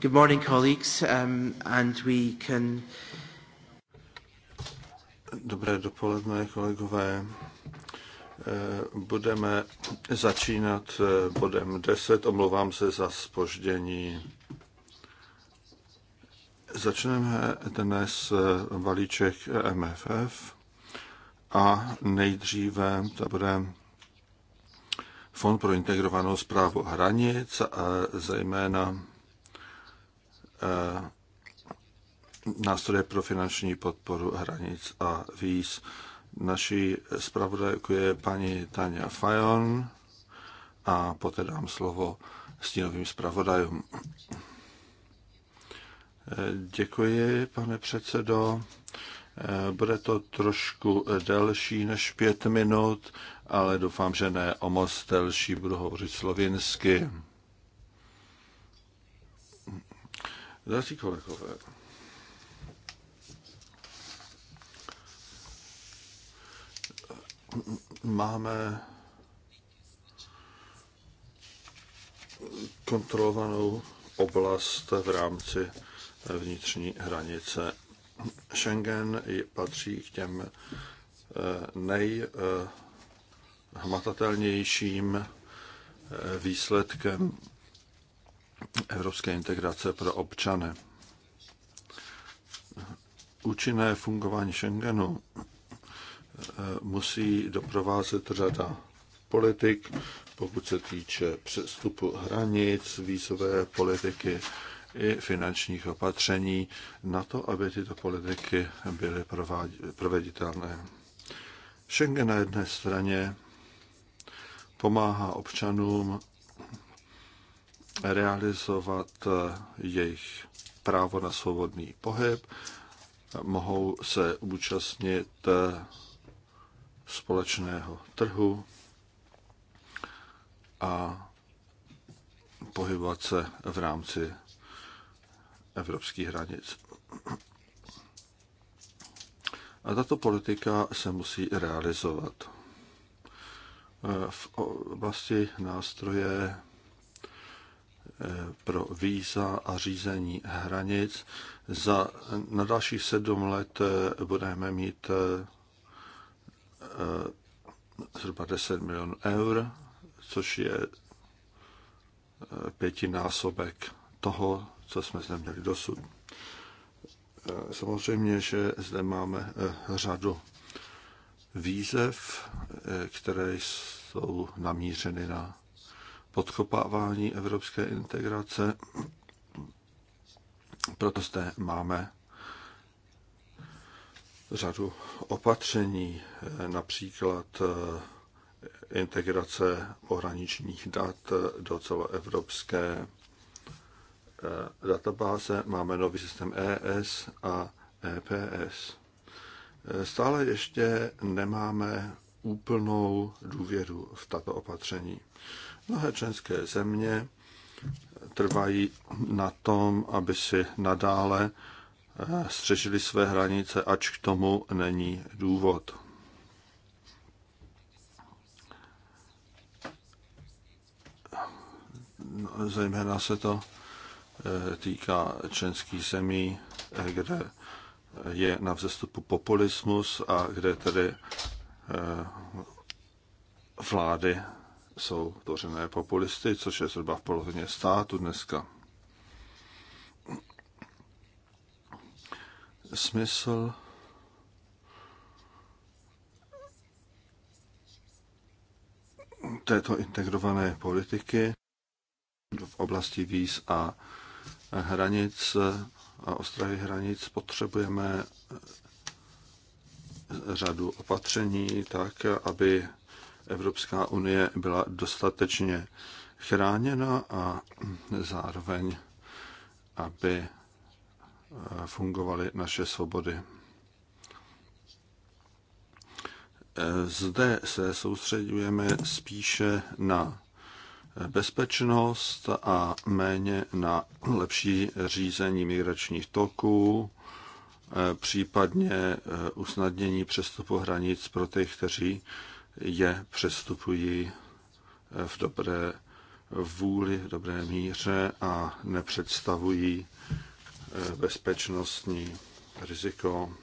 Good morning, colleagues, um, and we can... Dobré dopoledne, kolegové. Eh, budeme začínat eh, bodem 10. Omlouvám se za spoždění. Začneme dnes eh, balíček MFF a nejdříve to bude Fond pro integrovanou zprávu hranic a zejména Eh, nástroje pro finanční podporu hranic a víz. Naší zpravodajku je paní Tania Fajon a poté dám slovo stínovým zpravodajům. Eh, děkuji, pane předsedo. Eh, bude to trošku delší než pět minut, ale doufám, že ne o moc delší, budu hovořit slovinsky. Další kolegové. Máme kontrolovanou oblast v rámci vnitřní hranice. Schengen patří k těm eh, nejhmatatelnějším eh, výsledkem evropské integrace pro občany. Účinné fungování Schengenu eh, musí doprovázet řada politik, pokud se týče přestupu hranic, vízové politiky i finančních opatření, na to, aby tyto politiky byly proveditelné. Schengen na jedné straně pomáhá občanům realizovat eh, jejich právo na svobodný pohyb, mohou se účastnit eh, společného trhu a pohybovat se v rámci evropských hranic. A tato politika se musí realizovat. Eh, v oblasti nástroje pro víza a řízení hranic. Za, na dalších sedm let eh, budeme mít eh, eh, zhruba 10 milionů eur, což je pětinásobek toho, co jsme zde měli dosud. Samozřejmě, že zde máme řadu výzev, které jsou namířeny na podkopávání evropské integrace. Proto zde máme řadu opatření, například eh, integrace pohraničních dat do celoevropské eh, databáze. Máme nový systém ES a EPS. Eh, stále ještě nemáme úplnou důvěru v tato opatření. Mnohé členské země trvají na tom, aby si nadále eh, střežili své hranice, ač k tomu není důvod. No, zejména se to eh, týká členských zemí, eh, kde je na vzestupu populismus a kde tedy vlády jsou tvořené populisty, což je zhruba v polovině státu dneska. Smysl této integrované politiky v oblasti víz a hranic a ostravy hranic potřebujeme řadu opatření tak, aby Evropská unie byla dostatečně chráněna a zároveň, aby eh, fungovaly naše svobody. Eh, zde se soustředujeme spíše na bezpečnost a méně na lepší řízení migračních toků, eh, případně usnadnění přestupu hranic pro ty, kteří je přestupují eh, v dobré vůli, v dobré míře a nepředstavují eh, bezpečnostní riziko.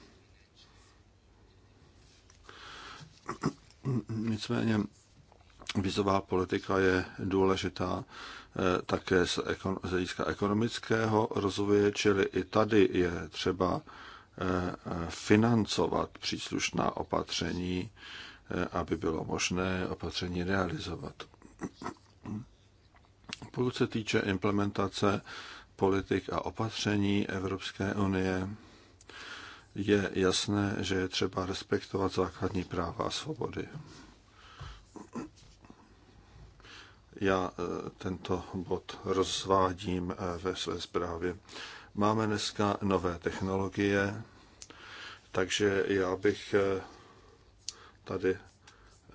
Nicméně vizová politika je důležitá eh, také z hlediska ekonomického rozvoje, čili i tady je třeba financovat příslušná opatření, Eh, aby bylo možné opatření realizovat. Pokud se týče implementace politik a opatření Evropské unie, je jasné, že je třeba respektovat základní práva a svobody. Já eh, tento bod rozvádím eh, ve své zprávě. Máme dneska nové technologie, takže já bych tady eh,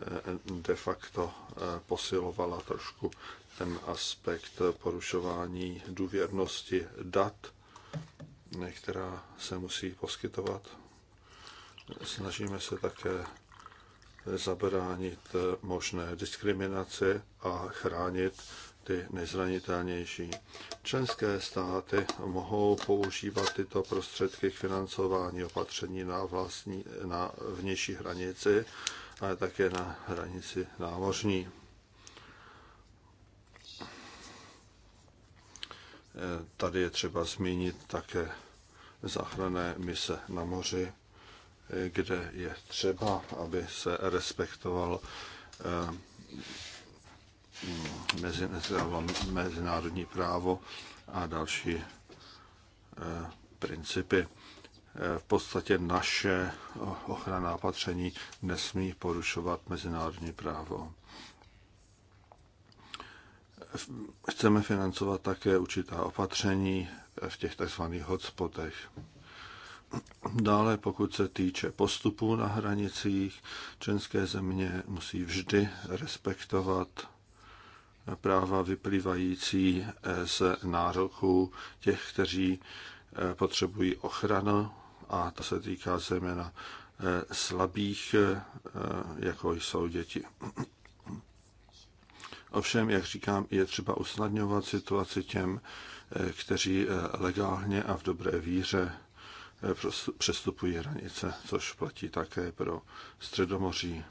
de facto eh, posilovala trošku ten aspekt porušování důvěrnosti dat, která se musí poskytovat. Snažíme se také zabránit eh, možné diskriminaci a chránit ty nejzranitelnější. Členské státy mohou používat tyto prostředky k financování opatření na, vlastní, na vnější hranici, ale také na hranici námořní. Tady je třeba zmínit také záchranné mise na moři, kde je třeba, aby se respektoval eh, mezinárodní právo a další eh, principy. Eh, v podstatě naše ochranná opatření nesmí porušovat mezinárodní právo. Chceme financovat také určitá opatření v těch tzv. hotspotech. Dále, pokud se týče postupů na hranicích, členské země musí vždy respektovat práva vyplývající eh, z nároku těch, kteří eh, potřebují ochranu a to se týká zejména eh, slabých, jako jsou děti. Ovšem, jak říkám, je třeba usnadňovat situaci těm, kteří legálně a v dobré víře přestupují hranice, což platí také pro Středomoří.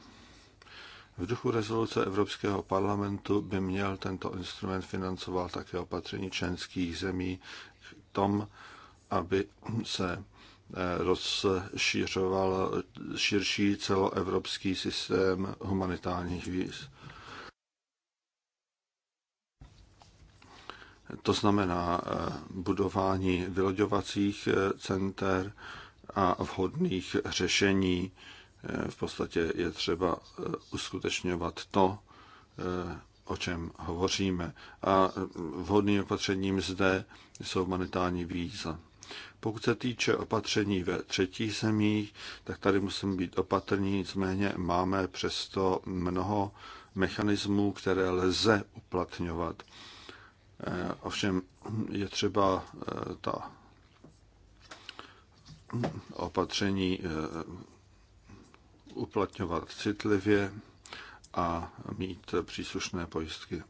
V duchu rezoluce Evropského parlamentu by měl tento instrument financovat také opatření členských zemí k tom, aby se eh, rozšířoval širší celoevropský systém humanitárních víz. To znamená eh, budování vyloďovacích eh, center a vhodných řešení v podstatě je třeba e, uskutečňovat to, e, o čem hovoříme. A e, vhodným opatřením zde jsou humanitární víza. Pokud se týče opatření ve třetích zemích, tak tady musíme být opatrní, nicméně máme přesto mnoho mechanismů, které lze uplatňovat. Ovšem je třeba ta opatření uplatňovat citlivě a mít příslušné pojistky.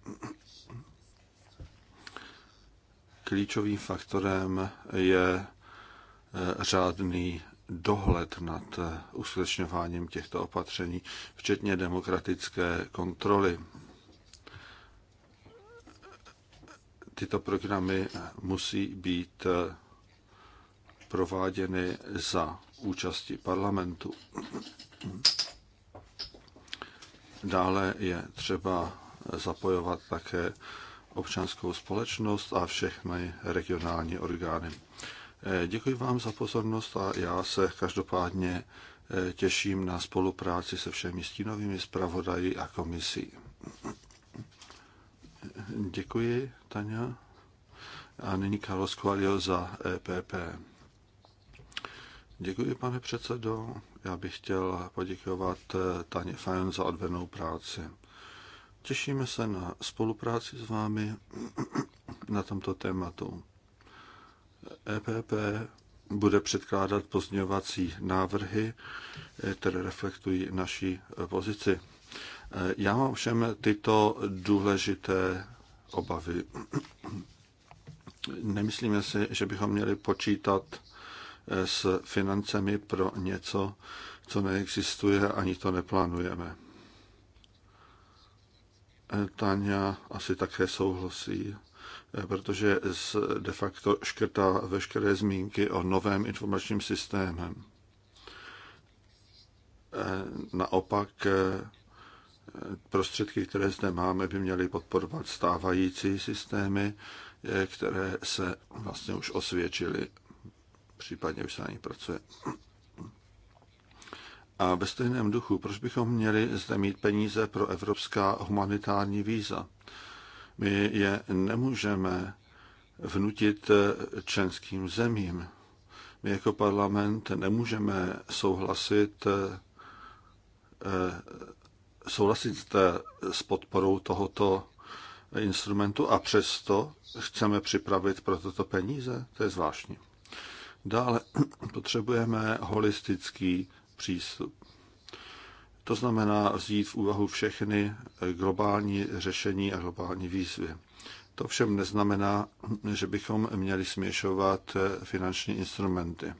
Klíčovým faktorem je eh, řádný dohled nad eh, uskutečňováním těchto opatření, včetně demokratické kontroly. Tyto programy musí být eh, prováděny za účasti parlamentu. Dále je třeba zapojovat také občanskou společnost a všechny regionální orgány. Děkuji vám za pozornost a já se každopádně eh, těším na spolupráci se všemi stínovými zpravodaji a komisí. Děkuji, Tania. A nyní Carlos Coelho za EPP. Děkuji, pane předsedo. Já bych chtěl poděkovat eh, Tani Fajn za odvednou práci. Těšíme se na spolupráci s vámi na tomto tématu. EPP bude předkládat pozměňovací návrhy, eh, které reflektují naší eh, pozici. Já mám všem tyto důležité obavy. Nemyslíme si, že bychom měli počítat s financemi pro něco, co neexistuje, ani to neplánujeme. Tania asi také souhlasí, protože de facto škrtá veškeré zmínky o novém informačním systémem. Naopak prostředky, které zde máme, by měly podporovat stávající systémy, které se vlastně už osvědčily případně už se na ní pracuje. A ve stejném duchu, proč bychom měli zde mít peníze pro evropská humanitární víza? My je nemůžeme vnutit členským zemím. My jako parlament nemůžeme souhlasit eh, souhlasit s podporou tohoto instrumentu a přesto chceme připravit pro toto peníze? To je zvláštní. Dále potřebujeme holistický přístup. To znamená vzít v úvahu všechny eh, globální řešení a globální výzvy. To všem neznamená, že bychom měli směšovat eh, finanční instrumenty.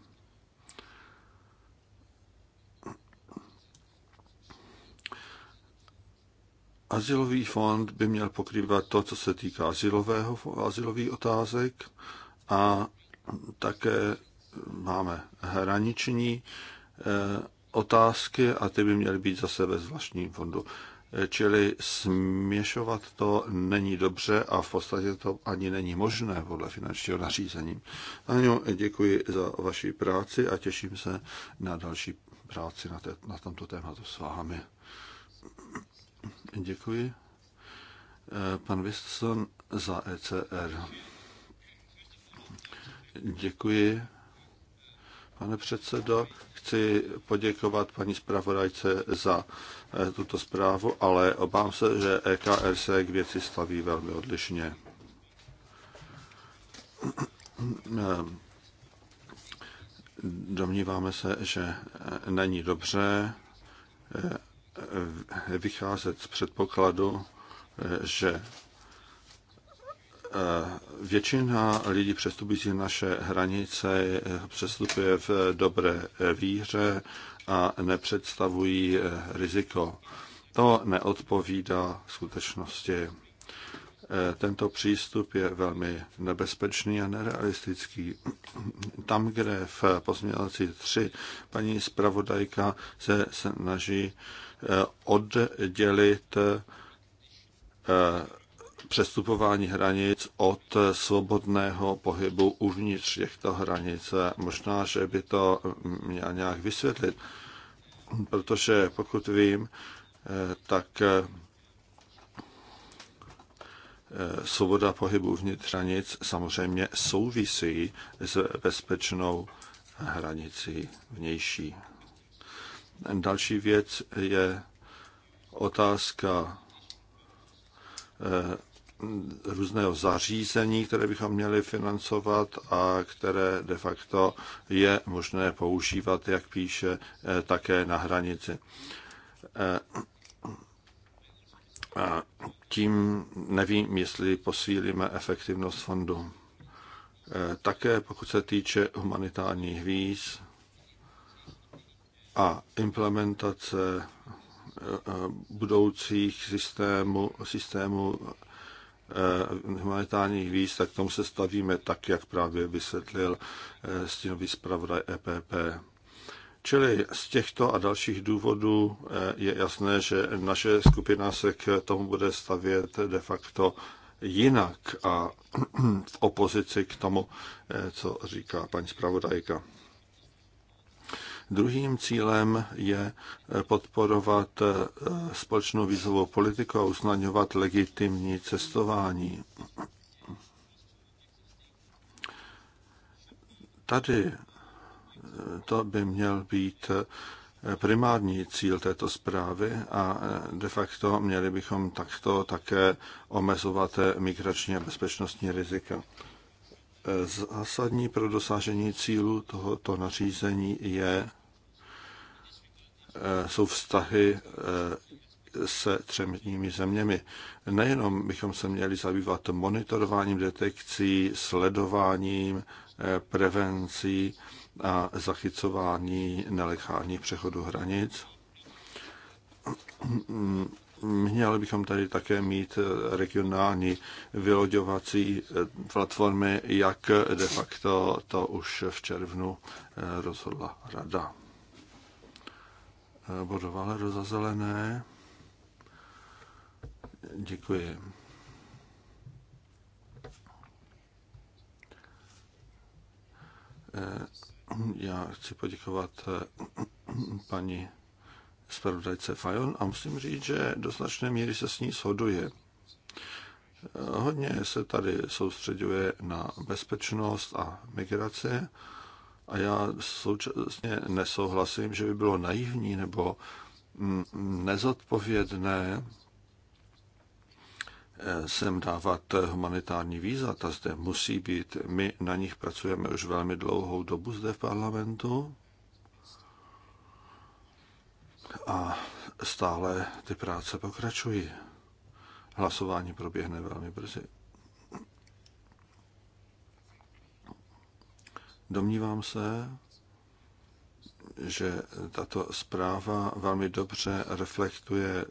Azylový fond by měl pokrývat to, co se týká azylových otázek a také máme hraniční eh, otázky a ty by měly být zase ve zvláštním fondu. Eh, čili směšovat to není dobře a v podstatě to ani není možné podle finančního nařízení. Ano, děkuji za vaši práci a těším se na další práci na, te, na tomto tématu s vámi. Děkuji. Eh, pan Wistson za ECR. Děkuji. Pane předsedo, chci poděkovat paní zpravodajce za eh, tuto zprávu, ale obávám se, že EKR se k věci staví velmi odlišně. Eh, domníváme se, že eh, není dobře vycházet z předpokladu, že Eh, většina lidí přestupující naše hranice přestupuje v dobré víře a nepředstavují eh, riziko. To neodpovídá skutečnosti. Eh, tento přístup je velmi nebezpečný a nerealistický. Tam, kde v pozměňovací 3 paní zpravodajka se snaží oddělit přestupování hranic od svobodného pohybu uvnitř těchto hranic. Možná, že by to měl nějak vysvětlit, protože pokud vím, tak eh, svoboda pohybu uvnitř hranic samozřejmě souvisí s bezpečnou hranicí vnější. Další věc je otázka eh, různého zařízení, které bychom měli financovat a které de facto je možné používat, jak píše, eh, také na hranici. Eh, a tím nevím, jestli posílíme efektivnost fondu. Eh, také pokud se týče humanitárních víz a implementace budoucích systémů, systému, systému Eh, humanitárních víz, tak tomu se stavíme tak, jak právě vysvětlil eh, stínový zpravodaj EPP. Čili z těchto a dalších důvodů eh, je jasné, že naše skupina se k tomu bude stavět de facto jinak a v opozici k tomu, co říká paní zpravodajka. Druhým cílem je eh, podporovat eh, společnou vízovou politiku a usnadňovat legitimní cestování. Tady eh, to by měl být primární cíl této zprávy a de facto měli bychom takto také omezovat migrační a bezpečnostní rizika. Zásadní pro dosažení cílu tohoto nařízení je Eh, jsou vztahy eh, se třemi zeměmi. Nejenom bychom se měli zabývat monitorováním, detekcí, sledováním, eh, prevencí a zachycování nelegálních přechodů hranic. Měli bychom tady také mít regionální vyloďovací platformy, jak de facto to už v červnu rozhodla rada. Bodo do zazelené. Děkuji. Eh, já chci poděkovat eh, paní zpravodajce Fajon a musím říct, že do značné míry se s ní shoduje. Eh, hodně se tady soustředuje na bezpečnost a migraci a já současně nesouhlasím, že by bylo naivní nebo mm, nezodpovědné eh, sem dávat humanitární víza. Ta zde musí být. My na nich pracujeme už velmi dlouhou dobu zde v parlamentu. A stále ty práce pokračují. Hlasování proběhne velmi brzy. Domnívám se, že tato zpráva velmi dobře reflektuje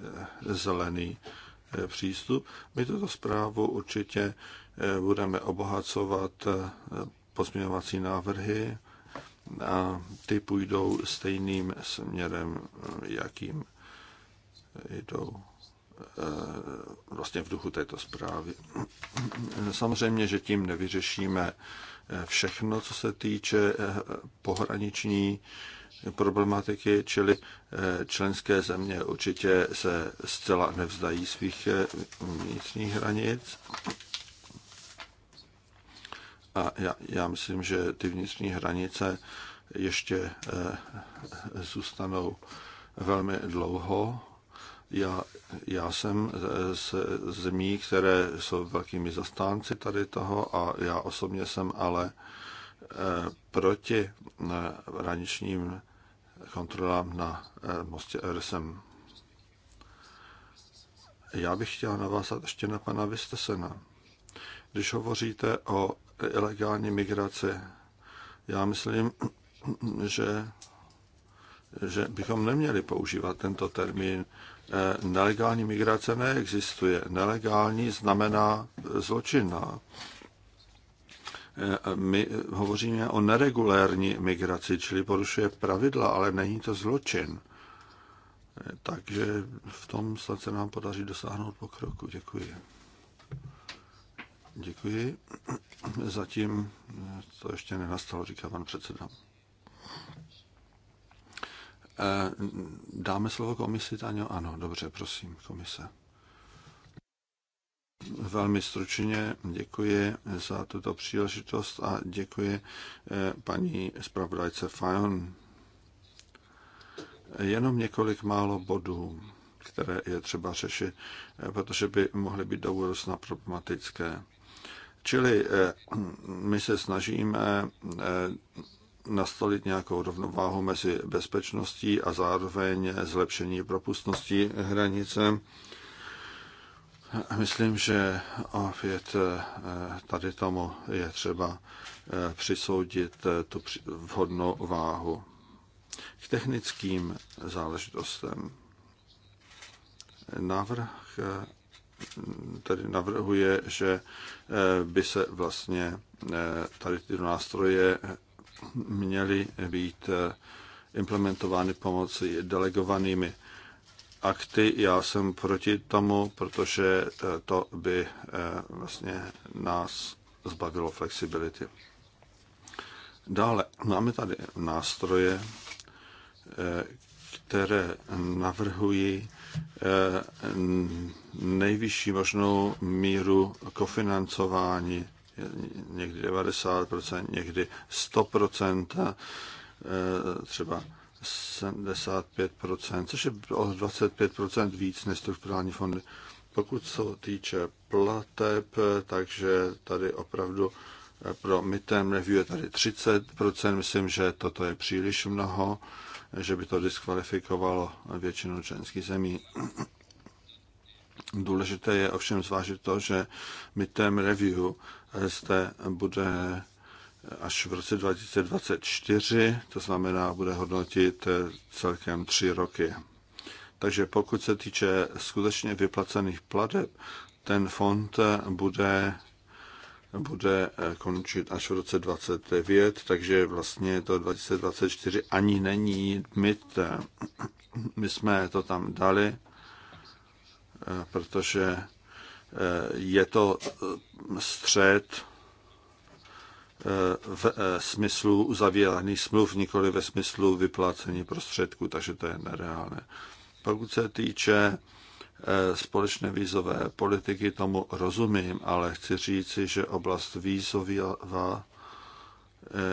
zelený eh, přístup. My tuto zprávu určitě eh, budeme obohacovat eh, pozměňovací návrhy a ty půjdou stejným směrem, jakým jdou vlastně v duchu této zprávy. Samozřejmě, že tím nevyřešíme všechno, co se týče eh, pohraniční problematiky, čili eh, členské země určitě se zcela nevzdají svých eh, vnitřních hranic. A já, já myslím, že ty vnitřní hranice ještě zůstanou velmi dlouho já, já jsem z zemí, které jsou velkými zastánci tady toho a já osobně jsem ale eh, proti eh, hraničním kontrolám na eh, mostě RSM. Já bych chtěl navázat ještě na pana Vistesena. Když hovoříte o ilegální migraci, já myslím, že, že bychom neměli používat tento termín Eh, nelegální migrace neexistuje. Nelegální znamená eh, zločinná. No. Eh, my hovoříme o neregulérní migraci, čili porušuje pravidla, ale není to zločin. Takže v tom snad se nám podaří dosáhnout pokroku. Děkuji. Děkuji. Zatím to ještě nenastalo, říká pan předseda. Eh, dáme slovo komisi, Taňo? Ano, dobře, prosím, komise. Velmi stručně děkuji za tuto příležitost a děkuji eh, paní zpravodajce Fajon. Jenom několik málo bodů, které je třeba řešit, eh, protože by mohly být do budoucna problematické. Čili my se snažíme nastolit nějakou rovnováhu mezi bezpečností a zároveň zlepšení propustnosti hranice. Myslím, že opět eh, tady tomu je třeba eh, přisoudit eh, tu vhodnou váhu. K technickým záležitostem. Návrh tedy navrhuje, že by se vlastně tady ty nástroje měly být eh, implementovány pomocí delegovanými akty. Já jsem proti tomu, protože eh, to by eh, vlastně nás zbavilo flexibility. Dále máme tady nástroje, které navrhují nejvyšší možnou míru kofinancování někdy 90%, někdy 100%, eh, třeba 75%, což je o 25% víc než strukturální fondy. Pokud se týče plateb, takže tady opravdu eh, pro midterm review je tady 30%, myslím, že toto je příliš mnoho, že by to diskvalifikovalo většinu členských zemí. Důležité je ovšem zvážit to, že midterm review eh, zde bude eh, až v roce 2024, to znamená, bude hodnotit eh, celkem tři roky. Takže pokud se týče skutečně vyplacených plateb, ten fond bude, bude končit až v roce 2029, takže vlastně to 2024 ani není mít. My jsme to tam dali Eh, protože eh, je to eh, střed v smyslu uzavíraných smluv, nikoli ve smyslu vyplácení prostředků, takže to je nereálné. Pokud se týče společné vízové politiky, tomu rozumím, ale chci říci, že oblast vízová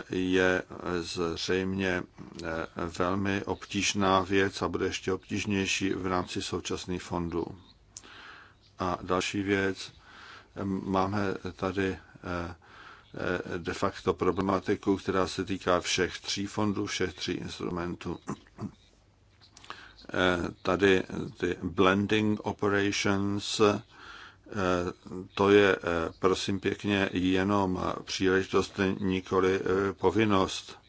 je zřejmě velmi obtížná věc a bude ještě obtížnější v rámci současných fondů. A další věc, máme tady eh, eh, de facto problematiku, která se týká všech tří fondů, všech tří instrumentů. Eh, tady ty blending operations, to je prosím pěkně jenom příležitost, nikoli povinnost.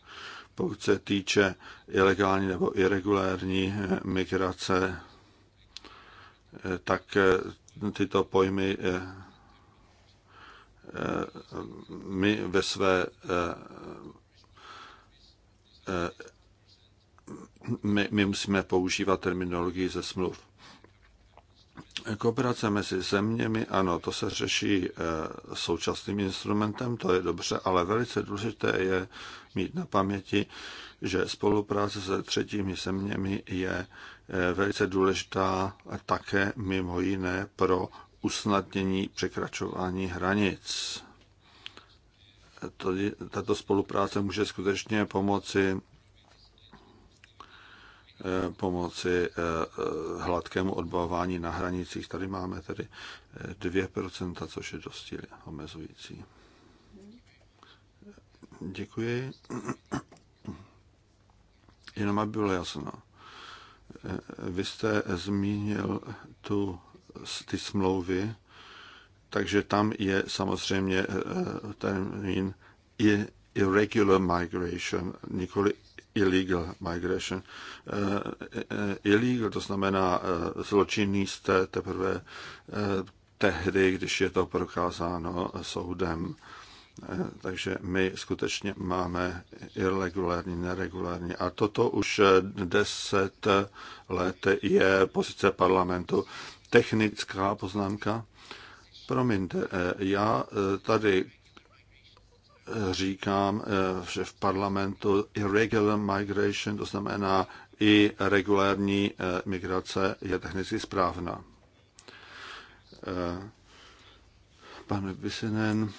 Pokud se týče ilegální nebo irregulární migrace, tak tyto pojmy eh, eh, my ve své eh, my, my musíme používat terminologii ze smluv. Kooperace mezi zeměmi, ano, to se řeší současným instrumentem, to je dobře, ale velice důležité je mít na paměti, že spolupráce se třetími zeměmi je velice důležitá také mimo jiné pro usnadnění překračování hranic. Tato spolupráce může skutečně pomoci eh, pomoci eh, hladkému odbavování na hranicích. Tady máme tedy 2%, eh, což je dosti omezující. Děkuji. Jenom aby bylo jasno. Vy jste zmínil tu, ty smlouvy, takže tam je samozřejmě eh, termín irregular migration, nikoli illegal migration. Eh, eh, illegal to znamená zločinný jste teprve tehdy, když je to prokázáno soudem. Eh, takže my skutečně máme irregulární, neregulární. A toto už deset let je pozice parlamentu. Technická poznámka. Promiňte, eh, já eh, tady říkám, že v parlamentu irregular migration, to znamená i regulární migrace, je technicky správná. Pane Vysinen,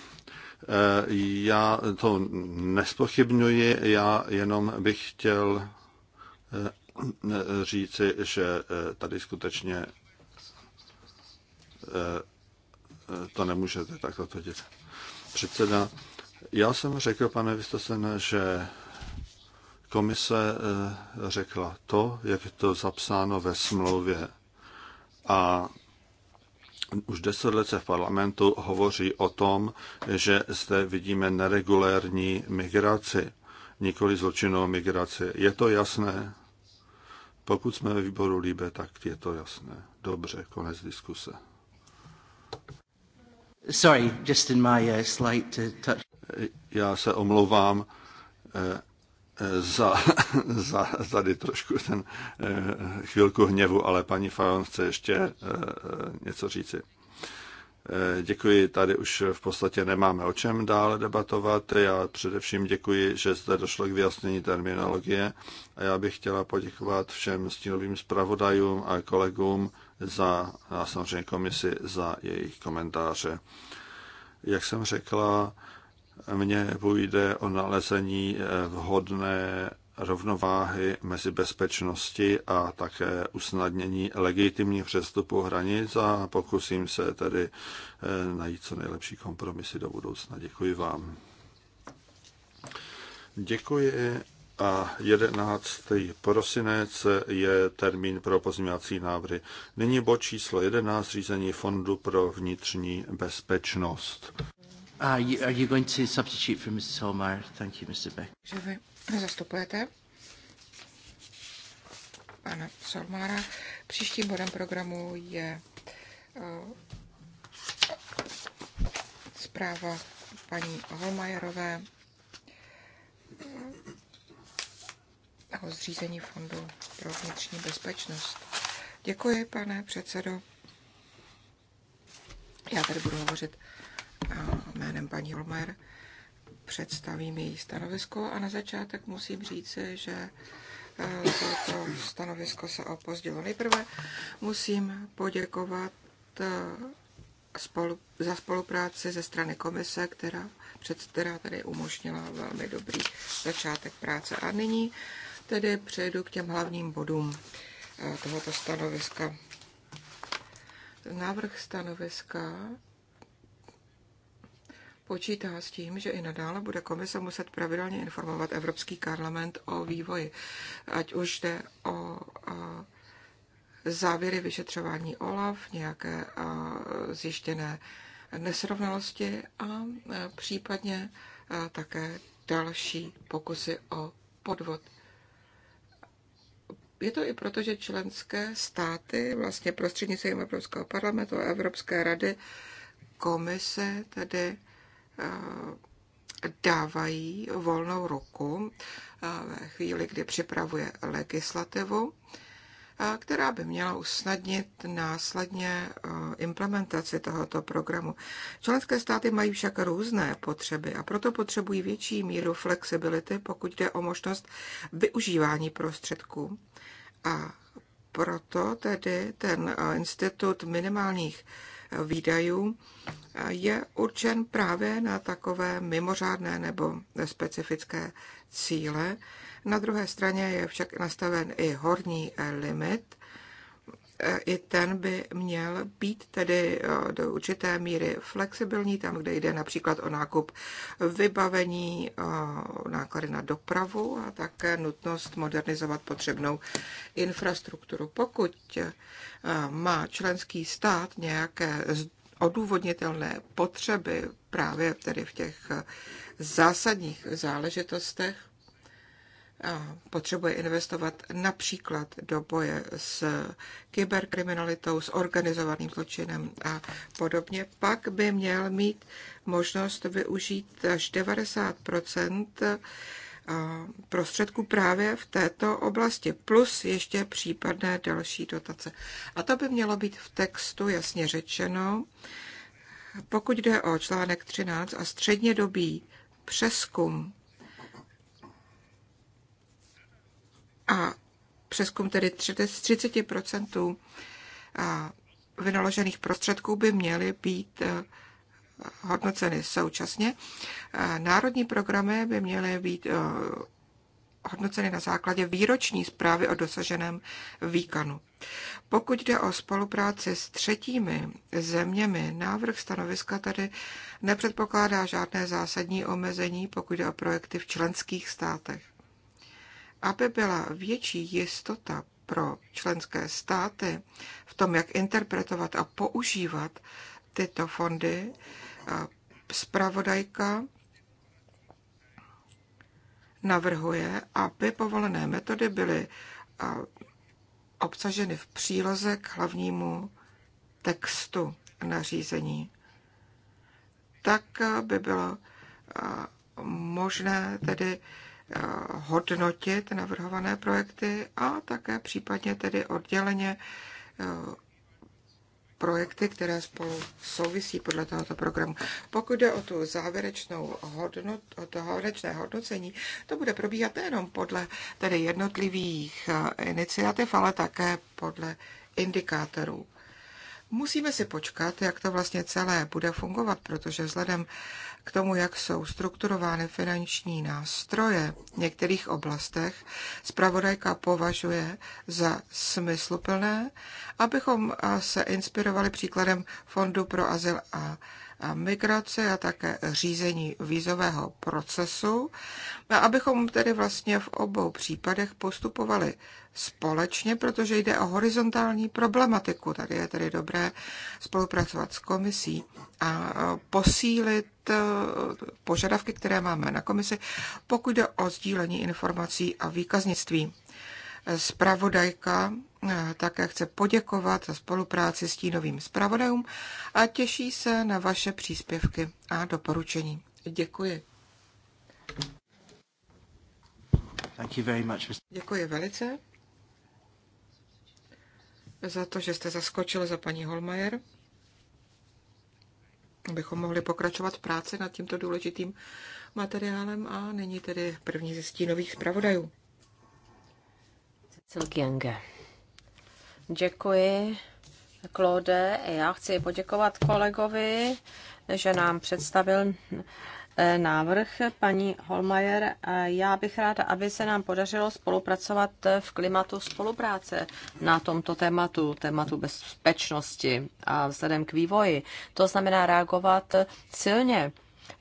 Eh, já to nespochybnuji, já jenom bych chtěl eh, říci, že eh, tady skutečně to nemůžete takto tvrdit. Předseda, já jsem řekl, pane Vistosene, že komise řekla to, jak je to zapsáno ve smlouvě. A už deset let se v parlamentu hovoří o tom, že zde vidíme neregulérní migraci, nikoli zločinnou migraci. Je to jasné? Pokud jsme ve výboru líbe, tak je to jasné. Dobře, konec diskuse. Sorry, just in my uh, slight to uh, touch. Já se omlouvám, eh, za, za, tady trošku ten eh, chvilku hněvu, ale paní Fajon chce ještě eh, eh, něco říci. Děkuji, tady už v podstatě nemáme o čem dále debatovat. Já především děkuji, že zde došlo k vyjasnění terminologie a já bych chtěla poděkovat všem stínovým zpravodajům a kolegům za, a samozřejmě komisi za jejich komentáře. Jak jsem řekla, mně půjde o nalezení eh, vhodné rovnováhy mezi bezpečnosti a také usnadnění legitimních přestupů hranic a pokusím se tedy eh, najít co nejlepší kompromisy do budoucna. Děkuji vám. Děkuji a 11. prosinec je termín pro pozměňovací návrhy. Nyní bod číslo 11, řízení Fondu pro vnitřní bezpečnost. Uh, you, are you going to substitute for Mrs. Holmeyer? Thank you, Mr. Beck. Že vy zastupujete pana Solmára. Příštím bodem programu je uh, zpráva paní Holmajerové eh, o zřízení Fondu pro vnitřní bezpečnost. Děkuji, pane předsedo. Já tady budu hovořit jménem paní Holmer představím její stanovisko a na začátek musím říci, že eh, toto stanovisko se opozdilo. Nejprve musím poděkovat eh, spolu, za spolupráci ze strany komise, která, před, která tady umožnila velmi dobrý začátek práce. A nyní tedy přejdu k těm hlavním bodům eh, tohoto stanoviska. Návrh stanoviska počítá s tím, že i nadále bude komise muset pravidelně informovat Evropský parlament o vývoji, ať už jde o závěry vyšetřování OLAF, nějaké zjištěné nesrovnalosti a případně také další pokusy o podvod. Je to i proto, že členské státy vlastně prostřednictvím Evropského parlamentu a Evropské rady komise tedy dávají volnou ruku eh, ve chvíli, kdy připravuje legislativu, eh, která by měla usnadnit následně eh, implementaci tohoto programu. Členské státy mají však různé potřeby a proto potřebují větší míru flexibility, pokud jde o možnost využívání prostředků. A proto tedy ten institut minimálních výdajů je určen právě na takové mimořádné nebo specifické cíle. Na druhé straně je však nastaven i horní limit i ten by měl být tedy eh, do určité míry flexibilní, tam, kde jde například o nákup vybavení, eh, náklady na dopravu a také nutnost modernizovat potřebnou infrastrukturu. Pokud eh, má členský stát nějaké odůvodnitelné potřeby právě tedy v těch zásadních záležitostech, potřebuje investovat například do boje s kyberkriminalitou, s organizovaným zločinem a podobně, pak by měl mít možnost využít až 90 prostředků právě v této oblasti, plus ještě případné další dotace. A to by mělo být v textu jasně řečeno. Pokud jde o článek 13 a střednědobý přeskum a přeskum tedy 30% vynaložených prostředků by měly být e, hodnoceny současně. Národní programy by měly být e, hodnoceny na základě výroční zprávy o dosaženém výkonu. Pokud jde o spolupráci s třetími zeměmi, návrh stanoviska tady nepředpokládá žádné zásadní omezení, pokud jde o projekty v členských státech aby byla větší jistota pro členské státy v tom, jak interpretovat a používat tyto fondy, zpravodajka navrhuje, aby povolené metody byly obsaženy v příloze k hlavnímu textu nařízení. Tak by bylo možné tedy hodnotit navrhované projekty a také případně tedy odděleně e, projekty, které spolu souvisí podle tohoto programu. Pokud jde o tu závěrečnou hodnot, o to závěrečné hodnocení, to bude probíhat nejenom podle tedy jednotlivých e, iniciativ, ale také podle indikátorů. Musíme si počkat, jak to vlastně celé bude fungovat, protože vzhledem k tomu, jak jsou strukturovány finanční nástroje v některých oblastech, zpravodajka považuje za smysluplné, abychom se inspirovali příkladem Fondu pro azyl a a migraci a také řízení vízového procesu, abychom tedy vlastně v obou případech postupovali společně, protože jde o horizontální problematiku. Tady je tedy dobré spolupracovat s komisí a posílit eh, požadavky, které máme na komisi, pokud jde o sdílení informací a výkaznictví. Spravodajka Eh, také chce poděkovat za spolupráci s tínovým zpravodajům a těší se na vaše příspěvky a doporučení. Děkuji. Thank you very much. Děkuji velice za to, že jste zaskočil za paní Holmajer, abychom mohli pokračovat v práci nad tímto důležitým materiálem a nyní tedy první ze stínových zpravodajů. Cecil Děkuji, Claude. Já chci poděkovat kolegovi, že nám představil eh, návrh paní Holmajer. Já bych ráda, aby se nám podařilo spolupracovat v klimatu spolupráce na tomto tématu, tématu bezpečnosti a vzhledem k vývoji. To znamená reagovat silně.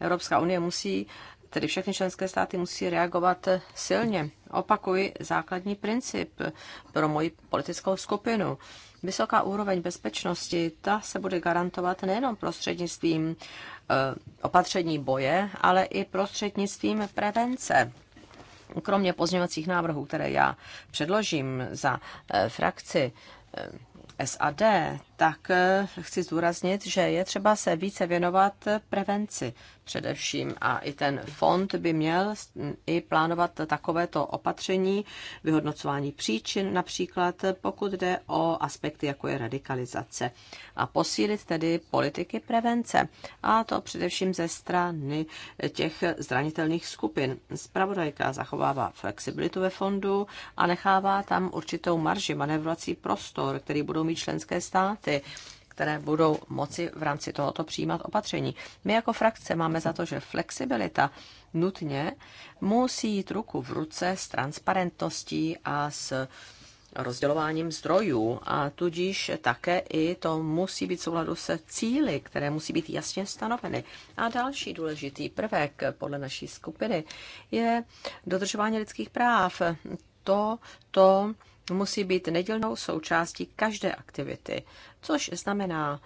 Evropská unie musí, tedy všechny členské státy musí reagovat silně opakuji, základní princip pro moji politickou skupinu. Vysoká úroveň bezpečnosti, ta se bude garantovat nejenom prostřednictvím eh, opatření boje, ale i prostřednictvím prevence. Kromě pozměňovacích návrhů, které já předložím za eh, frakci eh, SAD, tak eh, chci zdůraznit, že je třeba se více věnovat prevenci především. A i ten fond by měl i plánovat takovéto opatření, vyhodnocování příčin například, pokud jde o aspekty, jako je radikalizace. A posílit tedy politiky prevence. A to především ze strany těch zranitelných skupin. Spravodajka zachovává flexibilitu ve fondu a nechává tam určitou marži, manevrovací prostor, který budou mít členské státy státy, které budou moci v rámci tohoto přijímat opatření. My jako frakce máme za to, že flexibilita nutně musí jít ruku v ruce s transparentností a s rozdělováním zdrojů a tudíž také i to musí být souladu se cíly, které musí být jasně stanoveny. A další důležitý prvek podle naší skupiny je dodržování lidských práv. To, to musí být nedělnou součástí každé aktivity, což znamená,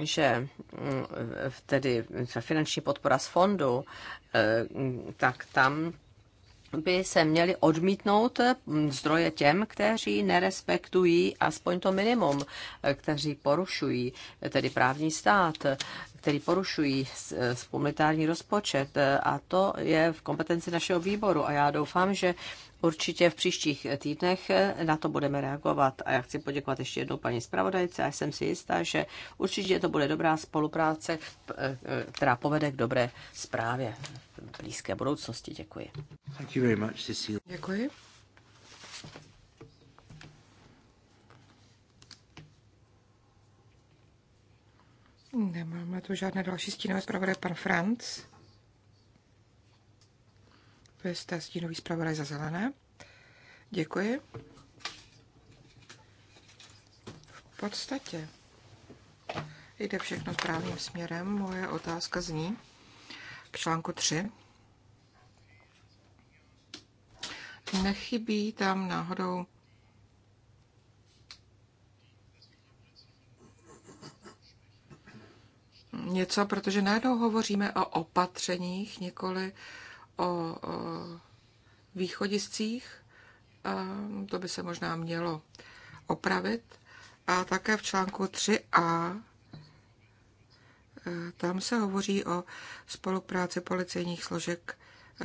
že mm, tedy finanční podpora z fondu, eh, tak tam by se měly odmítnout mm, zdroje těm, kteří nerespektují aspoň to minimum, eh, kteří porušují eh, tedy právní stát který porušují eh, spomitární rozpočet eh, a to je v kompetenci našeho výboru a já doufám, že Určitě v příštích týdnech eh, na to budeme reagovat a já chci poděkovat ještě jednou paní zpravodajce a jsem si jistá, že určitě to bude dobrá spolupráce, která povede k dobré zprávě v blízké budoucnosti. Děkuji. Thank you very much, Děkuji. Nemáme tu žádné další stínové zpravodaje. Pan Franc. Vy jste stínový zpravodaj za zelené. Děkuji. V podstatě jde všechno správným směrem. Moje otázka zní k článku 3. Nechybí tam náhodou něco, protože najednou hovoříme o opatřeních, nikoli o, o východiscích. A to by se možná mělo opravit. A také v článku 3a e, tam se hovoří o spolupráci policejních složek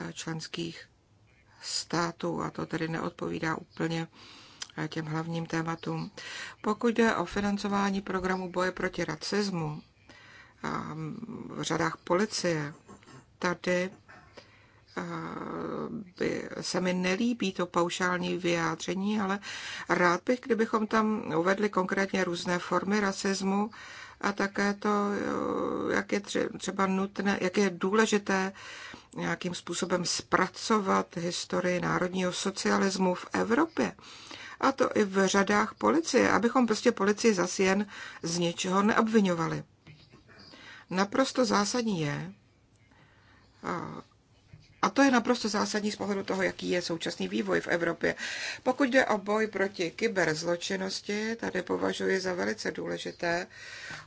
e, členských států a to tedy neodpovídá úplně e, těm hlavním tématům. Pokud jde o financování programu boje proti racismu, v řadách policie. Tady eh, by se mi nelíbí to paušální vyjádření, ale rád bych, kdybychom tam uvedli konkrétně různé formy rasismu a také to, eh, jak je třeba nutné, jak je důležité nějakým způsobem zpracovat historii národního socialismu v Evropě. A to i v řadách policie, abychom prostě policii zas jen z něčeho neobvinovali. Naprosto zásadní je, a to je naprosto zásadní z pohledu toho, jaký je současný vývoj v Evropě. Pokud jde o boj proti kyberzločinnosti, tady považuji za velice důležité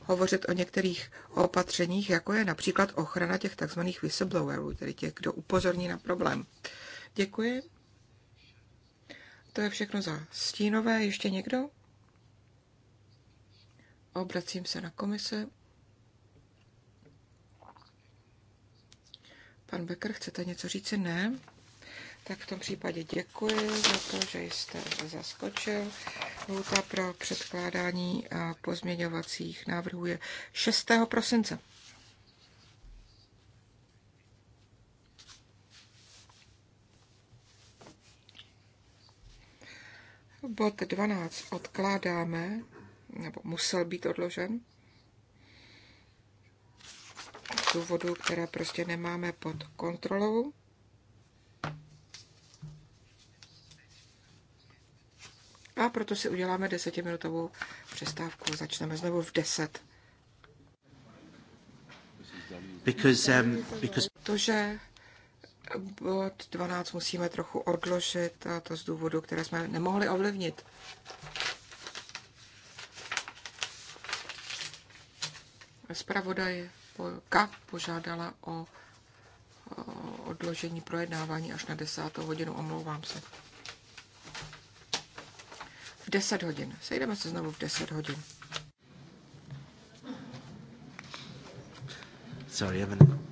hovořit o některých opatřeních, jako je například ochrana těch tzv. whistleblowerů, tedy těch, kdo upozorní na problém. Děkuji. To je všechno za stínové. Ještě někdo? Obracím se na komise. Pan Becker, chcete něco říci? Ne. Tak v tom případě děkuji za to, že jste zaskočil. Lhůta pro předkládání eh, pozměňovacích návrhů je 6. prosince. Bod 12 odkládáme, nebo musel být odložen, z důvodů, které prostě nemáme pod kontrolou. A proto si uděláme desetiminutovou přestávku. Začneme znovu v deset. Because, um, because... že bod 12 musíme trochu odložit a to z důvodu, které jsme nemohli ovlivnit. Zpravodaj spojka požádala o odložení projednávání až na 10. hodinu, omlouvám se. V 10 hodin. Sejdeme se znovu v 10 hodin. Sorry, Evan.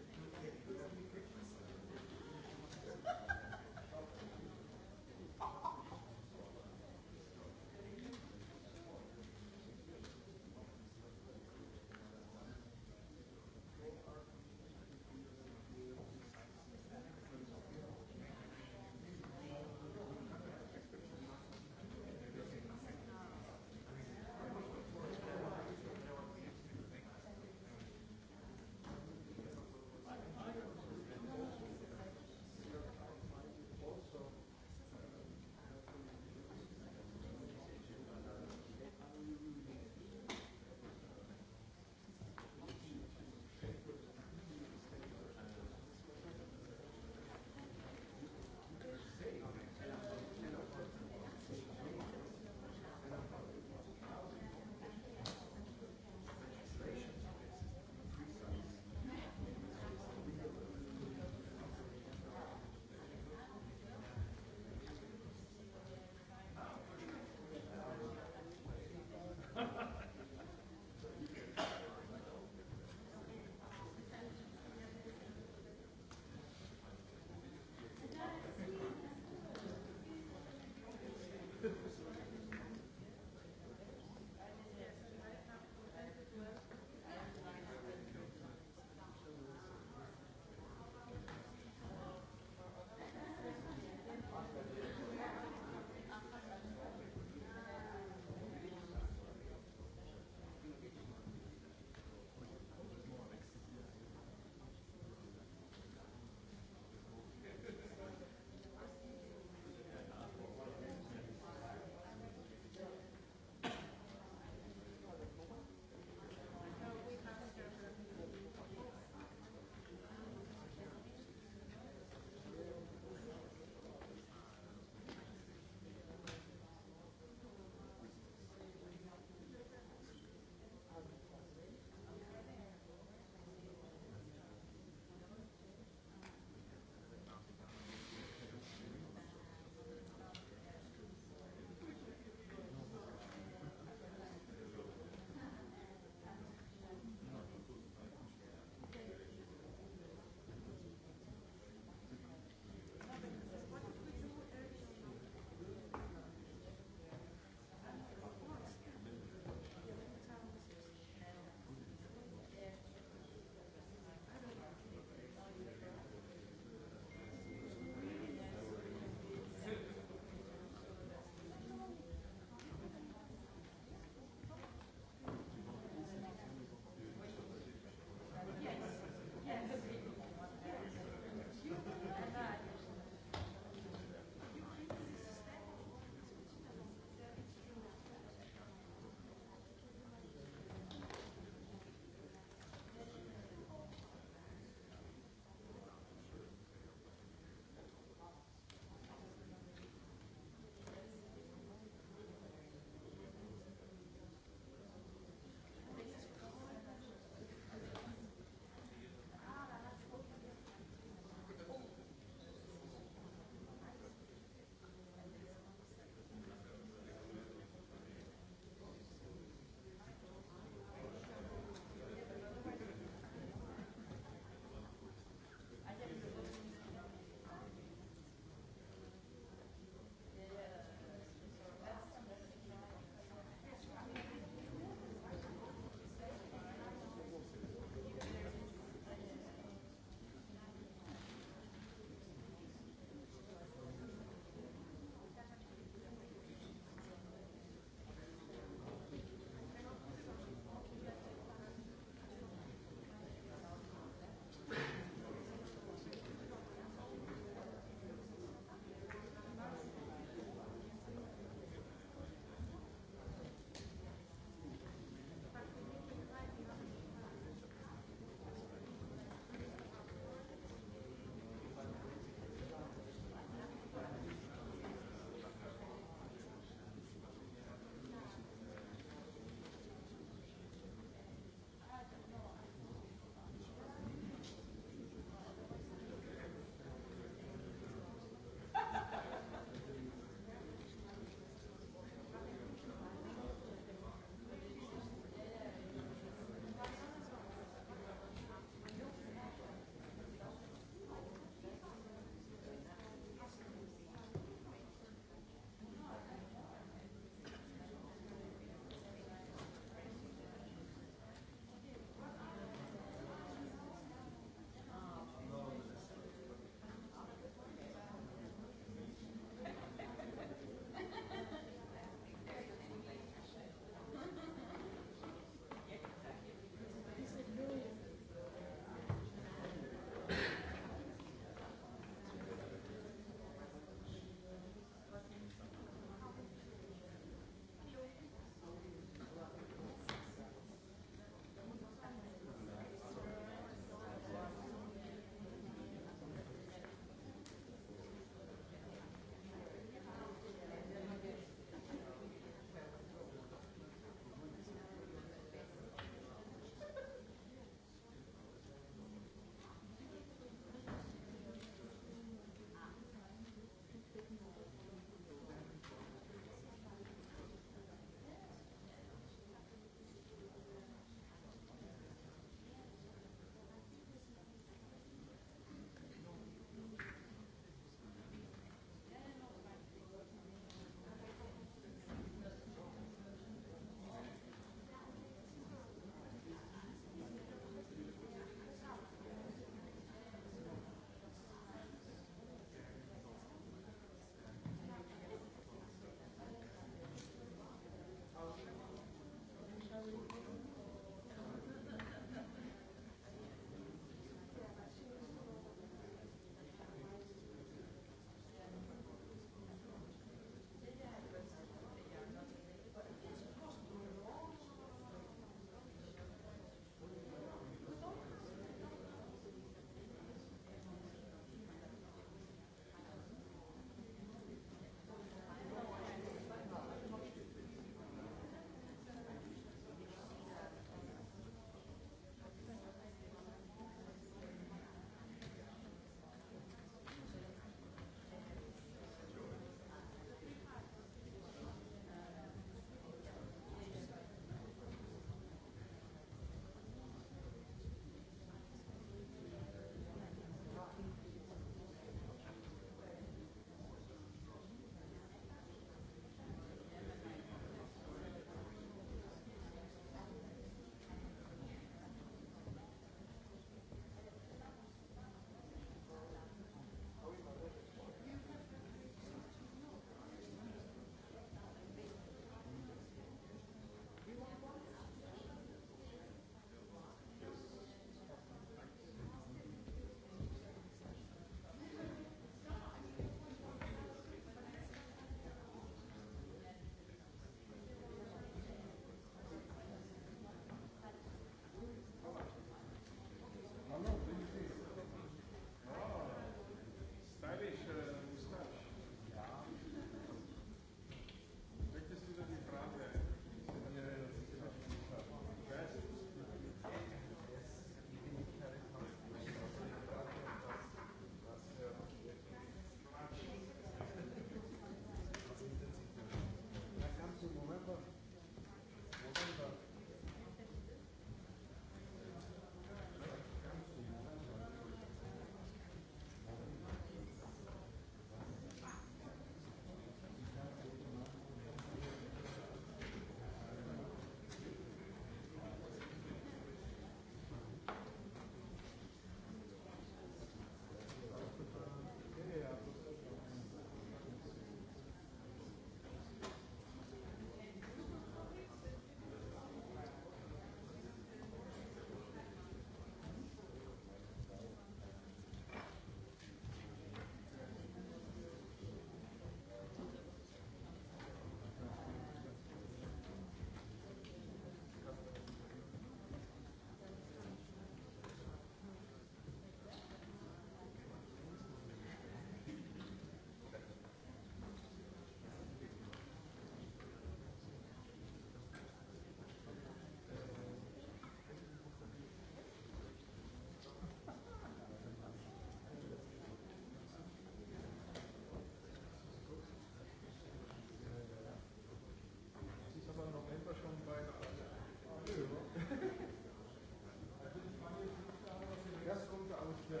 Yeah.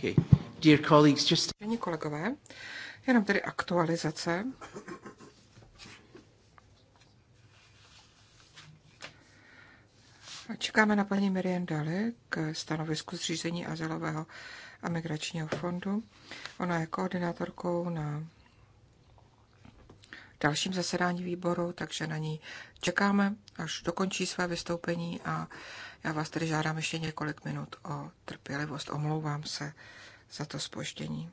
Okay. kolegové, jenom tedy aktualizace. A čekáme na paní Miriam Dali k stanovisku zřízení azylového a migračního fondu. Ona je koordinátorkou na dalším zasedání výboru, takže na ní čekáme, až dokončí své vystoupení a já vás tedy žádám ještě několik minut o trpělivost. Omlouvám se za to spoždění.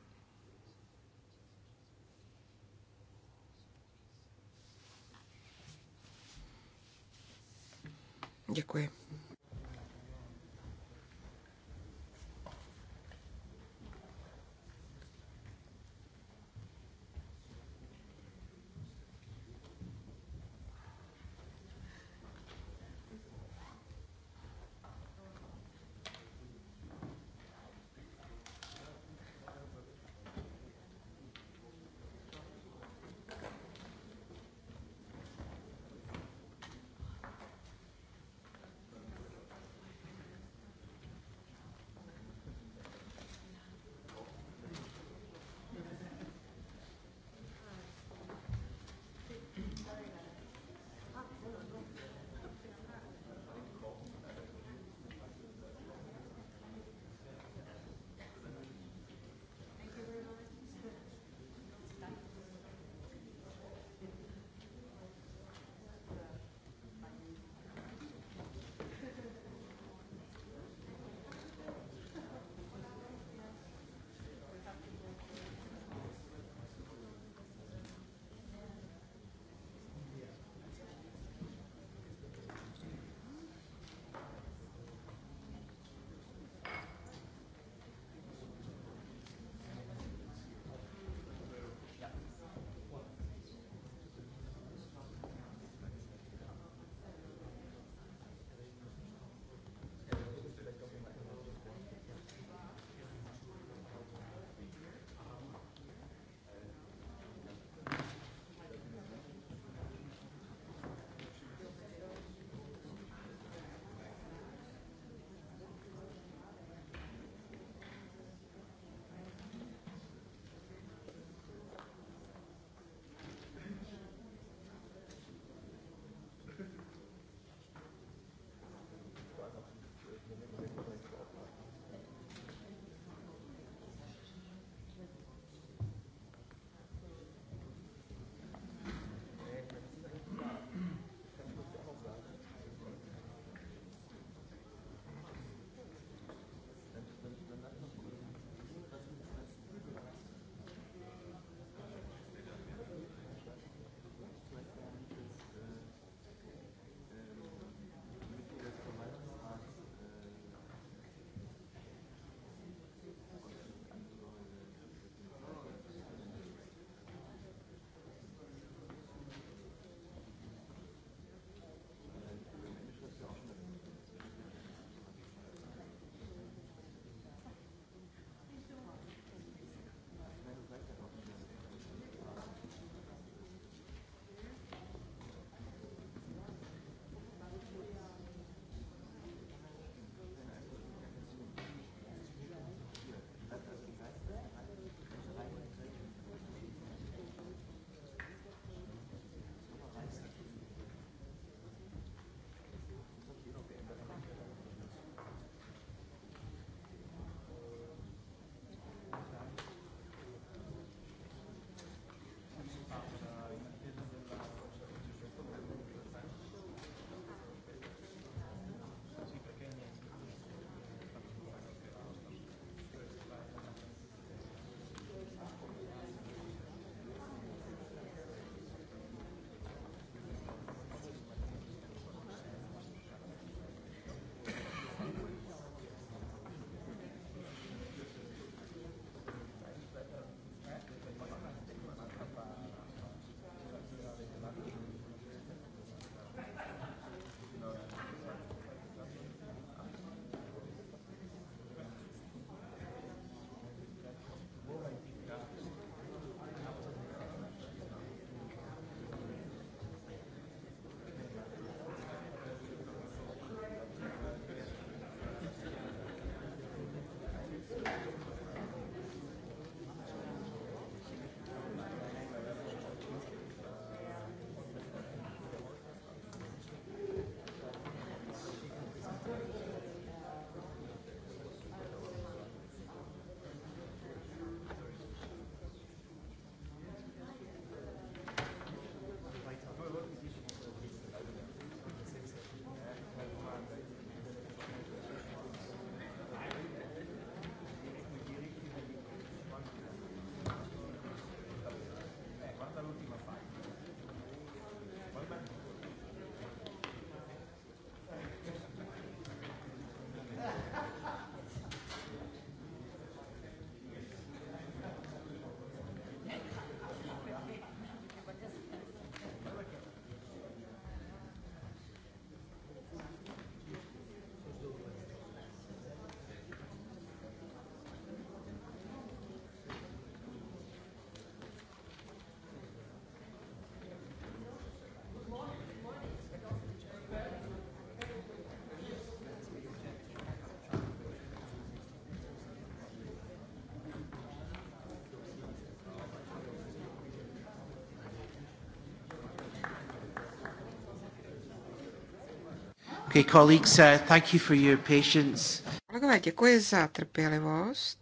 Okay, colleagues, uh, thank you for your patience. Kolegové, děkuji za trpělivost.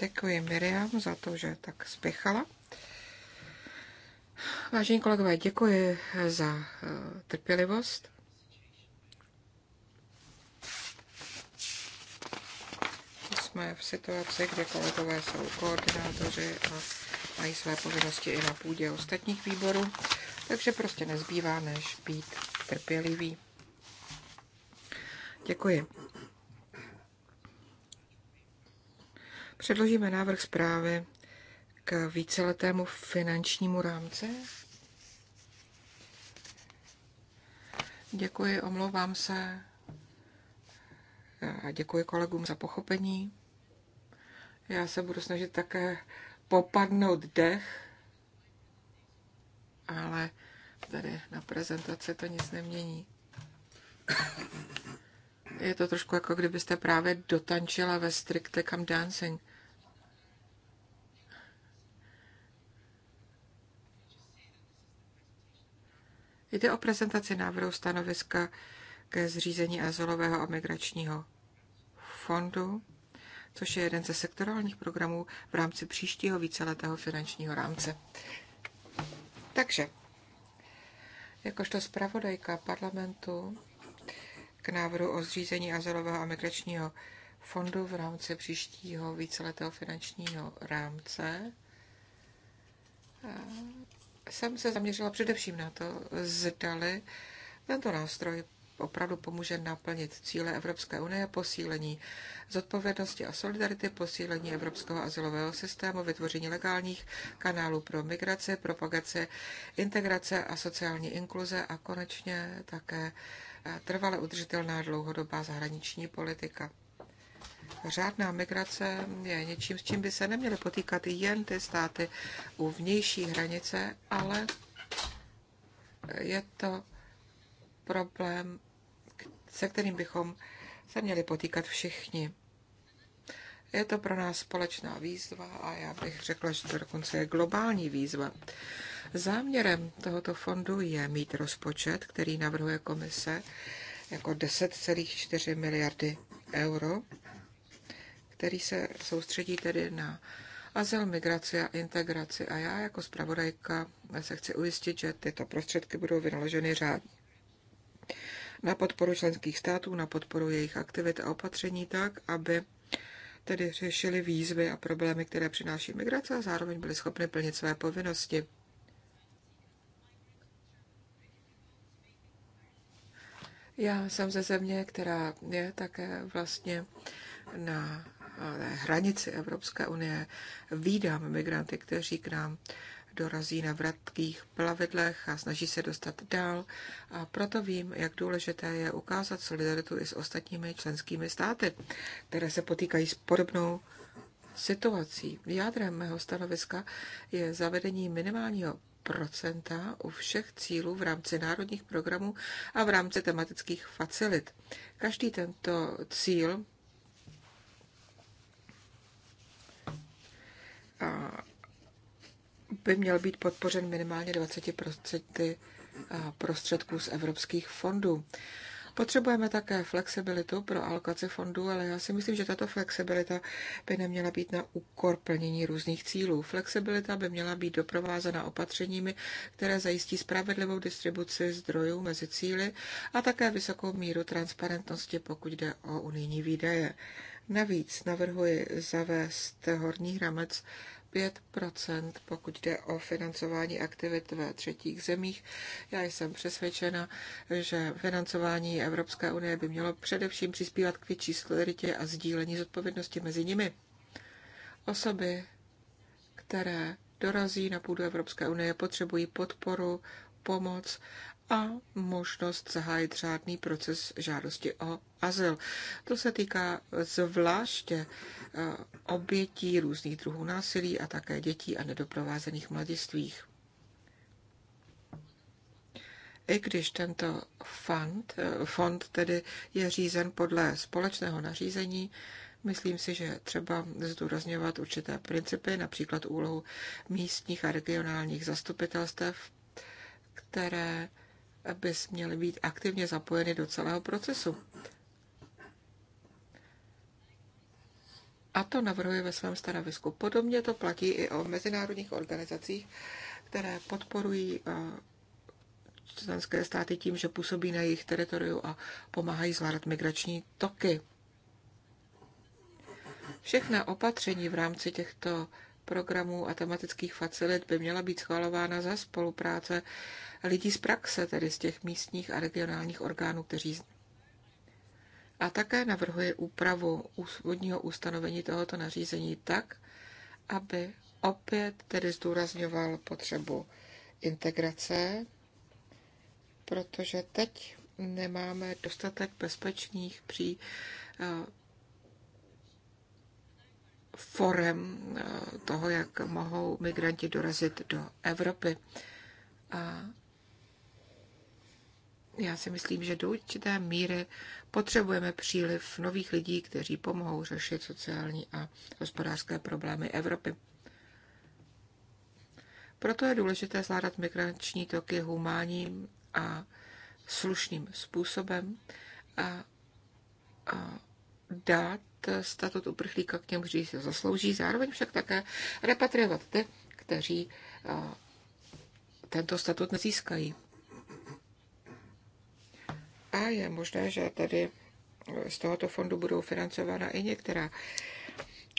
Děkuji Miriam za to, že tak spěchala. Vážení kolegové, děkuji za uh, trpělivost. Jsme v situaci, kde kolegové jsou koordinátoři a mají své povinnosti i na půdě ostatních výborů. Takže prostě nezbývá, než být trpělivý. Děkuji. Předložíme návrh zprávy k víceletému finančnímu rámci. Děkuji, omlouvám se a děkuji kolegům za pochopení. Já se budu snažit také popadnout dech ale tady na prezentaci to nic nemění. Je to trošku jako kdybyste právě dotančila ve strictly come dancing. Jde o prezentaci návrhu stanoviska ke zřízení azylového a migračního fondu, což je jeden ze sektorálních programů v rámci příštího víceletého finančního rámce. Takže, jakožto zpravodajka parlamentu k návrhu o zřízení azylového a migračního fondu v rámci příštího víceletého finančního rámce, eh, jsem se zaměřila především na to, zdali tento nástroj opravdu pomůže naplnit cíle Evropské unie, posílení zodpovědnosti a solidarity, posílení evropského azylového systému, vytvoření legálních kanálů pro migraci, propagace, integrace a sociální inkluze a konečně také eh, trvale udržitelná dlouhodobá zahraniční politika. Řádná migrace je něčím, s čím by se neměly potýkat jen ty státy u vnější hranice, ale je to problém se kterým bychom se měli potýkat všichni. Je to pro nás společná výzva a já bych řekla, že to dokonce je globální výzva. Záměrem tohoto fondu je mít rozpočet, který navrhuje komise jako 10,4 miliardy euro, který se soustředí tedy na azyl, migraci a integraci. A já jako zpravodajka se chci ujistit, že tyto prostředky budou vynaloženy řádně na podporu členských států, na podporu jejich aktivit a opatření tak, aby tedy řešili výzvy a problémy, které přináší migrace a zároveň byli schopni plnit své povinnosti. Já jsem ze země, která je také vlastně na hranici Evropské unie. Vídám migranty, kteří k nám dorazí na vratkých plavidlech a snaží se dostat dál. A proto vím, jak důležité je ukázat solidaritu i s ostatními členskými státy, které se potýkají s podobnou situací. Jádrem mého stanoviska je zavedení minimálního procenta u všech cílů v rámci národních programů a v rámci tematických facilit. Každý tento cíl by měl být podpořen minimálně 20% eh, prostředků z evropských fondů. Potřebujeme také flexibilitu pro alokaci fondů, ale já si myslím, že tato flexibilita by neměla být na úkor plnění různých cílů. Flexibilita by měla být doprovázena opatřeními, které zajistí spravedlivou distribuci zdrojů mezi cíly a také vysokou míru transparentnosti, pokud jde o unijní výdaje. Navíc navrhuji zavést horní hramec 5 pokud jde o financování aktivit ve třetích zemích. Já jsem přesvědčena, že financování Evropské unie by mělo především přispívat k větší solidaritě a sdílení zodpovědnosti mezi nimi. Osoby, které dorazí na půdu Evropské unie, potřebují podporu, pomoc a možnost zahájit řádný proces žádosti o azyl. To se týká zvláště eh, obětí různých druhů násilí a také dětí a nedoprovázených mladistvých. I když tento fond, eh, fond tedy je řízen podle společného nařízení, Myslím si, že třeba zdůrazňovat určité principy, například úlohu místních a regionálních zastupitelstev, které bys měly být aktivně zapojeny do celého procesu. A to navrhuje ve svém stanovisku. Podobně to platí i o mezinárodních organizacích, které podporují eh, členské státy tím, že působí na jejich teritoriu a pomáhají zvládat migrační toky. Všechna opatření v rámci těchto programů a tematických facilit by měla být schvalována za spolupráce lidí z praxe, tedy z těch místních a regionálních orgánů, kteří a také navrhuje úpravu úvodního ustanovení tohoto nařízení tak, aby opět tedy zdůrazňoval potřebu integrace, protože teď nemáme dostatek bezpečných pří eh, forem eh, toho, jak mohou migranti dorazit do Evropy. A já si myslím, že do určité míry potřebujeme příliv nových lidí, kteří pomohou řešit sociální a hospodářské problémy Evropy. Proto je důležité zvládat migrační toky humánním a slušným způsobem a, a dát statut uprchlíka k těm, kteří se zaslouží, zároveň však také repatriovat ty, kteří a, tento statut nezískají a je možné, že tedy z tohoto fondu budou financována i některá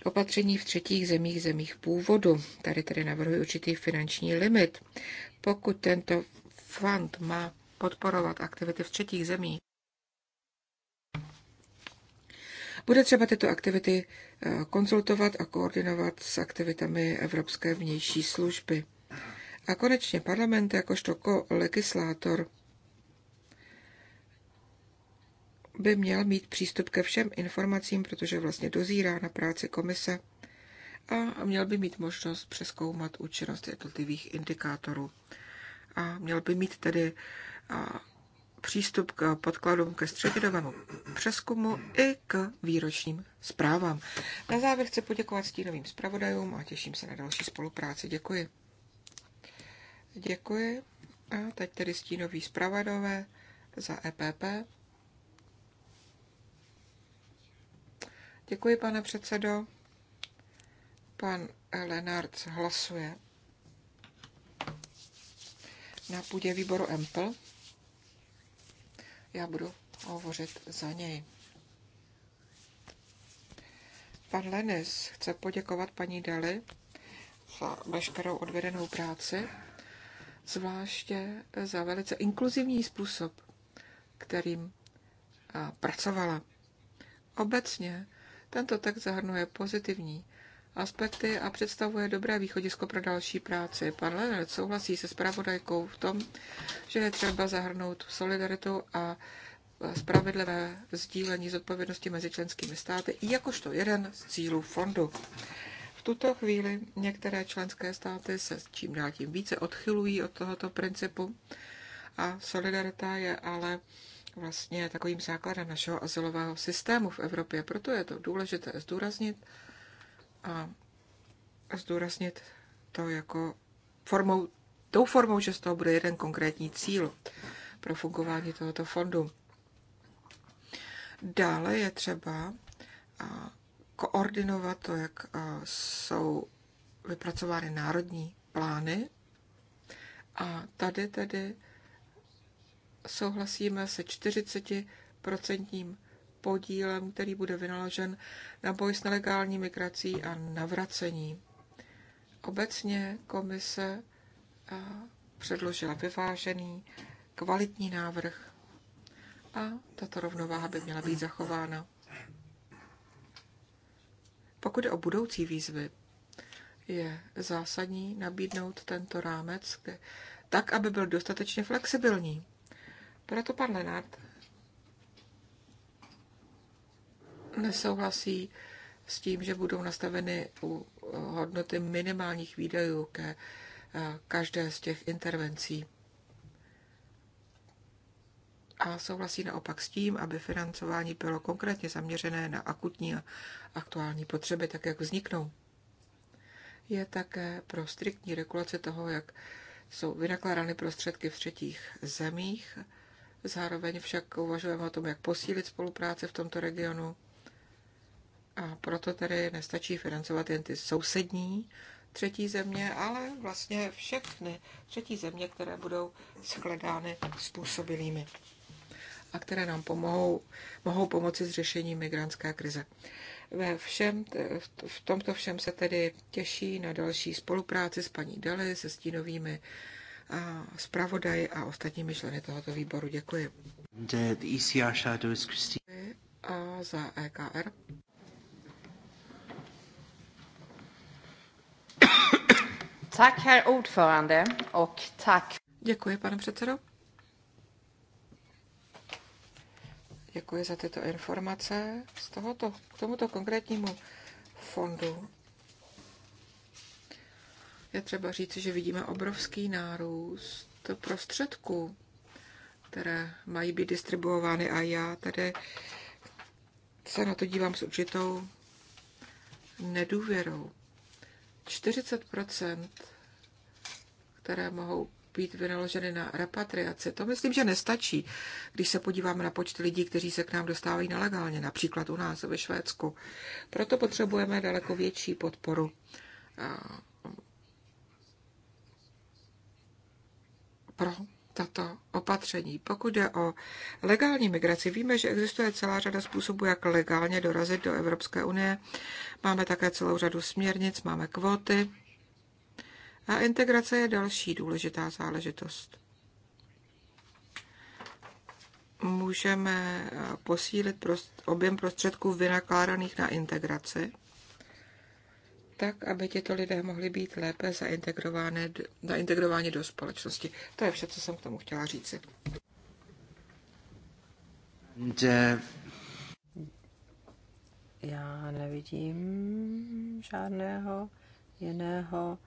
opatření v třetích zemích, zemích původu. Tady tedy navrhuji určitý finanční limit. Pokud tento fond má podporovat aktivity v třetích zemích, bude třeba tyto aktivity eh, konzultovat a koordinovat s aktivitami Evropské vnější služby. A konečně parlament jakožto ko-legislátor by měl mít přístup ke všem informacím, protože vlastně dozírá na práci komise a měl by mít možnost přeskoumat účinnost jednotlivých indikátorů. A měl by mít tedy přístup k podkladům ke středidovému přeskumu i k výročním zprávám. Na závěr chci poděkovat stínovým zpravodajům a těším se na další spolupráci. Děkuji. Děkuji. A teď tedy stínový zpravodové za EPP. Děkuji, pane předsedo. Pan Lenard hlasuje na půdě výboru EMPL. Já budu hovořit za něj. Pan Lenis chce poděkovat paní Dali za veškerou odvedenou práci, zvláště za velice inkluzivní způsob, kterým pracovala. Obecně tento text zahrnuje pozitivní aspekty a představuje dobré východisko pro další práci. Pan Leonard souhlasí se zpravodajkou v tom, že je třeba zahrnout solidaritu a spravedlivé sdílení zodpovědnosti mezi členskými státy, jakožto jeden z cílů fondu. V tuto chvíli některé členské státy se čím dál tím více odchylují od tohoto principu a solidarita je ale vlastně takovým základem našeho azylového systému v Evropě. Proto je to důležité zdůraznit a zdůraznit to jako formou, tou formou, že z toho bude jeden konkrétní cíl pro fungování tohoto fondu. Dále je třeba koordinovat to, jak jsou vypracovány národní plány. A tady tedy souhlasíme se 40% podílem, který bude vynaložen na boj s nelegální migrací a navracení. Obecně komise eh, předložila vyvážený, kvalitní návrh a tato rovnováha by měla být zachována. Pokud je o budoucí výzvy, je zásadní nabídnout tento rámec tak, aby byl dostatečně flexibilní proto pan Lenard nesouhlasí s tím, že budou nastaveny u eh, hodnoty minimálních výdajů ke eh, každé z těch intervencí. A souhlasí naopak s tím, aby financování bylo konkrétně zaměřené na akutní a aktuální potřeby, tak jak vzniknou. Je také pro striktní regulace toho, jak jsou vynakládány prostředky v třetích zemích, Zároveň však uvažujeme o tom, jak posílit spolupráci v tomto regionu. A proto tedy nestačí financovat jen ty sousední třetí země, ale vlastně všechny třetí země, které budou shledány způsobilými a které nám pomohou, mohou pomoci s řešením migrantské krize. Ve všem, v tomto všem se tedy těší na další spolupráci s paní Dali, se stínovými zpravodaj a ostatními členy tohoto výboru. Děkuji. the ECR shadow is Christine. A za EKR. Tak, herr ordförande, och tak. Děkuji, pane předsedo. Děkuji za tyto informace. Z tohoto, k tomuto konkrétnímu fondu je třeba říct, že vidíme obrovský nárůst prostředků, které mají být distribuovány a já tady se na to dívám s určitou nedůvěrou. 40%, které mohou být vynaloženy na repatriaci. To myslím, že nestačí, když se podíváme na počty lidí, kteří se k nám dostávají nelegálně, například u nás ve Švédsku. Proto potřebujeme daleko větší podporu pro tato opatření. Pokud je o legální migraci, víme, že existuje celá řada způsobů, jak legálně dorazit do Evropské unie. Máme také celou řadu směrnic, máme kvóty. A integrace je další důležitá záležitost. Můžeme posílit objem prostředků vynakládaných na integraci tak, aby těto lidé mohli být lépe zaintegrováni do společnosti. To je vše, co jsem k tomu chtěla říci. De... Já nevidím žádného jiného.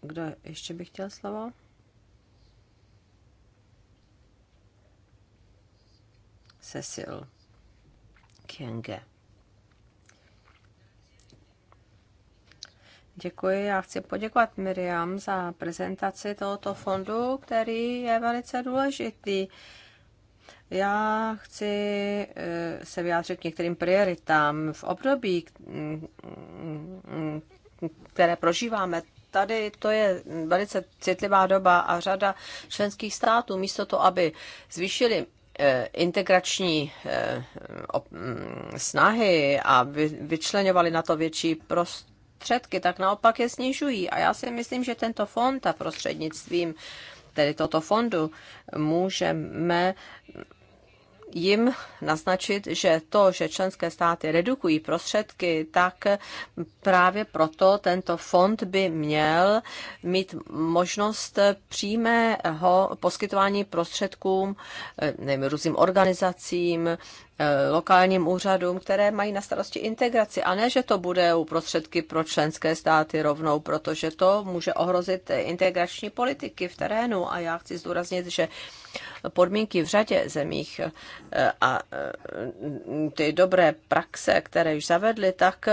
Kdo ještě by chtěl slovo? Cecil Kienge. Děkuji. Já chci poděkovat Miriam za prezentaci tohoto fondu, který je velice důležitý. Já chci eh, se vyjádřit k některým prioritám. V období, které prožíváme, tady to je velice citlivá doba a řada členských států místo to, aby zvýšili eh, integrační eh, mm, snahy a vyčlenovali na to větší prostor, prostředky, tak naopak je snižují. A já si myslím, že tento fond a prostřednictvím tedy toto fondu můžeme jim naznačit, že to, že členské státy redukují prostředky, tak právě proto tento fond by měl mít možnost přímého poskytování prostředkům eh, nevím, různým organizacím, Eh, lokálním úřadům, které mají na starosti integraci. A ne, že to bude u prostředky pro členské státy rovnou, protože to může ohrozit integrační politiky v terénu. A já chci zdůraznit, že podmínky v řadě zemích eh, a eh, ty dobré praxe, které už zavedly, tak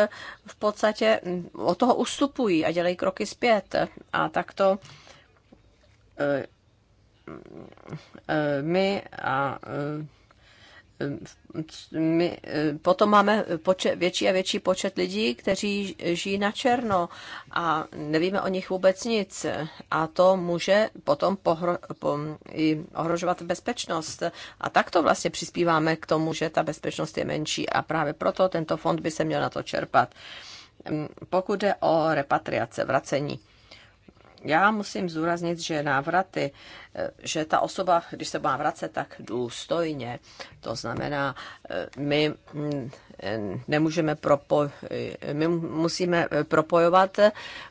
v podstatě mm, od toho ustupují a dělají kroky zpět. A tak to mm, my a Ehm, my ehm, potom máme počet, větší a větší počet lidí, kteří žijí na černo a nevíme o nich vůbec nic. A to může potom pohro, po, i ohrožovat bezpečnost. A tak to vlastně přispíváme k tomu, že ta bezpečnost je menší a právě proto tento fond by se měl na to čerpat. Ehm, pokud jde o repatriace, vracení já musím zúraznit, že návraty, eh, že ta osoba, když se má vracet, tak důstojně. To znamená, eh, my mm, nemůžeme propo, eh, my musíme propojovat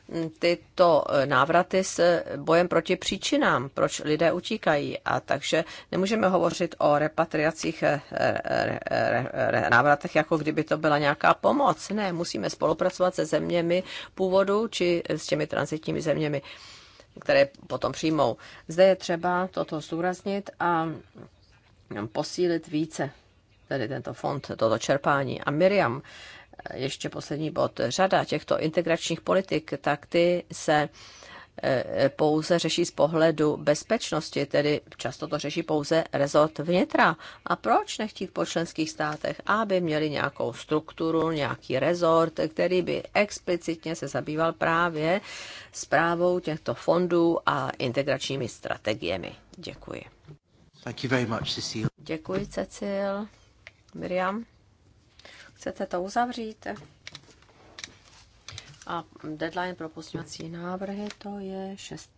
mm, tyto návraty s bojem proti příčinám, proč lidé utíkají. A takže nemůžeme hovořit o repatriacích návratech, jako kdyby to byla nějaká pomoc. Ne, musíme spolupracovat se zeměmi původu či s těmi transitními zeměmi které potom přijmou. Zde je třeba toto zúraznit a posílit více tedy tento fond, toto čerpání. A Miriam, ještě poslední bod, řada těchto integračních politik, tak ty se uh, E, e, pouze řeší z pohledu bezpečnosti, tedy často to řeší pouze rezort vnitra. A proč nechtít po členských státech, aby měli nějakou strukturu, nějaký rezort, který by explicitně se zabýval právě zprávou těchto fondů a integračními strategiemi? Děkuji. Thank you very much, Cecil. Děkuji, Cecil. Miriam, chcete to uzavřít? A deadline pro pozměňovací návrhy to je 6.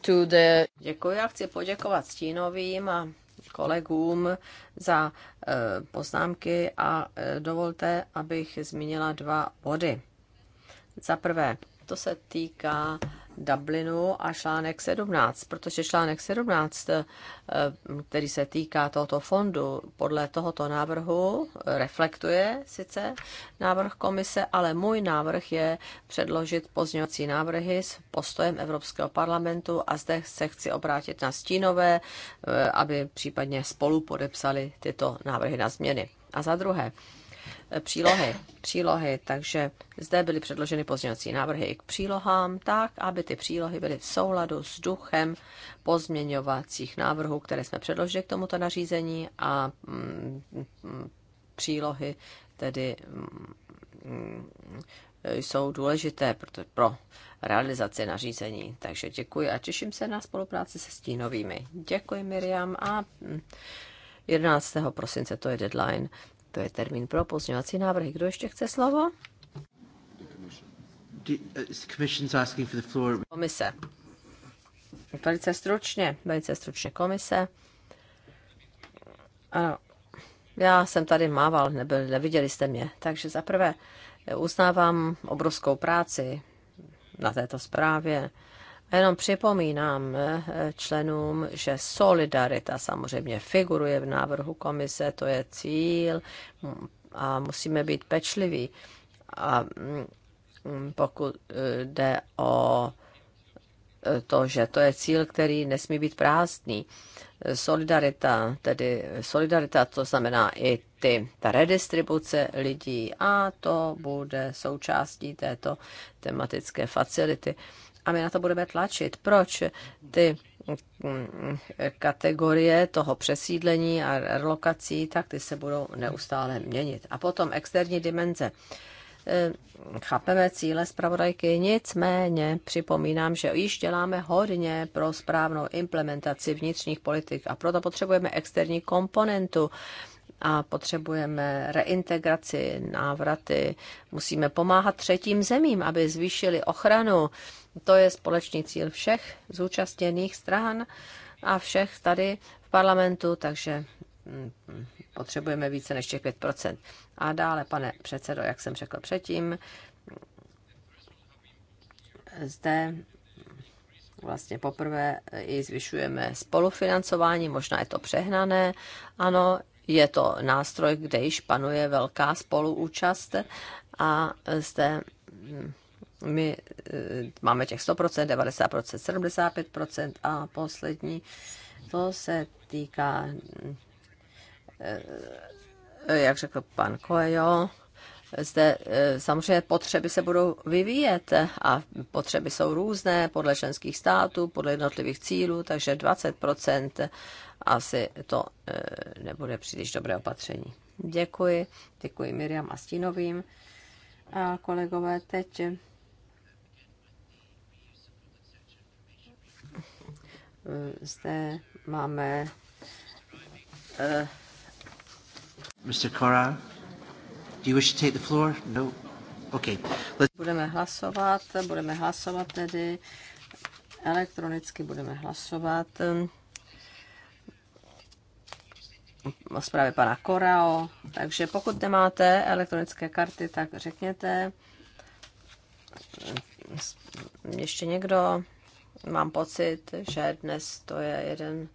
To the... Děkuji a chci poděkovat Stínovým a kolegům za eh, poznámky a eh, dovolte, abych zmínila dva body. Za prvé, to se týká Dublinu a článek 17, protože článek 17, eh, který se týká tohoto fondu, podle tohoto návrhu reflektuje sice návrh komise, ale můj návrh je předložit pozměňovací návrhy s postojem Evropského parlamentu a zde se chci obrátit na stínové, eh, aby případně spolu podepsali tyto návrhy na změny. A za druhé, přílohy. přílohy. Takže zde byly předloženy pozměňovací návrhy k přílohám, tak, aby ty přílohy byly v souladu s duchem pozměňovacích návrhů, které jsme předložili k tomuto nařízení a mm, přílohy tedy mm, jsou důležité pro realizaci nařízení. Takže děkuji a těším se na spolupráci se stínovými. Děkuji Miriam a 11. Mm, prosince to je deadline to je termín pro pozňovací návrhy. Kdo ještě chce slovo? Uh, komise. Velice stručně, velice stručně komise. Ano, já jsem tady mával, nebyl, neviděli jste mě. Takže zaprvé uznávám obrovskou práci na této zprávě jenom připomínám eh, eh, členům, že solidarita samozřejmě figuruje v návrhu komise, to je cíl mm, a musíme být pečliví. A mm, mm, pokud eh, jde o to, že to je cíl, který nesmí být prázdný. Solidarita, tedy solidarita, to znamená i ty, ta redistribuce lidí a to bude součástí této tematické facility a my na to budeme tlačit. Proč ty mm, kategorie toho přesídlení a relokací, tak ty se budou neustále měnit. A potom externí dimenze. E, chápeme cíle zpravodajky, nicméně připomínám, že již děláme hodně pro správnou implementaci vnitřních politik a proto potřebujeme externí komponentu a potřebujeme reintegraci, návraty. Musíme pomáhat třetím zemím, aby zvýšili ochranu to je společný cíl všech zúčastněných stran a všech tady v parlamentu, takže mm, potřebujeme více než těch 5%. A dále, pane předsedo, jak jsem řekl předtím, zde vlastně poprvé i zvyšujeme spolufinancování, možná je to přehnané, ano, je to nástroj, kde již panuje velká spoluúčast a zde mm, my eh, máme těch 100%, 90%, 75% a poslední, to se týká, eh, jak řekl pan Kojo, zde eh, samozřejmě potřeby se budou vyvíjet a potřeby jsou různé podle členských států, podle jednotlivých cílů, takže 20% asi to nebude příliš dobré opatření. Děkuji, děkuji Miriam a Stínovým. A kolegové, teď Eh, zde máme uh, eh, Mr. Cora, do you wish to take the floor? No. Okay. Let's... Budeme hlasovat, budeme hlasovat tedy elektronicky budeme hlasovat o zprávě pana Korao. Takže pokud nemáte elektronické karty, tak řekněte. Ještě někdo? mám pocit, že dnes to je jeden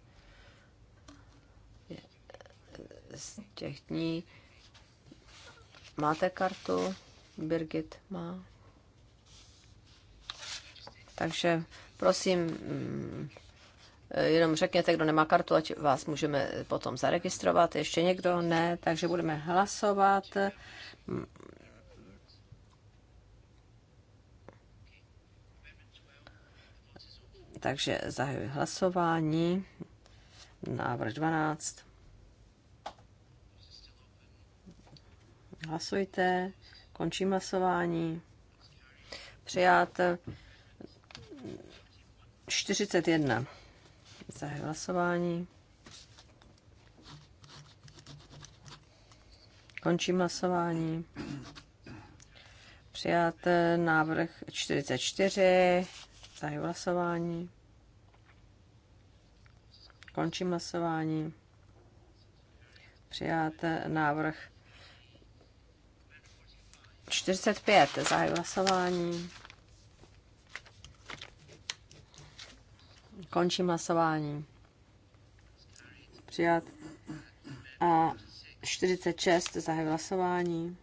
z těch dní. Máte kartu? Birgit má. Takže prosím, mm, jenom řekněte, kdo nemá kartu, ať vás můžeme potom zaregistrovat. Ještě někdo ne, takže budeme hlasovat. Takže zahajuji hlasování. Návrh 12. Hlasujte. Končím hlasování. Přijat 41. Zahajuji hlasování. Končím hlasování. Přijat návrh 44. Zahajuji hlasování. Končím hlasování. Přijáte návrh 45. Zahajuji hlasování. Končím hlasování. Přijat. A 46. Zahajuji hlasování.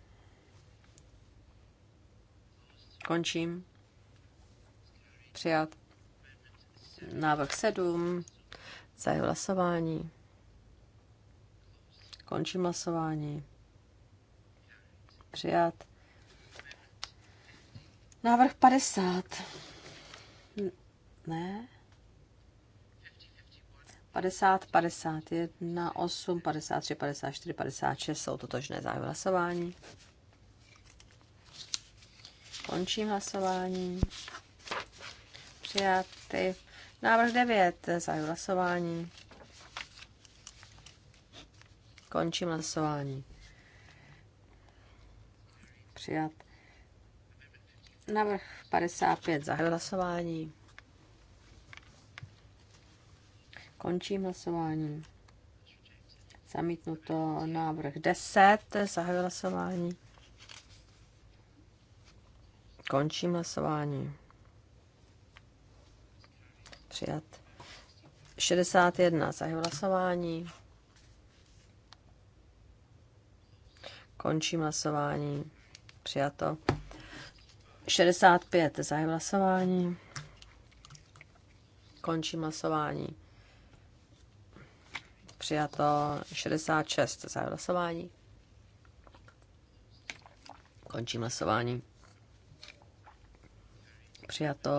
Končím. Přijat. Návrh 7. Zahajuji hlasování. Končím hlasování. Přijat. Návrh 50. Ne. 50, 51, 8, 53, 54, 56 jsou totožné zájmy hlasování. Končím hlasování přijaty. Návrh 9, zahajuji hlasování. Končím hlasování. Přijat. Návrh 55, zahajuji hlasování. Končím hlasování. Zamítnuto návrh 10, zahajuji hlasování. Končím hlasování. Přijat. 61. za jeho hlasování. Končím hlasování. Přijato. 65. za jeho hlasování. Končím hlasování. Přijato 66. za jeho hlasování. Končím hlasování. Přijato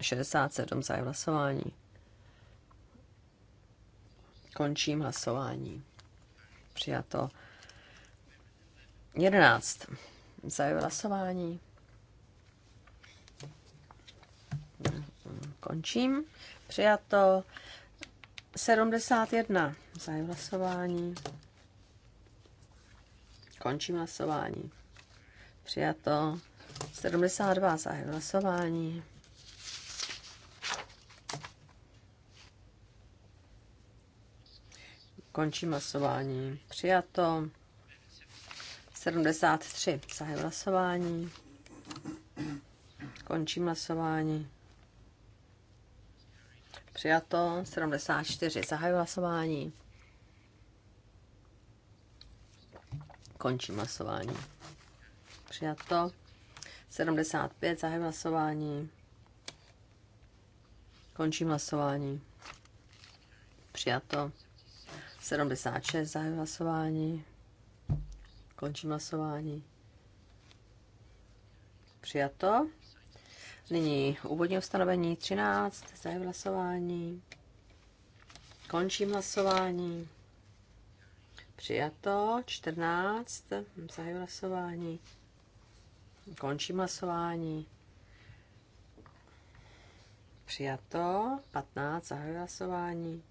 67 za hlasování. Končím hlasování. Přijato 11 za hlasování. Končím. Přijato 71 za hlasování. Končím hlasování. Přijato 72 za hlasování. Končím hlasování. Přijato. 73 za hlasování. Končím hlasování. Přijato 74. Zahajuji hlasování. Končím hlasování. Přijato 75, zahajím hlasování. Končím hlasování. Přijato. 76, zahajím hlasování. Končím hlasování. Přijato. Nyní úvodní ustanovení 13, zahajím hlasování. Končím hlasování. Přijato. 14, zahajím hlasování. Končím hlasování. Přijato. 15. Zahajuji hlasování.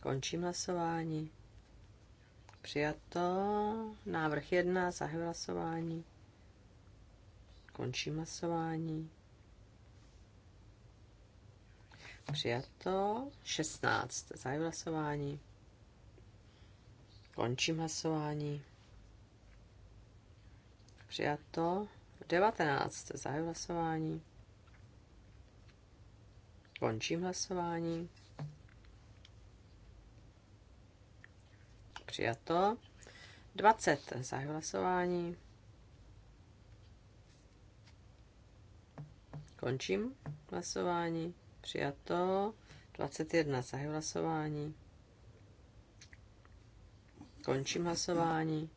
Končím hlasování. Přijato. Návrh 1. Zahajuji hlasování. Končím hlasování. Přijato. 16. Zahajuji hlasování. Končím hlasování. Přijato. 19. Zahajuji hlasování. Končím hlasování. Přijato. 20. Zahajuji hlasování. Končím hlasování. Přijato. 21. Zahajuji hlasování. Končím hlasování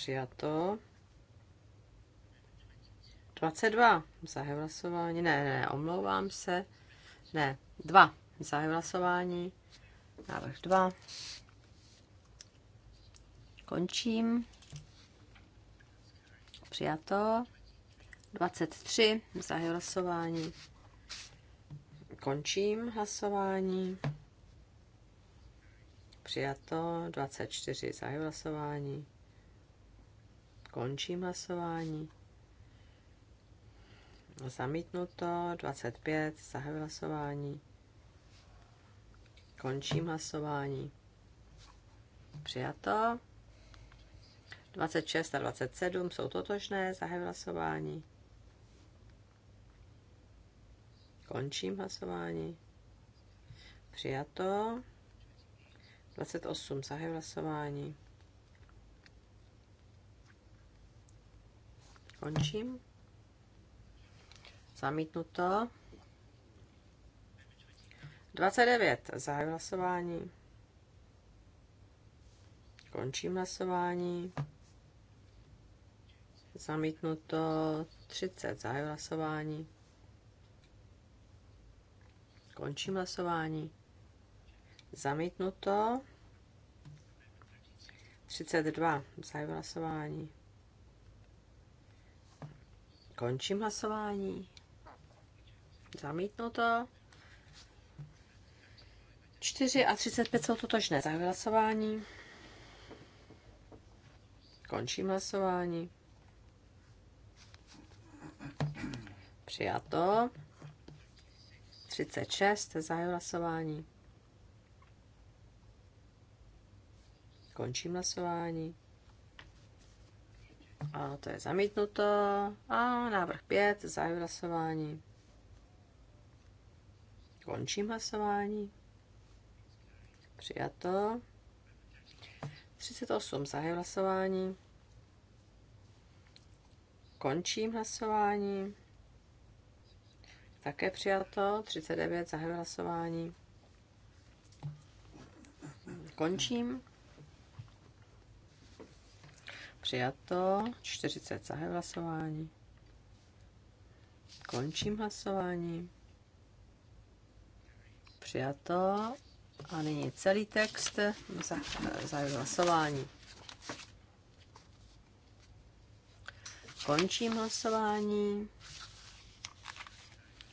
přijato. 22. Zahajuji hlasování. Ne, ne, omlouvám se. Ne, 2. Zahajuji hlasování. Návrh 2. Končím. Přijato. 23. Zahajuji hlasování. Končím hlasování. Přijato. 24. Zahajuji hlasování. Končím hlasování. Zamítnuto 25, zahajuji hlasování. Končím hlasování. Přijato. 26 a 27 jsou totožné, zahajuji hlasování. Končím hlasování. Přijato. 28 zahajuji hlasování. Končím. Zamítnuto. 29. Zahajuji hlasování. Končím hlasování. Zamítnuto 30. Zahajuji hlasování. Končím hlasování. Zamítnuto 32. Zahajuji hlasování. Končím hlasování. to. 4 a 35 jsou totožné za hlasování. Končím hlasování. Přijato. 36 za hlasování. Končím hlasování. A to je zamítnuto. A návrh 5, zájem hlasování. Končím hlasování. Přijato. 38, zájem hlasování. Končím hlasování. Také přijato. 39, zájem hlasování. Končím. Přijato. 40 zahajuji hlasování. Končím hlasování. Přijato. A nyní celý text za hlasování. Končím hlasování.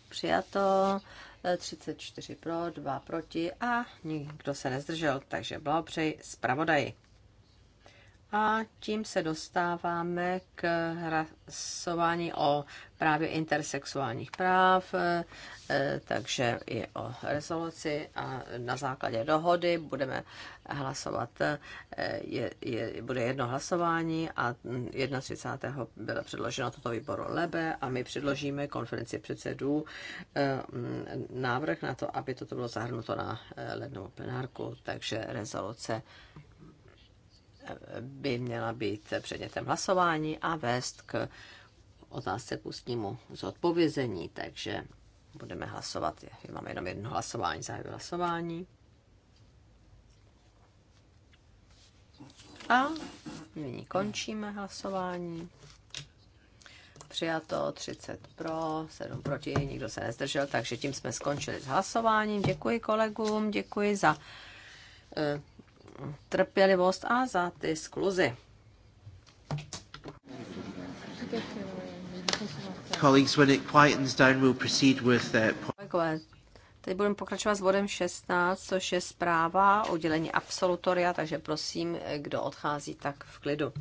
Přijato. 34 pro, 2 proti a nikdo se nezdržel, takže blahopřeji zpravodaji. A tím se dostáváme k hlasování o právě intersexuálních práv, e, takže i o rezoluci a na základě dohody budeme hlasovat, e, je, je, bude jedno hlasování a 31. bylo předloženo toto výboru Lebe a my předložíme konferenci předsedů e, návrh na to, aby toto bylo zahrnuto na lednovou plenárku, takže rezoluce by měla být předmětem hlasování a vést k otázce k ústnímu zodpovězení. Takže budeme hlasovat. Máme jenom jedno hlasování, zahajuji hlasování. A nyní končíme hlasování. Přijato 30 pro, 7 proti, nikdo se nezdržel, takže tím jsme skončili s hlasováním. Děkuji kolegům, děkuji za eh, trpělivost a za ty skluzy. Colleagues, when it quietens down, we'll proceed with uh, Teď budeme pokračovat s bodem 16, což je zpráva o udělení absolutoria, takže prosím, kdo odchází, tak v klidu.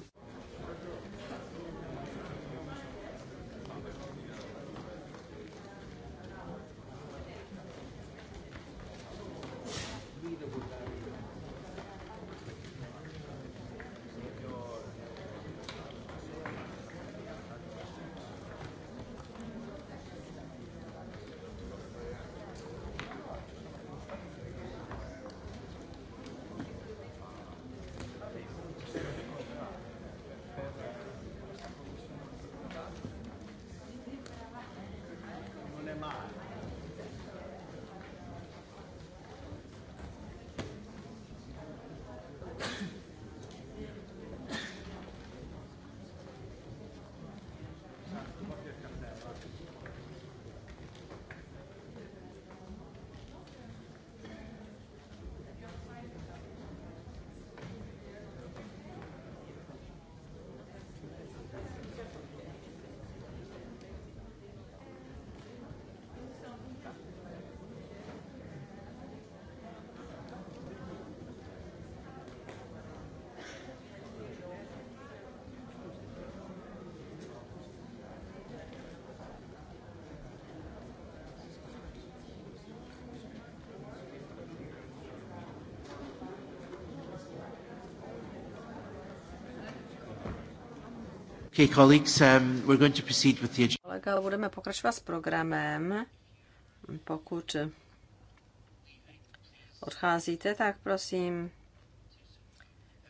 Okay, colleagues, um, we're going to proceed with the Kolega, budeme pokračovat s programem. Pokud odcházíte, tak prosím,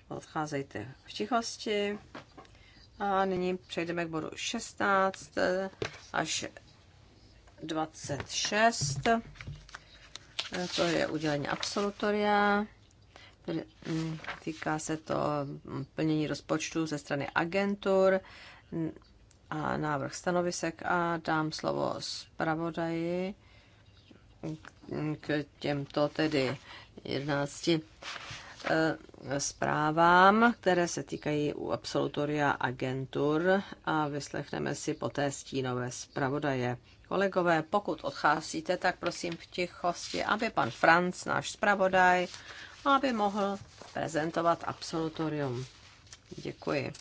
odcházejte v tichosti. A nyní přejdeme k bodu 16 až 26. To je udělení absolutoria týká se to plnění rozpočtu ze strany agentur a návrh stanovisek a dám slovo zpravodaji k těmto tedy 11 eh, zprávám, které se týkají u absolutoria agentur a vyslechneme si poté stínové zpravodaje. Kolegové, pokud odcházíte, tak prosím v tichosti, aby pan Franc, náš zpravodaj, aby mohl prezentovat absolutorium. Děkuji.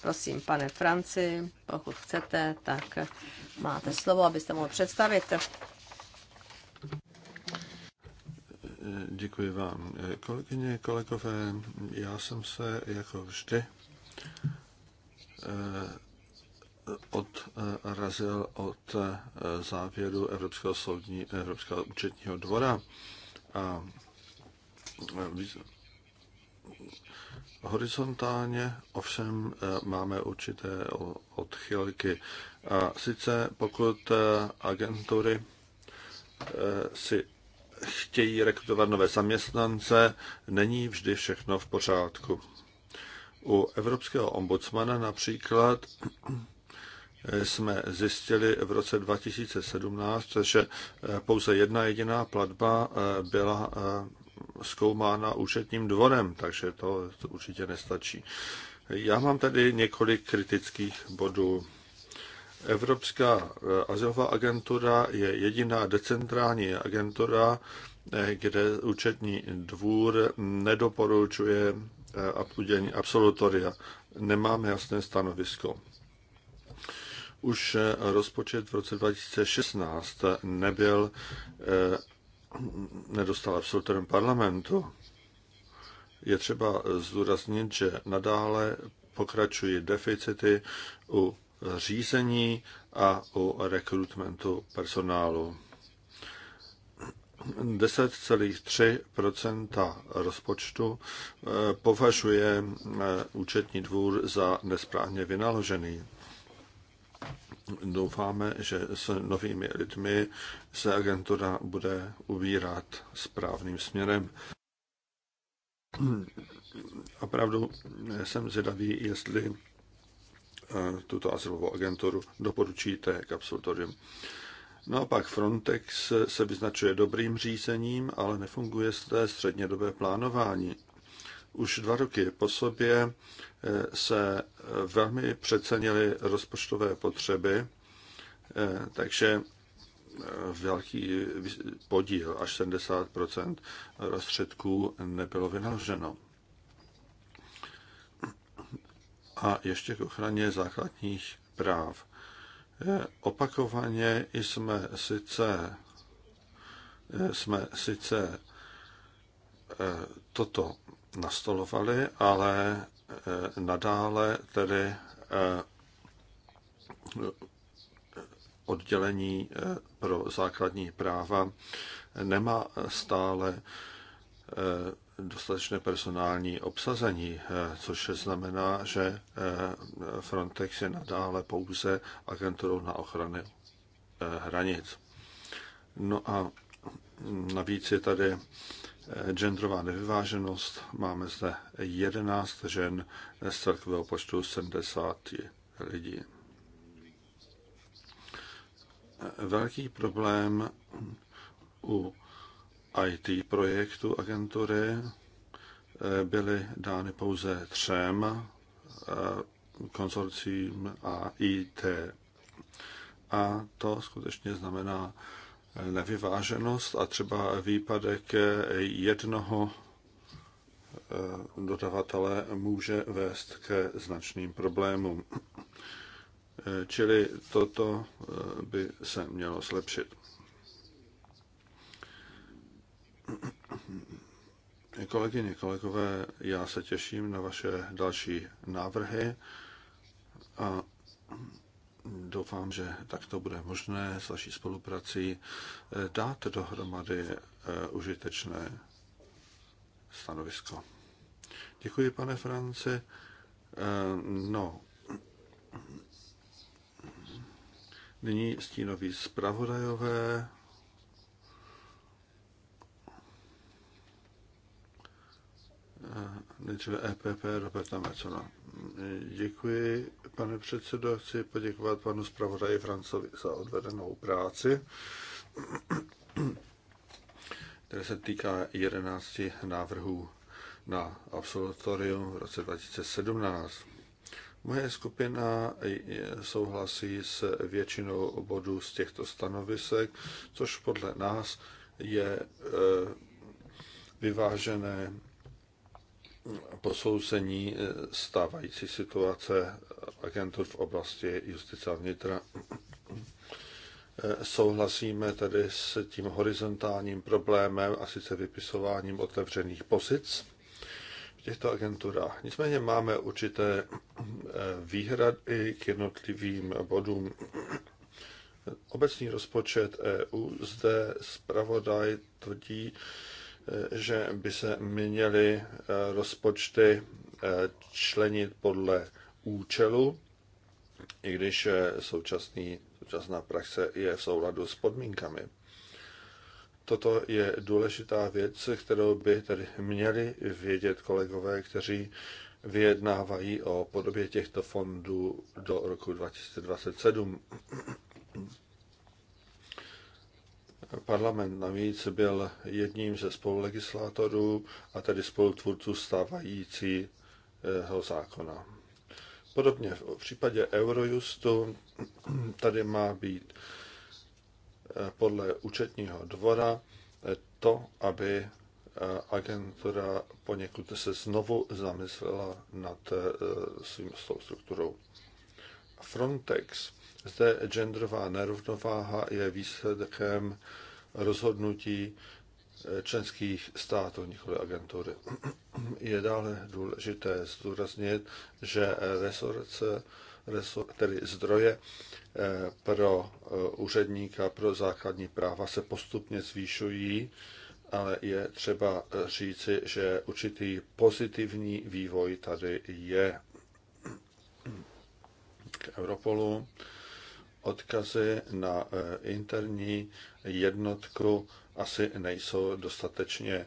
Prosím, pane Franci, pokud chcete, tak máte slovo, abyste mohl představit. Děkuji vám. Kolegyně, kolegové, já jsem se jako vždy eh, odrazil od eh, závěru Evropského soudní, Evropského účetního dvora a eh, Horizontálně ovšem eh, máme určité odchylky. A sice pokud eh, agentury eh, si chtějí rekrutovat nové zaměstnance, není vždy všechno v pořádku. U Evropského ombudsmana například jsme zjistili v roce 2017, že pouze jedna jediná platba byla zkoumána účetním dvorem, takže to, to určitě nestačí. Já mám tady několik kritických bodů. Evropská eh, azylová agentura je jediná decentrální agentura, eh, kde účetní dvůr nedoporučuje eh, udělení absolutoria. Nemáme jasné stanovisko. Už rozpočet v roce 2016 nebyl nedostal absolutorem parlamentu, je třeba zdůraznit, že nadále pokračují deficity u řízení a u rekrutmentu personálu. 10,3 rozpočtu eh, považuje eh, účetní dvůr za nesprávně vynaložený doufáme, že s novými lidmi se agentura bude ubírat správným směrem. A jsem zvědavý, jestli eh, tuto azylovou agenturu doporučíte k absolutorium. No a pak Frontex se vyznačuje dobrým řízením, ale nefunguje z té střednědobé plánování. Už dva roky po sobě eh, se velmi přecenily rozpočtové potřeby, eh, takže eh, velký podíl, až 70 rozstředků nebylo vynaloženo. A ještě k ochraně základních práv. Opakovaně jsme sice, jsme sice toto nastolovali, ale eh, nadále tedy eh, oddělení eh, pro základní práva nemá stále dostatečné personální obsazení, což znamená, že Frontex je nadále pouze agenturou na ochranu hranic. No a navíc je tady genderová nevyváženost. Máme zde 11 žen z celkového počtu 70 lidí. Velký problém u IT projektu agentury eh, byly dány pouze třem eh, konzorcím a IT. A to skutečně znamená nevyváženost a třeba výpadek jednoho eh, dodavatele může vést ke značným problémům. Eh, čili toto eh, by se mělo zlepšit. Kolegyně, kolegové, já se těším na vaše další návrhy a doufám, že takto bude možné s vaší spoluprací eh, dát dohromady eh, užitečné stanovisko. Děkuji, pane Franci. Eh, no, nyní stínoví zpravodajové. Eh, nejdříve EPP Roberta Mecona. Děkuji, pane předsedo. Chci poděkovat panu zpravodaji Francovi za odvedenou práci, které se týká 11 návrhů na absolutorium v roce 2017. Moje skupina souhlasí s většinou bodů z těchto stanovisek, což podle nás je eh, vyvážené posouzení eh, stávající situace agentur v oblasti justice a vnitra. Eh, souhlasíme tedy s tím horizontálním problémem a sice vypisováním otevřených pozic v těchto agenturách. Nicméně máme určité eh, výhrady k jednotlivým bodům. Obecný rozpočet EU zde zpravodaj tvrdí, že by se měly eh, rozpočty eh, členit podle účelu, i když eh, současný, současná praxe je v souladu s podmínkami. Toto je důležitá věc, kterou by tedy měli vědět kolegové, kteří vyjednávají o podobě těchto fondů do roku 2027. Parlament navíc byl jedním ze spolulegislátorů a tedy spolutvůrců stávajícího zákona. Podobně v případě Eurojustu tady má být eh, podle účetního dvora eh, to, aby eh, agentura poněkud se znovu zamyslela nad svým, svou strukturou. Frontex zde genderová nerovnováha je výsledkem rozhodnutí členských států, nikoli agentury. Je dále důležité zdůraznit, že resorce, resor, tedy zdroje eh, pro eh, úředníka pro základní práva se postupně zvýšují, ale je třeba říci, že určitý pozitivní vývoj tady je. K Europolu odkazy na eh, interní jednotku asi nejsou dostatečně eh,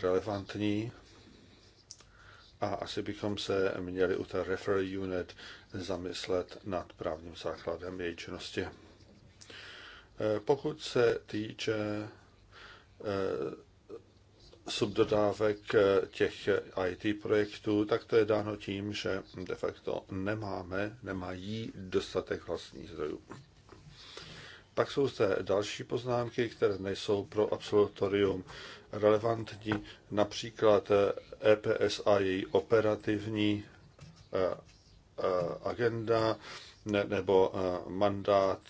relevantní a asi bychom se měli u té referral unit zamyslet nad právním základem její činnosti. Eh, pokud se týče subdodávek eh, těch eh, IT projektů, tak to je dáno tím, že de facto nemáme, nemají dostatek vlastních zdrojů. Pak jsou zde další poznámky, které nejsou pro absolutorium relevantní, například EPS eh, e a její operativní agenda nebo mandát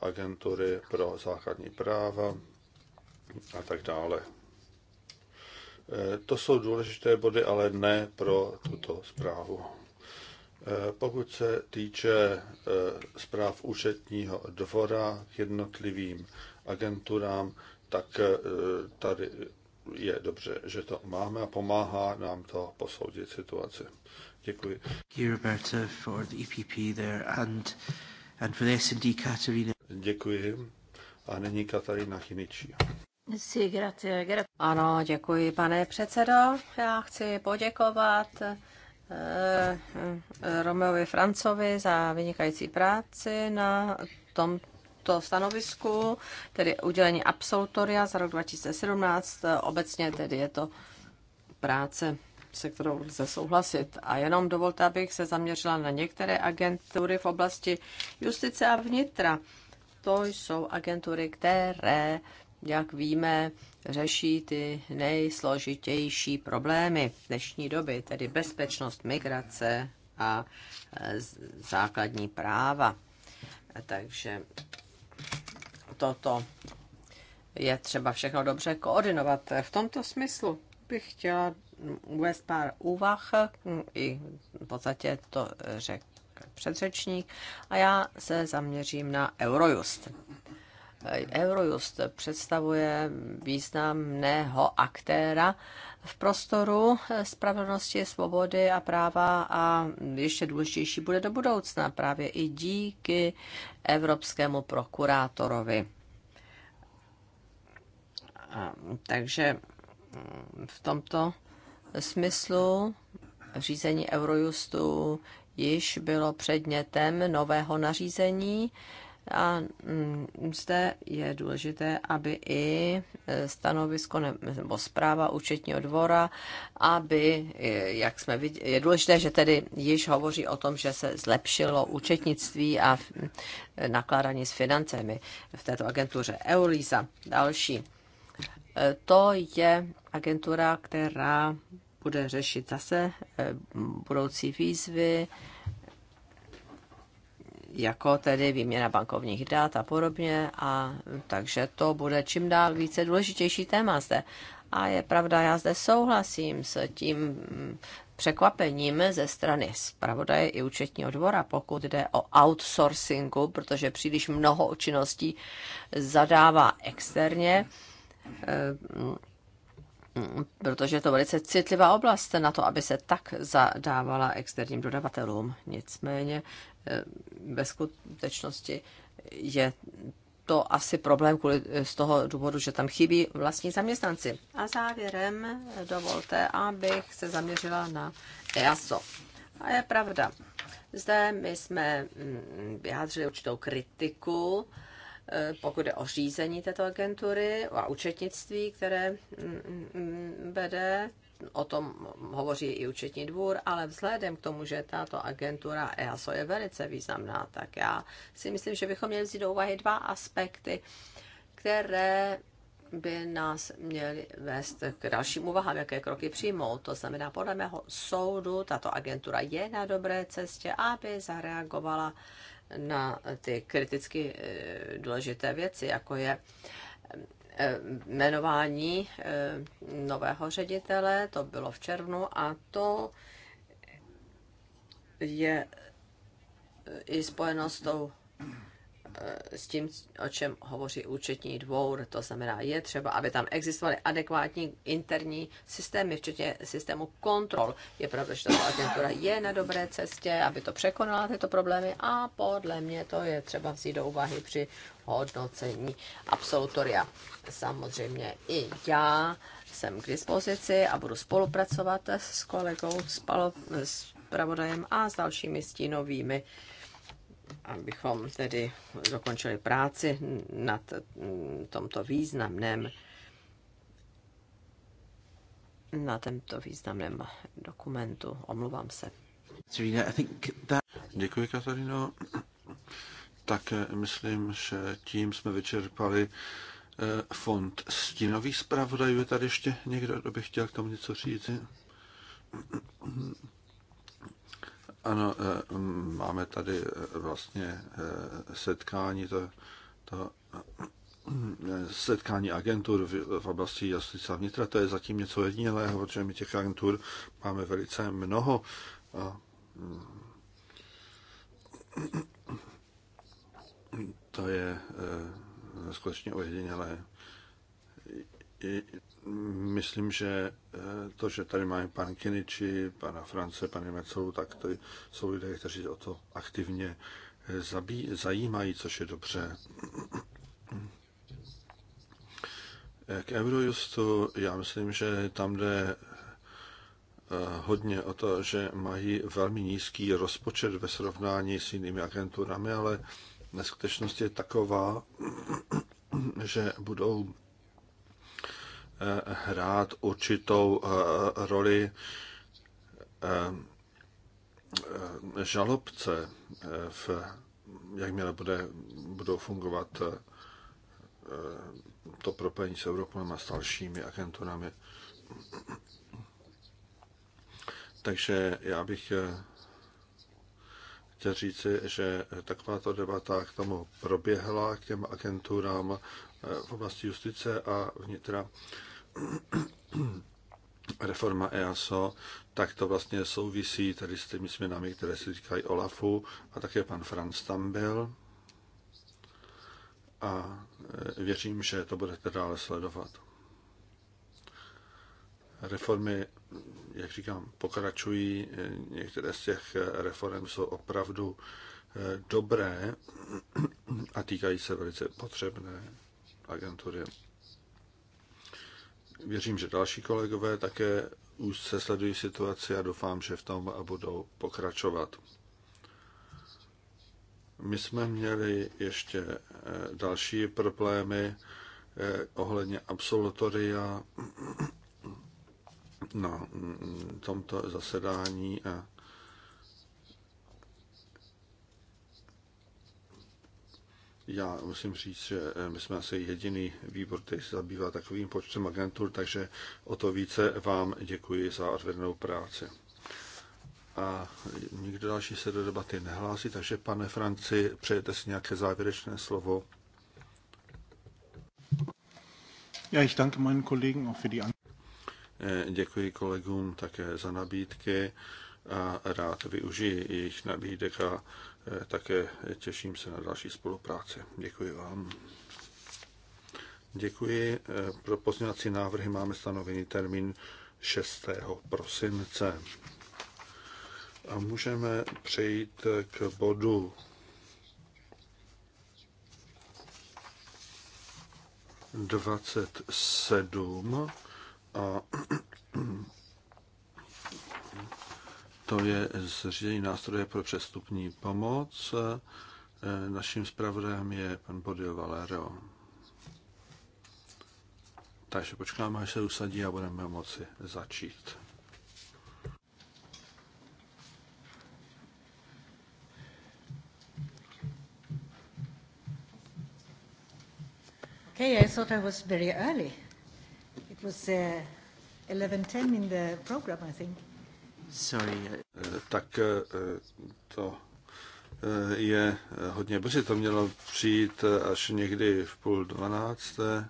agentury pro základní práva a tak dále. Eh, to jsou důležité body, ale ne pro tuto zprávu. Eh, pokud se týče eh, zpráv účetního dvora k jednotlivým agenturám, tak tady je dobře, že to máme a pomáhá nám to posoudit situaci. Děkuji. Děkuji, Roberta, for e there and, and for the Katarina. Děkuji. A nyní Katarína Chiničí. Ano, děkuji, pane předsedo. Já chci poděkovat eh, eh, Romeovi Francovi za vynikající práci na tomto stanovisku, tedy udělení absolutoria za rok 2017. Obecně tedy je to práce, se kterou lze souhlasit. A jenom dovolte, abych se zaměřila na některé agentury v oblasti justice a vnitra. To jsou agentury, které jak víme, řeší ty nejsložitější problémy v dnešní doby, tedy bezpečnost, migrace a e, základní práva. Takže toto je třeba všechno dobře koordinovat. V tomto smyslu bych chtěla uvést pár úvah, hm, i v podstatě to řekl předřečník, a já se zaměřím na Eurojust. Eurojust představuje významného aktéra v prostoru spravedlnosti, svobody a práva a ještě důležitější bude do budoucna právě i díky evropskému prokurátorovi. Takže mm, v tomto smyslu řízení Eurojustu již bylo předmětem nového nařízení, a mm, zde je důležité, aby i e, stanovisko nebo zpráva účetního dvora, aby, e, jak jsme viděli, je důležité, že tedy již hovoří o tom, že se zlepšilo účetnictví a e, nakládání s financemi v této agentuře. Eulisa, další. To je agentura, která bude řešit zase budoucí výzvy, jako tedy výměna bankovních dat a podobně. A takže to bude čím dál více důležitější téma zde. A je pravda, já zde souhlasím s tím mm, překvapením ze strany zpravodaje i účetního dvora, pokud jde o outsourcingu, protože příliš mnoho činností zadává externě eh, mm, Mm, protože je to velice citlivá oblast na to, aby se tak zadávala externím dodavatelům. Nicméně eh, ve skutečnosti je to asi problém kvůli, eh, z toho důvodu, že tam chybí vlastní zaměstnanci. A závěrem dovolte, abych se zaměřila na EASO. A je pravda, zde my jsme mm, vyjádřili určitou kritiku, Eh, pokud jde o řízení této agentury a účetnictví, které mm, mm, vede, o tom hovoří i účetní dvůr, ale vzhledem k tomu, že tato agentura EASO je velice významná, tak já si myslím, že bychom měli vzít do úvahy dva aspekty, které by nás měly vést k dalším úvahám, jaké kroky přijmout. To znamená, podle mého soudu, tato agentura je na dobré cestě, aby zareagovala na ty kriticky eh, důležité věci, jako je eh, jmenování eh, nového ředitele, to bylo v červnu a to je i spojeno s tou s tím, o čem hovoří účetní dvůr. To znamená, je třeba, aby tam existovaly adekvátní interní systémy, včetně systému kontrol. Je pravda, že tato agentura je na dobré cestě, aby to překonala tyto problémy a podle mě to je třeba vzít do úvahy při hodnocení absolutoria. Samozřejmě i já jsem k dispozici a budu spolupracovat s kolegou, s, palo, s pravodajem a s dalšími stínovými abychom tedy dokončili práci nad mm, tomto významném na tomto významném dokumentu. Omluvám se. Děkuji, Katarino. Tak eh, myslím, že tím jsme vyčerpali eh, fond stínových zpravodajů. Je tady ještě někdo, kdo by chtěl k tomu něco říct? Ano, eh, mm, máme tady eh, vlastně eh, setkání, to, to setkání agentur v oblasti justice a vnitra, to je zatím něco jedinělého, protože my těch agentur máme velice mnoho. A mm, to je skutečně ojedinělé myslím, že eh, to, že tady máme pan Kiniči, pana France, pana Mecelu, tak to jsou lidé, kteří o to aktivně eh, zabí, zajímají, což je dobře. Eh, k Eurojustu, já myslím, že tam jde hodně o to, že mají velmi nízký rozpočet ve srovnání s jinými agenturami, ale neskutečnost je taková, že budou hrát určitou eh, roli eh, eh, žalobce, v, jakmile bude, budou fungovat to propojení s Europolem a s dalšími agenturami. Takže já bych chtěl říci, že takováto debata k tomu proběhla, k těm agenturám v oblasti justice a vnitra reforma EASO, tak to vlastně souvisí tady s těmi směnami, které se říkají OLAFu a také pan Franz tam byl. A e, věřím, že to budete dále sledovat. Reformy, jak říkám, pokračují. E, některé z těch e, reform jsou opravdu dobré a týkají se velice potřebné agentury. Věřím, že další kolegové také už se sledují situaci a doufám, že v tom budou pokračovat. My jsme měli ještě eh, další problémy eh, ohledně absolutoria na mm, tomto zasedání a Já musím říct, že eh, my jsme asi jediný výbor, který se zabývá takovým počtem agentur, takže o to více vám děkuji za odvedenou práci. A nikdo další se do debaty nehlásí, takže pane Franci, přejete si nějaké závěrečné slovo? Já ja, danke mojim kolegům für die eh, Děkuji kolegům také za nabídky a rád využiji jejich nabídek a Eh, také těším se na další spolupráci. Děkuji vám. Děkuji. Eh, pro pozměňovací návrhy máme stanovený termín 6. prosince. A můžeme přejít k bodu Dvacet sedm a to je zřízení nástroje pro přestupní pomoc. Naším zpravodajem je pan Bodio Valero. Takže počkáme, až se usadí a budeme moci začít. Okay, I thought I was very early. It was uh, 11.10 in the program, I think. Sorry. Eh, tak eh, to eh, je hodně brzy, to mělo přijít až někdy v půl dvanácté.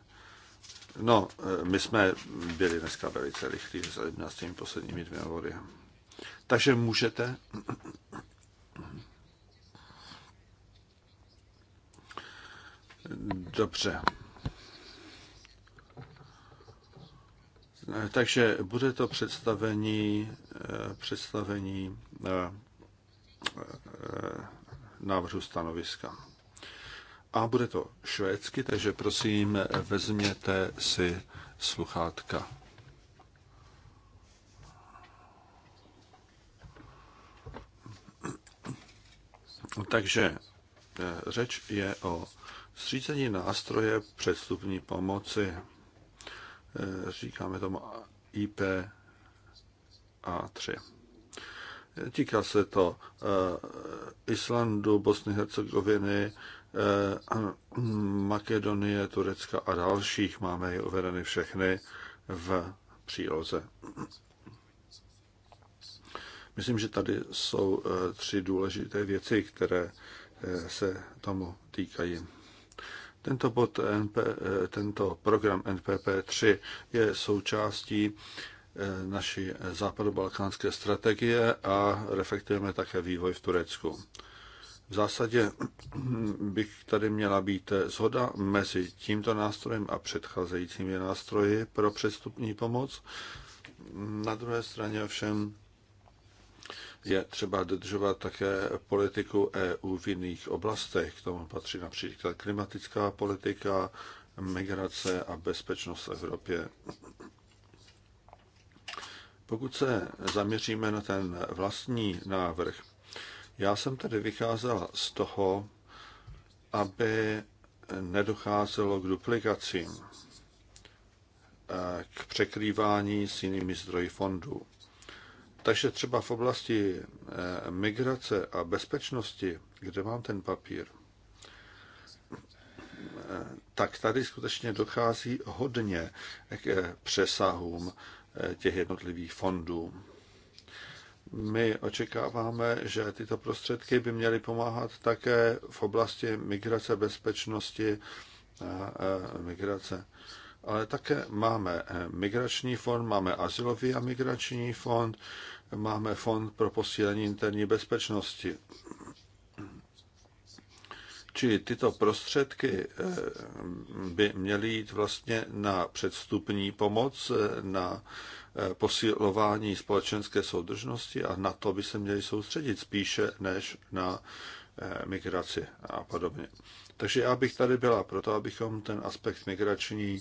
No, my jsme byli dneska velice rychlí s těmi posledními dvěma vody. Takže můžete. Dobře. Eh, takže bude to představení, eh, představení eh, návrhu stanoviska. A bude to švédsky, takže prosím, vezměte si sluchátka. Takže řeč je o zřízení nástroje předstupní pomoci. Eh, říkáme tomu IP A3. Týká se to eh, Islandu, Bosny, Hercegoviny, eh, Makedonie, Turecka a dalších. Máme je uvedeny všechny v příloze. Myslím, že tady jsou tři důležité věci, které se tomu týkají. Tento, bod NP, eh, tento program NPP3 je součástí eh, naší západobalkánské strategie a reflektujeme také vývoj v Turecku. V zásadě hm, bych tady měla být zhoda eh, mezi tímto nástrojem a předcházejícími nástroji pro předstupní pomoc. Na druhé straně ovšem je třeba dodržovat také politiku EU v jiných oblastech. K tomu patří například klimatická politika, migrace a bezpečnost v Evropě. Pokud se zaměříme na ten vlastní návrh, já jsem tedy vycházela z toho, aby nedocházelo k duplikacím, eh, k překrývání s jinými zdroji fondů. Takže třeba v oblasti eh, migrace a bezpečnosti, kde mám ten papír, eh, tak tady skutečně dochází hodně k eh, přesahům těch jednotlivých fondů. My očekáváme, že tyto prostředky by měly pomáhat také v oblasti migrace, bezpečnosti a migrace ale také máme eh, migrační fond, máme asilový a migrační fond, máme fond pro posílení interní bezpečnosti. Čili tyto prostředky eh, by měly jít vlastně na předstupní pomoc, eh, na posilování společenské soudržnosti a na to by se měli soustředit spíše než na migraci a podobně. Takže já bych tady byla proto, abychom ten aspekt migrační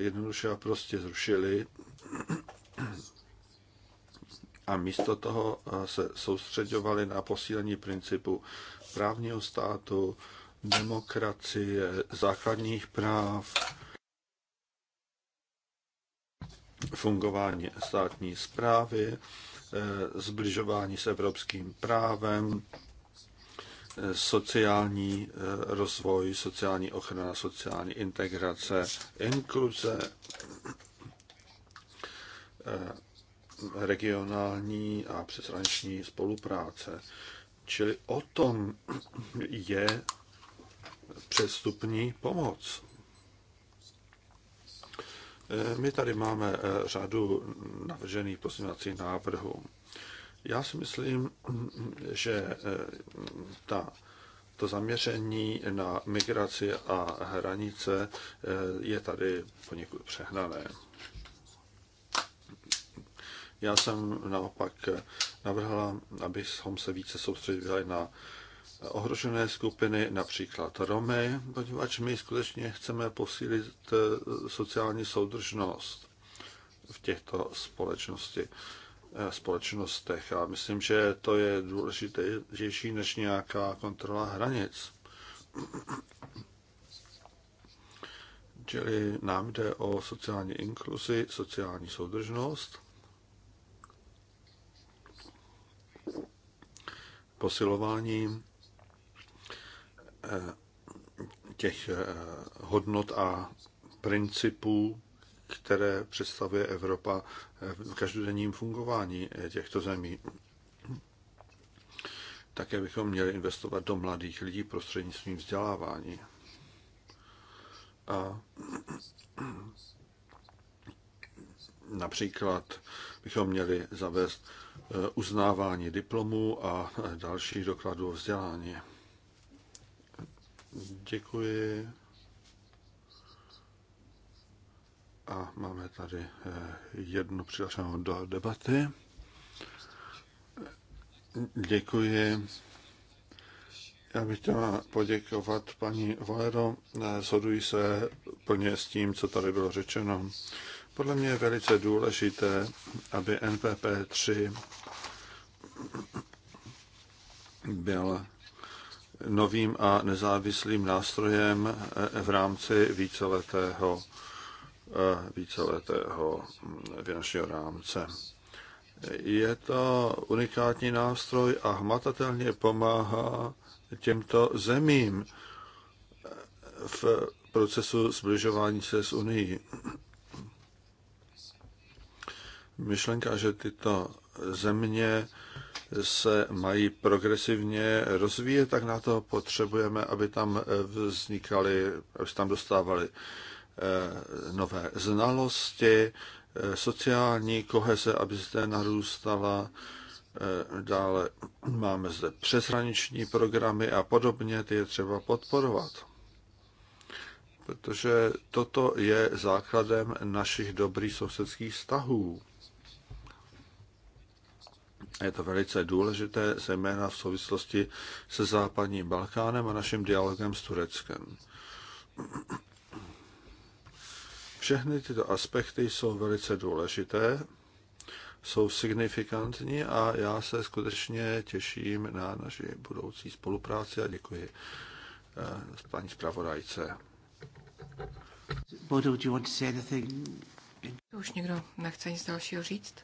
jednoduše a prostě zrušili a místo toho se soustředovali na posílení principu právního státu, demokracie, základních práv, fungování státní zprávy, e, zbližování s evropským právem, sociální eh, rozvoj, sociální ochrana, sociální integrace, inkluze, eh, regionální a přeshraniční spolupráce. Čili o tom je přestupní pomoc. Eh, my tady máme řadu navržených pozměňovacích návrhů. Já si myslím, že eh, ta, to zaměření na migraci a hranice eh, je tady poněkud přehnané. Já jsem naopak navrhla, abychom se více soustředili na ohrožené skupiny, například Romy, poněvadž my skutečně chceme posílit eh, sociální soudržnost v těchto společnosti. Eh, společnostech. A myslím, že to je důležitější než nějaká kontrola hranic. Čili nám jde o sociální inkluzi, sociální soudržnost, posilování eh, těch eh, hodnot a principů, které představuje Evropa v každodenním fungování těchto zemí. Také bychom měli investovat do mladých lidí prostřednictvím vzdělávání. A například bychom měli zavést eh, uznávání diplomů a eh, dalších dokladů o vzdělání. Děkuji. A máme tady eh, jednu přihlášenou do debaty. Děkuji. Já bych chtěla poděkovat paní Valero. Eh, shoduji se plně s tím, co tady bylo řečeno. Podle mě je velice důležité, aby NPP 3 byl novým a nezávislým nástrojem eh, v rámci víceletého víceletého finančního rámce. Je to unikátní nástroj a hmatatelně pomáhá těmto zemím v procesu zbližování se s Unii. Myšlenka, že tyto země se mají progresivně rozvíjet, tak na to potřebujeme, aby tam vznikaly, aby se tam dostávaly Eh, nové znalosti, eh, sociální koheze, aby zde narůstala. Eh, dále máme zde přeshraniční programy a podobně, ty je třeba podporovat. Protože toto je základem našich dobrých sousedských vztahů. Je to velice důležité, zejména v souvislosti se západním Balkánem a naším dialogem s Tureckem. Všechny tyto aspekty jsou velice důležité, jsou signifikantní a já se skutečně těším na naši budoucí spolupráci a děkuji eh, paní zpravodajce. Bodo, do you want to say anything? Už nikdo nechce nic dalšího říct?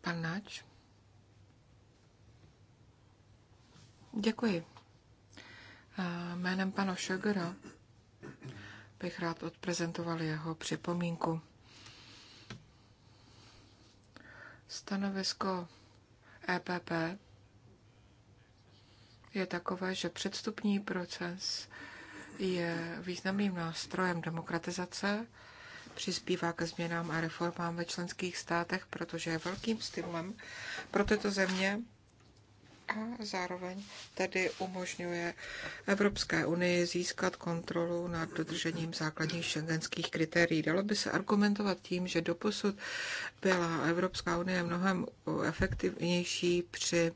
Pan Nač? Děkuji. Eh, jménem pana Šogera bych rád odprezentoval jeho připomínku. Stanovisko EPP je takové, že předstupní proces je významným nástrojem demokratizace, přispívá ke změnám a reformám ve členských státech, protože je velkým stimulem pro tyto země a zároveň tedy umožňuje Evropské unii získat kontrolu nad dodržením základních šengenských kritérií. Dalo by se argumentovat tím, že doposud byla Evropská unie mnohem efektivnější při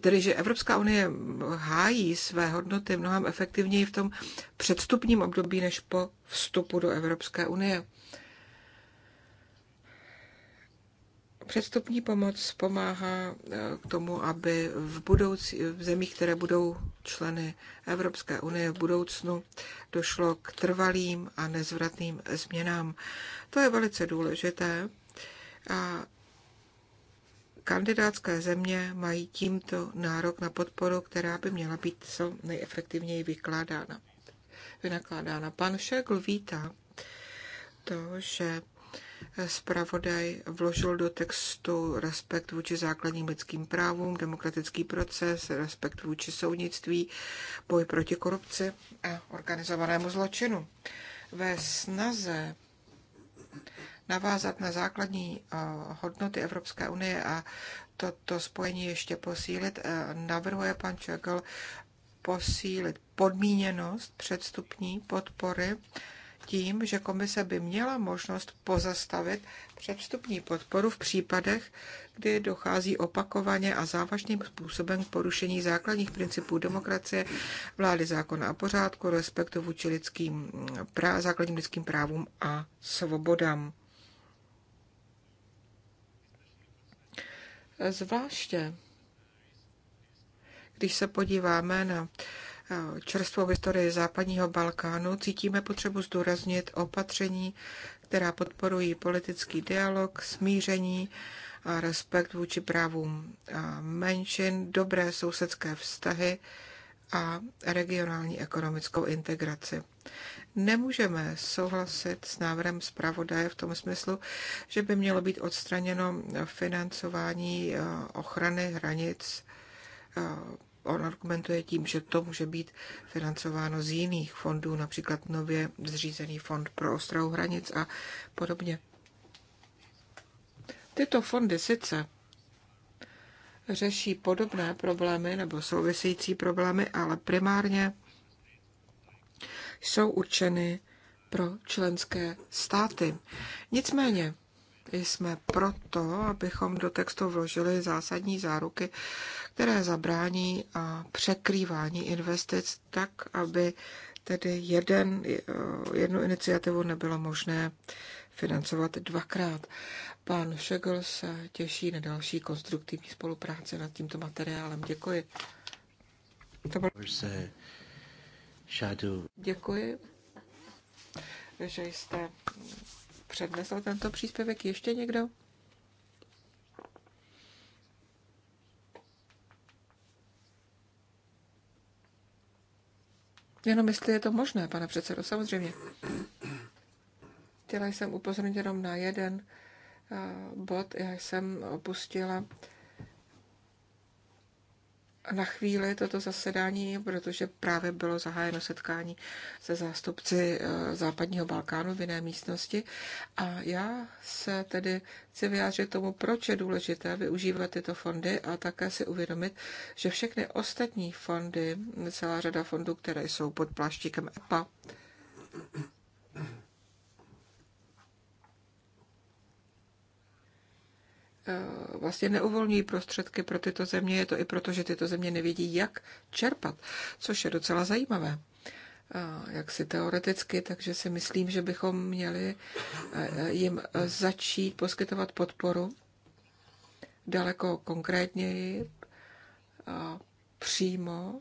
tedy že Evropská unie hájí své hodnoty mnohem efektivněji v tom předstupním období než po vstupu do Evropské unie. Předstupní pomoc pomáhá k eh, tomu, aby v, budoucí, v zemích, které budou členy Evropské unie v budoucnu, došlo k trvalým a nezvratným změnám. To je velice důležité. A kandidátské země mají tímto nárok na podporu, která by měla být co nejefektivněji vykládána. Vynakládána. Pan Šegl vítá to, že zpravodaj vložil do textu respekt vůči základním lidským právům, demokratický proces, respekt vůči soudnictví, boj proti korupci a organizovanému zločinu. Ve snaze navázat na základní eh, hodnoty Evropské unie a toto spojení ještě posílit, eh, navrhuje pan Čekl posílit podmíněnost předstupní podpory tím, že komise by měla možnost pozastavit předstupní podporu v případech, kdy dochází opakovaně a závažným způsobem k porušení základních principů demokracie, vlády zákona a pořádku, respektu vůči lidským prá- základním lidským právům a svobodám. Zvláště, když se podíváme na čerstvou historii západního Balkánu cítíme potřebu zdůraznit opatření, která podporují politický dialog, smíření a respekt vůči právům menšin, dobré sousedské vztahy a regionální ekonomickou integraci. Nemůžeme souhlasit s návrhem zpravodaje v tom smyslu, že by mělo být odstraněno financování eh, ochrany hranic eh, on argumentuje tím, že to může být financováno z jiných fondů, například nově zřízený fond pro ostrahu hranic a podobně. Tyto fondy sice řeší podobné problémy nebo související problémy, ale primárně jsou určeny pro členské státy. Nicméně jsme proto, abychom do textu vložili zásadní záruky, které zabrání překrývání investic tak, aby tedy jeden, jednu iniciativu nebylo možné financovat dvakrát. Pan Šegl se těší na další konstruktivní spolupráci nad tímto materiálem. Děkuji. To Děkuji, že jste přednesl tento příspěvek ještě někdo? Jenom jestli je to možné, pane předsedo, samozřejmě. Chtěla jsem upozornit jenom na jeden eh, bod. Já jsem opustila na chvíli toto zasedání, protože právě bylo zahájeno setkání se zástupci eh, západního Balkánu v jiné místnosti. A já se tedy chci vyjádřit tomu, proč je důležité využívat tyto fondy a také si uvědomit, že všechny ostatní fondy, celá řada fondů, které jsou pod pláštíkem EPA, Eh, vlastně neuvolňují prostředky pro tyto země, je to i proto, že tyto země nevědí, jak čerpat, což je docela zajímavé. Eh, jak si teoreticky, takže si myslím, že bychom měli eh, jim začít poskytovat podporu daleko konkrétněji, přímo,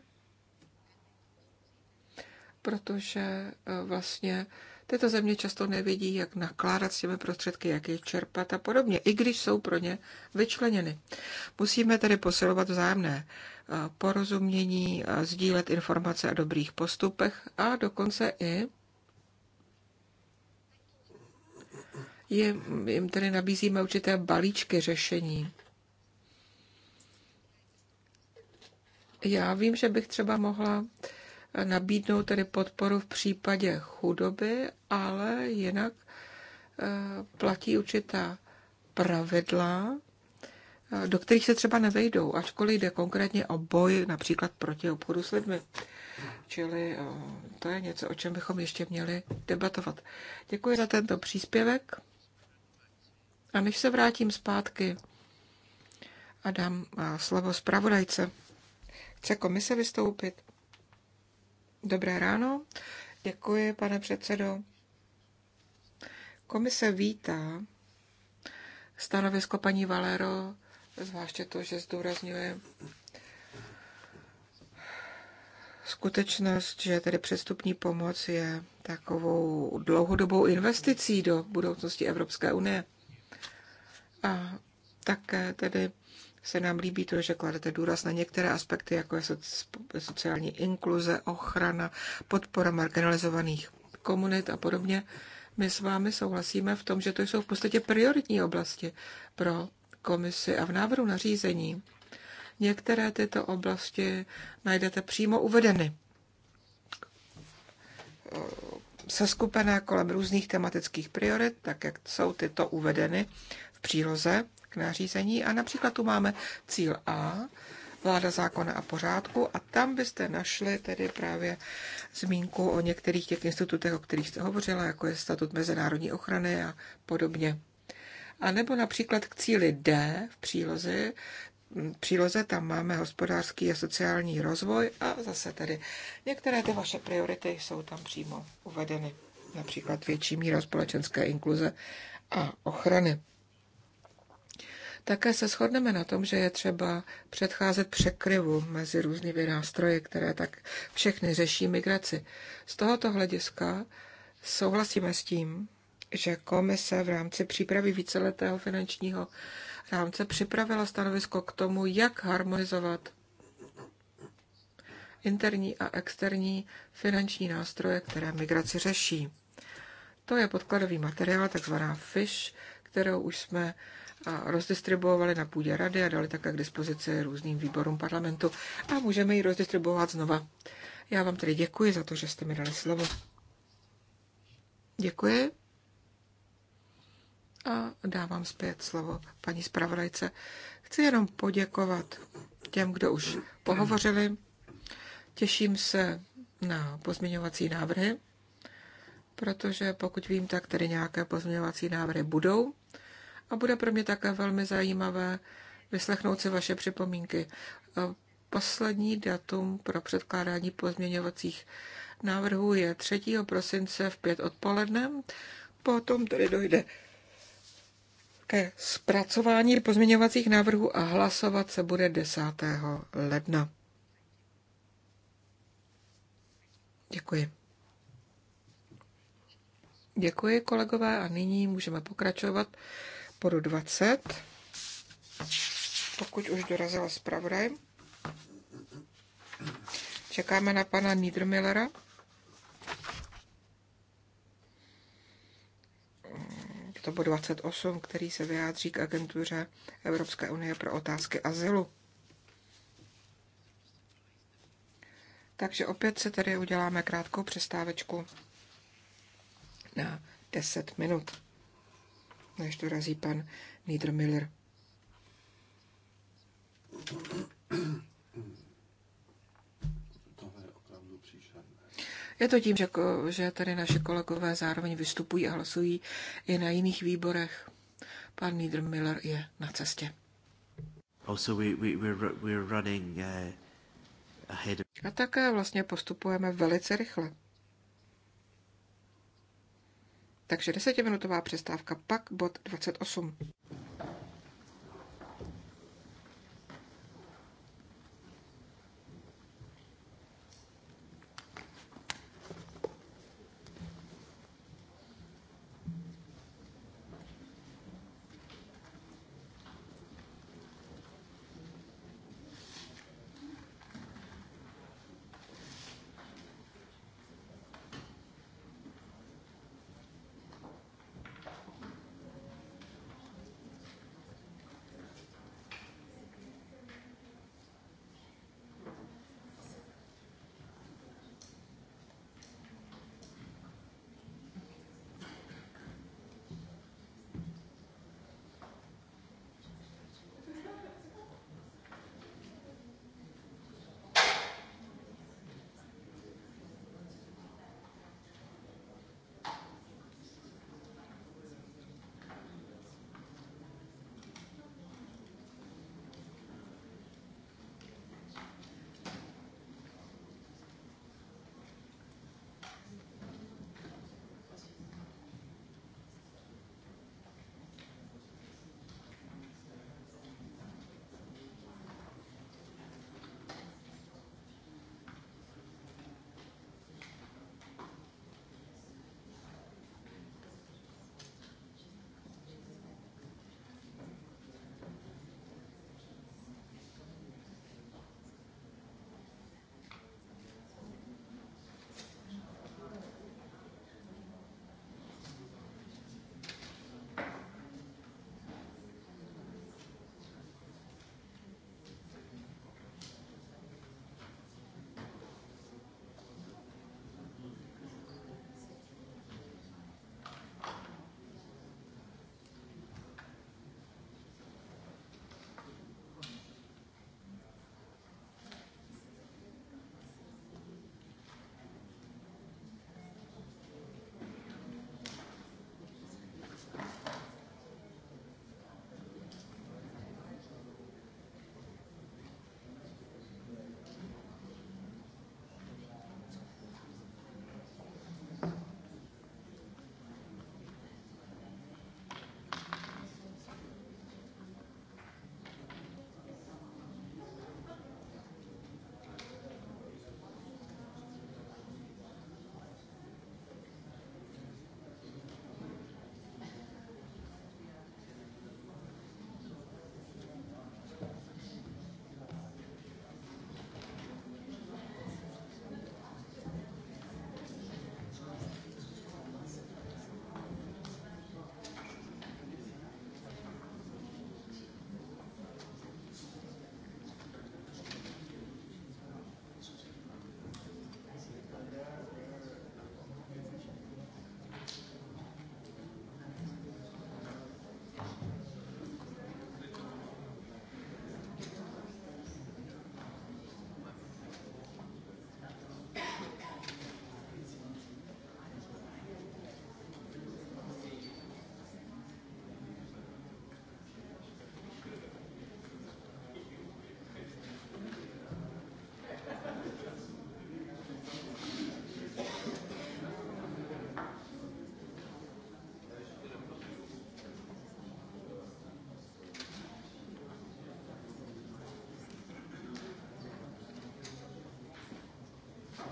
protože vlastně Tyto země často nevědí, jak nakládat s těmi prostředky, jak je čerpat a podobně, i když jsou pro ně vyčleněny. Musíme tedy posilovat vzájemné eh, porozumění, eh, sdílet informace o dobrých postupech a dokonce i jim, jim tedy nabízíme určité balíčky řešení. Já vím, že bych třeba mohla nabídnou tedy podporu v případě chudoby, ale jinak eh, platí určitá pravidla, eh, do kterých se třeba nevejdou, ačkoliv jde konkrétně o boj například proti obchodu s lidmi. Čili eh, to je něco, o čem bychom ještě měli debatovat. Děkuji za tento příspěvek. A než se vrátím zpátky a dám slovo zpravodajce, chce komise vystoupit? Dobré ráno. Děkuji, pane předsedo. Komise vítá stanovisko paní Valero, zvláště to, že zdůrazňuje skutečnost, že tedy přestupní pomoc je takovou dlouhodobou investicí do budoucnosti Evropské unie. A také tedy se nám líbí to, že kladete důraz na některé aspekty, jako je sociální inkluze, ochrana, podpora marginalizovaných komunit a podobně. My s vámi souhlasíme v tom, že to jsou v podstatě prioritní oblasti pro komisi a v návrhu nařízení některé tyto oblasti najdete přímo uvedeny seskupené kolem různých tematických priorit, tak jak jsou tyto uvedeny v příloze k nařízení a například tu máme cíl A, vláda zákona a pořádku a tam byste našli tedy právě zmínku o některých těch institutech, o kterých jste hovořila, jako je statut mezinárodní ochrany a podobně. A nebo například k cíli D v příloze, příloze tam máme hospodářský a sociální rozvoj a zase tedy některé ty vaše priority jsou tam přímo uvedeny, například větší míra společenské inkluze a ochrany. Také se shodneme na tom, že je třeba předcházet překryvu mezi různými nástroji, které tak všechny řeší migraci. Z tohoto hlediska souhlasíme s tím, že komise v rámci přípravy víceletého finančního rámce připravila stanovisko k tomu, jak harmonizovat interní a externí finanční nástroje, které migraci řeší. To je podkladový materiál, takzvaná FISH, kterou už jsme a rozdistribuovali na půdě rady a dali také k dispozici různým výborům parlamentu a můžeme ji rozdistribuovat znova. Já vám tedy děkuji za to, že jste mi dali slovo. Děkuji. A dávám zpět slovo paní zpravodajce. Chci jenom poděkovat těm, kdo už pohovořili. Těším se na pozměňovací návrhy, protože pokud vím, tak tedy nějaké pozměňovací návrhy budou a bude pro mě také velmi zajímavé vyslechnout si vaše připomínky. Poslední datum pro předkládání pozměňovacích návrhů je 3. prosince v 5 odpoledne. Potom tedy dojde ke zpracování pozměňovacích návrhů a hlasovat se bude 10. ledna. Děkuji. Děkuji, kolegové, a nyní můžeme pokračovat bodu 20, pokud už dorazila zpravodaj. Čekáme na pana Niedermillera. to bylo 28, který se vyjádří k agentuře Evropské unie pro otázky azylu. Takže opět se tady uděláme krátkou přestávečku na 10 minut než dorazí pan Niedermiller. Je to tím, že, že tady naše kolegové zároveň vystupují a hlasují i na jiných výborech. Pan Niedermiller je na cestě. Also we, we, we're, we're running, uh, ahead. A také vlastně postupujeme velice rychle. Takže desetiminutová přestávka, pak bod 28.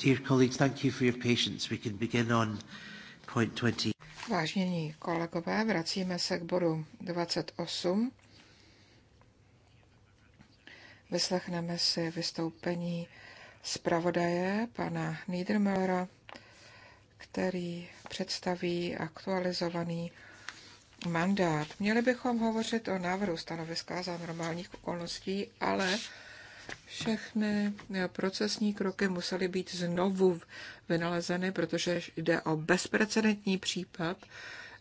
Dear colleagues, thank you for your patience. We can begin on point 20. Vážení kolegové, vracíme se k bodu 28. Vyslechneme si vystoupení zpravodaje pana Niedermellera, který představí aktualizovaný mandát. Měli bychom hovořit o návrhu stanoviska za normálních okolností, ale všechny eh, procesní kroky musely být znovu vynalezeny, protože jde o bezprecedentní případ,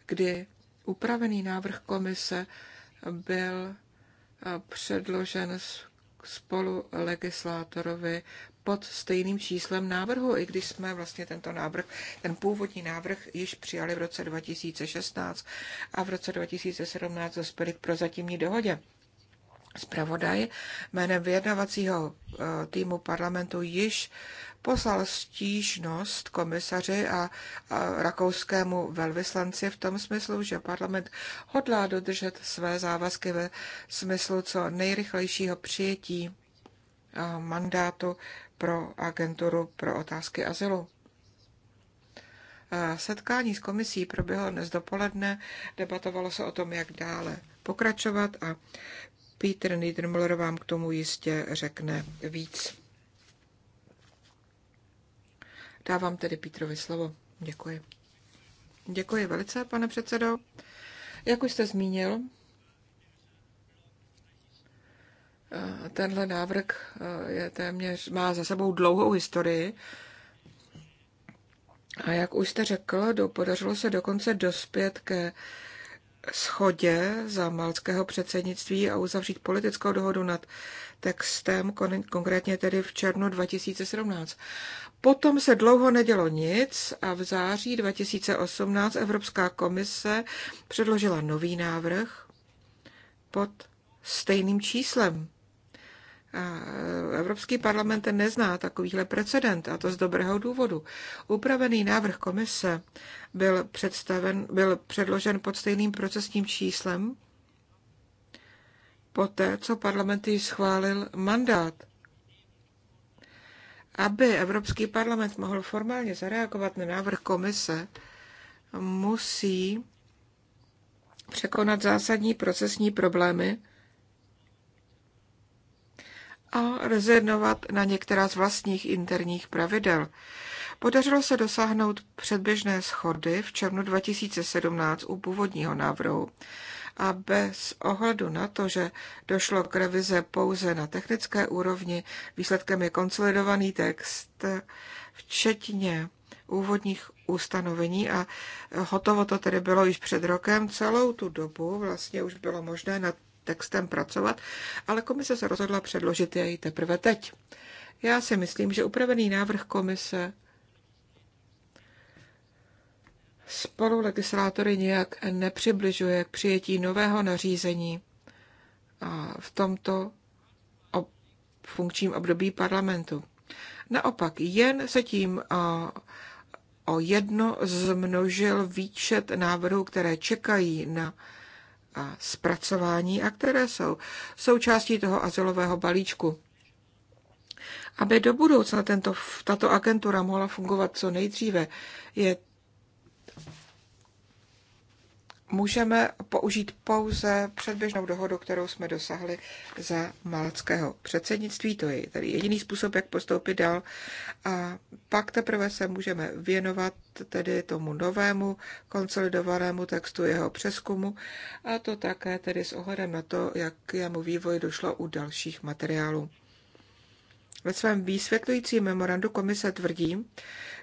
kdy upravený návrh komise byl eh, předložen spolu legislátorovi pod stejným číslem návrhu, i když jsme vlastně tento návrh, ten původní návrh již přijali v roce 2016 a v roce 2017 zospěli k prozatímní dohodě. Zpravodaj jménem vyjednavacího e, týmu parlamentu již poslal stížnost komisaři a, a rakouskému velvyslanci v tom smyslu, že parlament hodlá dodržet své závazky ve smyslu co nejrychlejšího přijetí e, mandátu pro agenturu pro otázky azylu. E, setkání s komisí proběhlo dnes dopoledne, debatovalo se o tom, jak dále pokračovat a Peter Niedermüller vám k tomu jistě řekne víc. Dávám tedy Petrovi slovo. Děkuji. Děkuji velice, pane předsedo. Jak už jste zmínil, tenhle návrh je téměř, má za sebou dlouhou historii. A jak už jste řekl, do, podařilo se dokonce dospět ke schodě za malckého předsednictví a uzavřít politickou dohodu nad textem, konkrétně tedy v červnu 2017. Potom se dlouho nedělo nic a v září 2018 Evropská komise předložila nový návrh pod stejným číslem. Evropský parlament nezná takovýhle precedent, a to z dobrého důvodu. Upravený návrh komise byl, představen, byl předložen pod stejným procesním číslem poté, co parlament již schválil mandát. Aby Evropský parlament mohl formálně zareagovat na návrh komise, musí překonat zásadní procesní problémy, a rezignovat na některá z vlastních interních pravidel. Podařilo se dosáhnout předběžné schody v červnu 2017 u původního návrhu a bez ohledu na to, že došlo k revize pouze na technické úrovni, výsledkem je konsolidovaný text, včetně úvodních ustanovení a hotovo to tedy bylo již před rokem. Celou tu dobu vlastně už bylo možné nad textem pracovat, ale komise se rozhodla předložit jej teprve teď. Já si myslím, že upravený návrh komise spolu legislátory nějak nepřibližuje k přijetí nového nařízení v tomto funkčním období parlamentu. Naopak, jen se tím o jedno zmnožil výčet návrhů, které čekají na a zpracování a které jsou součástí toho azylového balíčku. Aby do budoucna tento, tato agentura mohla fungovat co nejdříve, je můžeme použít pouze předběžnou dohodu, kterou jsme dosahli za malckého předsednictví. To je tedy jediný způsob, jak postoupit dál. A pak teprve se můžeme věnovat tedy tomu novému konsolidovanému textu jeho přeskumu a to také tedy s ohledem na to, jak jemu vývoj došlo u dalších materiálů. Ve svém vysvětlujícím memorandu komise tvrdí,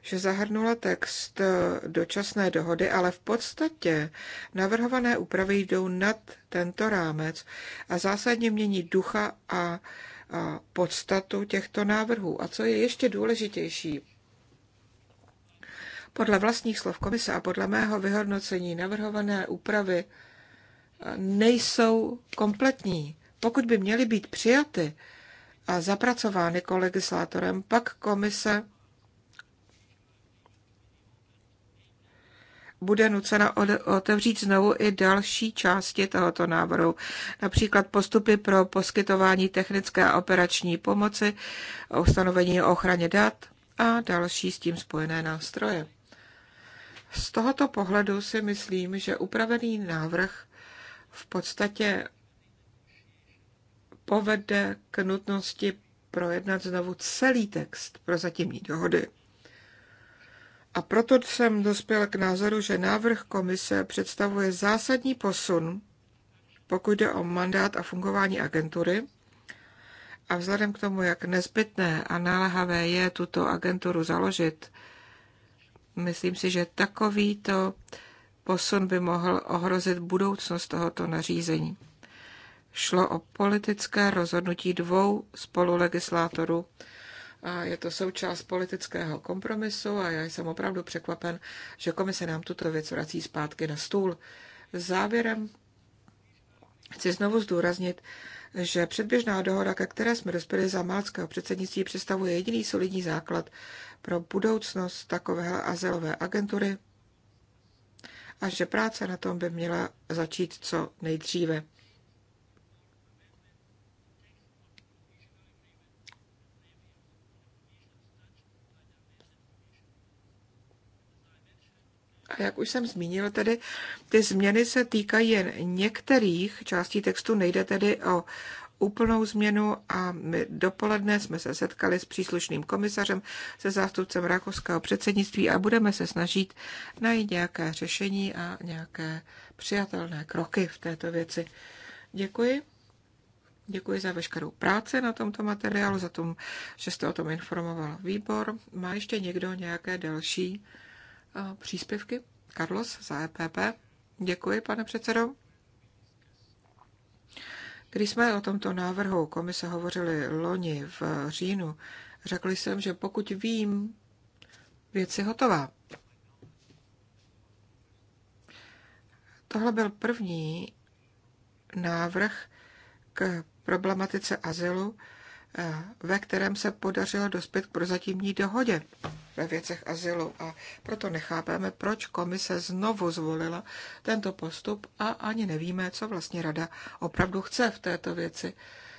že zahrnula text eh, dočasné dohody, ale v podstatě navrhované úpravy jdou nad tento rámec a zásadně mění ducha a, a podstatu těchto návrhů. A co je ještě důležitější, podle vlastních slov komise a podle mého vyhodnocení navrhované úpravy eh, nejsou kompletní. Pokud by měly být přijaty, a zapracovány kolegislátorem, pak komise bude nucena otevřít znovu i další části tohoto návrhu, například postupy pro poskytování technické a operační pomoci, ustanovení o ochraně dat a další s tím spojené nástroje. Z tohoto pohledu si myslím, že upravený návrh v podstatě povede k nutnosti projednat znovu celý text pro zatímní dohody. A proto jsem dospěl k názoru, že návrh komise představuje zásadní posun, pokud jde o mandát a fungování agentury, a vzhledem k tomu, jak nezbytné a náhavé je tuto agenturu založit, myslím si, že takovýto posun by mohl ohrozit budoucnost tohoto nařízení šlo o politické rozhodnutí dvou spolulegislátorů. A je to součást politického kompromisu a já jsem opravdu překvapen, že komise nám tuto věc vrací zpátky na stůl. Závěrem chci znovu zdůraznit, že předběžná dohoda, ke které jsme dospěli za malckého předsednictví, představuje jediný solidní základ pro budoucnost takové azylové agentury a že práce na tom by měla začít co nejdříve. A jak už jsem zmínil, tedy ty změny se týkají jen některých částí textu, nejde tedy o úplnou změnu a my dopoledne jsme se setkali s příslušným komisařem, se zástupcem rakouského předsednictví a budeme se snažit najít nějaké řešení a nějaké přijatelné kroky v této věci. Děkuji. Děkuji za veškerou práci na tomto materiálu, za to, že jste o tom informoval výbor. Má ještě někdo nějaké další příspěvky. Carlos za EPP. Děkuji, pane předsedo. Když jsme o tomto návrhu komise hovořili loni v říjnu, řekl jsem, že pokud vím, věc je hotová. Tohle byl první návrh k problematice azylu, eh, ve kterém se podařilo dospět k prozatímní dohodě ve věcech azylu a proto nechápeme, proč komise znovu zvolila tento postup a ani nevíme, co vlastně rada opravdu chce v této věci.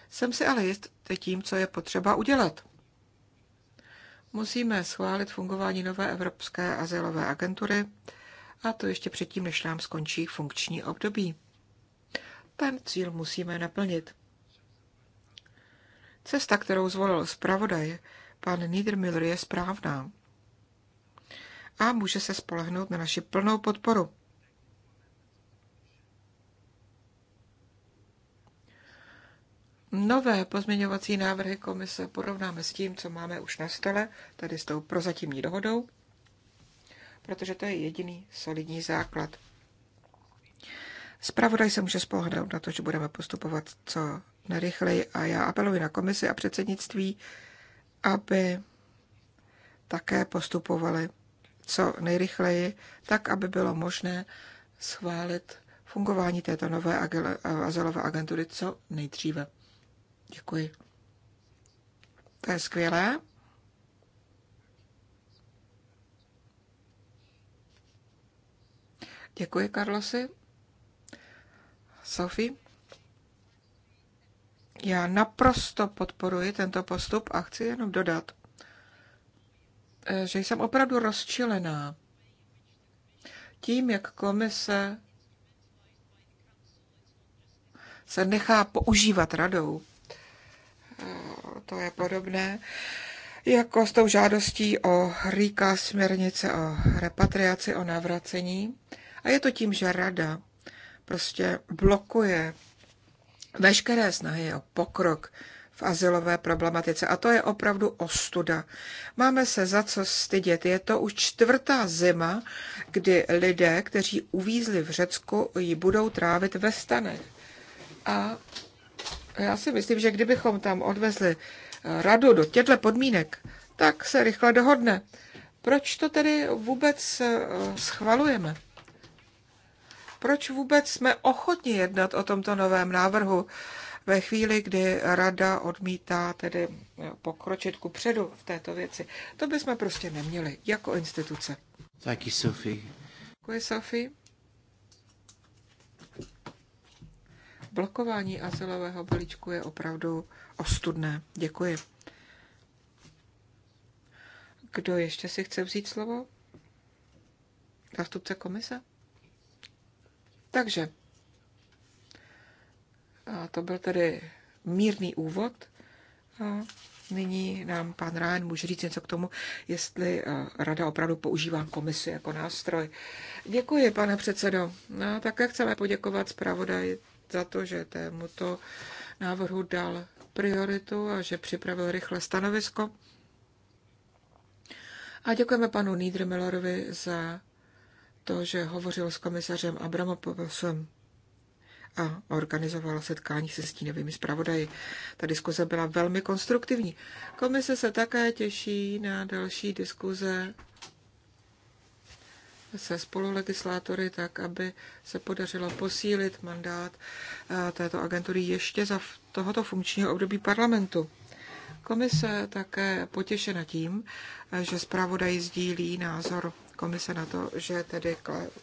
Jsem si ale jist tím, co je potřeba udělat. Musíme schválit fungování nové Evropské azylové agentury a to ještě předtím, než nám skončí funkční období. Ten cíl musíme naplnit. Cesta, kterou zvolil zpravodaj, pan Niedermüller, je správná a může se spolehnout na naši plnou podporu. Nové pozměňovací návrhy komise porovnáme s tím, co máme už na stole, tady s tou prozatímní dohodou, protože to je jediný solidní základ. Spravodaj se může spolehnout na to, že budeme postupovat co nejrychleji a já apeluji na komisi a předsednictví, aby také postupovali co nejrychleji, tak aby bylo možné schválit fungování této nové eh, azylové agentury co nejdříve. Děkuji. To je skvělé. Děkuji, Karlosy. Sophie? Já naprosto podporuji tento postup a chci jenom dodat, Eh, že jsem opravdu rozčilená tím, jak komise se nechá používat radou. Eh, to je podobné jako s tou žádostí o rýka směrnice o repatriaci, o navracení. A je to tím, že rada prostě blokuje veškeré snahy o pokrok azylové problematice. A to je opravdu ostuda. Máme se za co stydět. Je to už čtvrtá zima, kdy lidé, kteří uvízli v Řecku, ji budou trávit ve stanech. A já si myslím, že kdybychom tam odvezli eh, radu do těchto podmínek, tak se rychle dohodne. Proč to tedy vůbec eh, schvalujeme? Proč vůbec jsme ochotni jednat o tomto novém návrhu? ve chvíli, kdy rada odmítá tedy eh, pokročit ku předu v této věci. To bychom prostě neměli jako instituce. Taky Sofie. Děkuji, Sofie. Blokování azylového balíčku je opravdu ostudné. Děkuji. Kdo ještě si chce vzít slovo? Zastupce komise? Takže a to byl tedy mírný úvod. A nyní nám pan Rán může říct něco k tomu, jestli eh, rada opravdu používá komisi jako nástroj. Děkuji, pane předsedo. A no, také chceme poděkovat zpravodaj za to, že tomuto návrhu dal prioritu a že připravil rychle stanovisko. A děkujeme panu Niedermillerovi za to, že hovořil s komisařem Abramopoulosem a organizovala setkání se stínovými zpravodaji. Ta diskuze byla velmi konstruktivní. Komise se také těší na další diskuze se spolulegislátory, tak aby se podařilo posílit mandát eh, této agentury ještě za tohoto funkčního období parlamentu. Komise také potěšena tím, eh, že zpravodaj sdílí názor komise na to, že tedy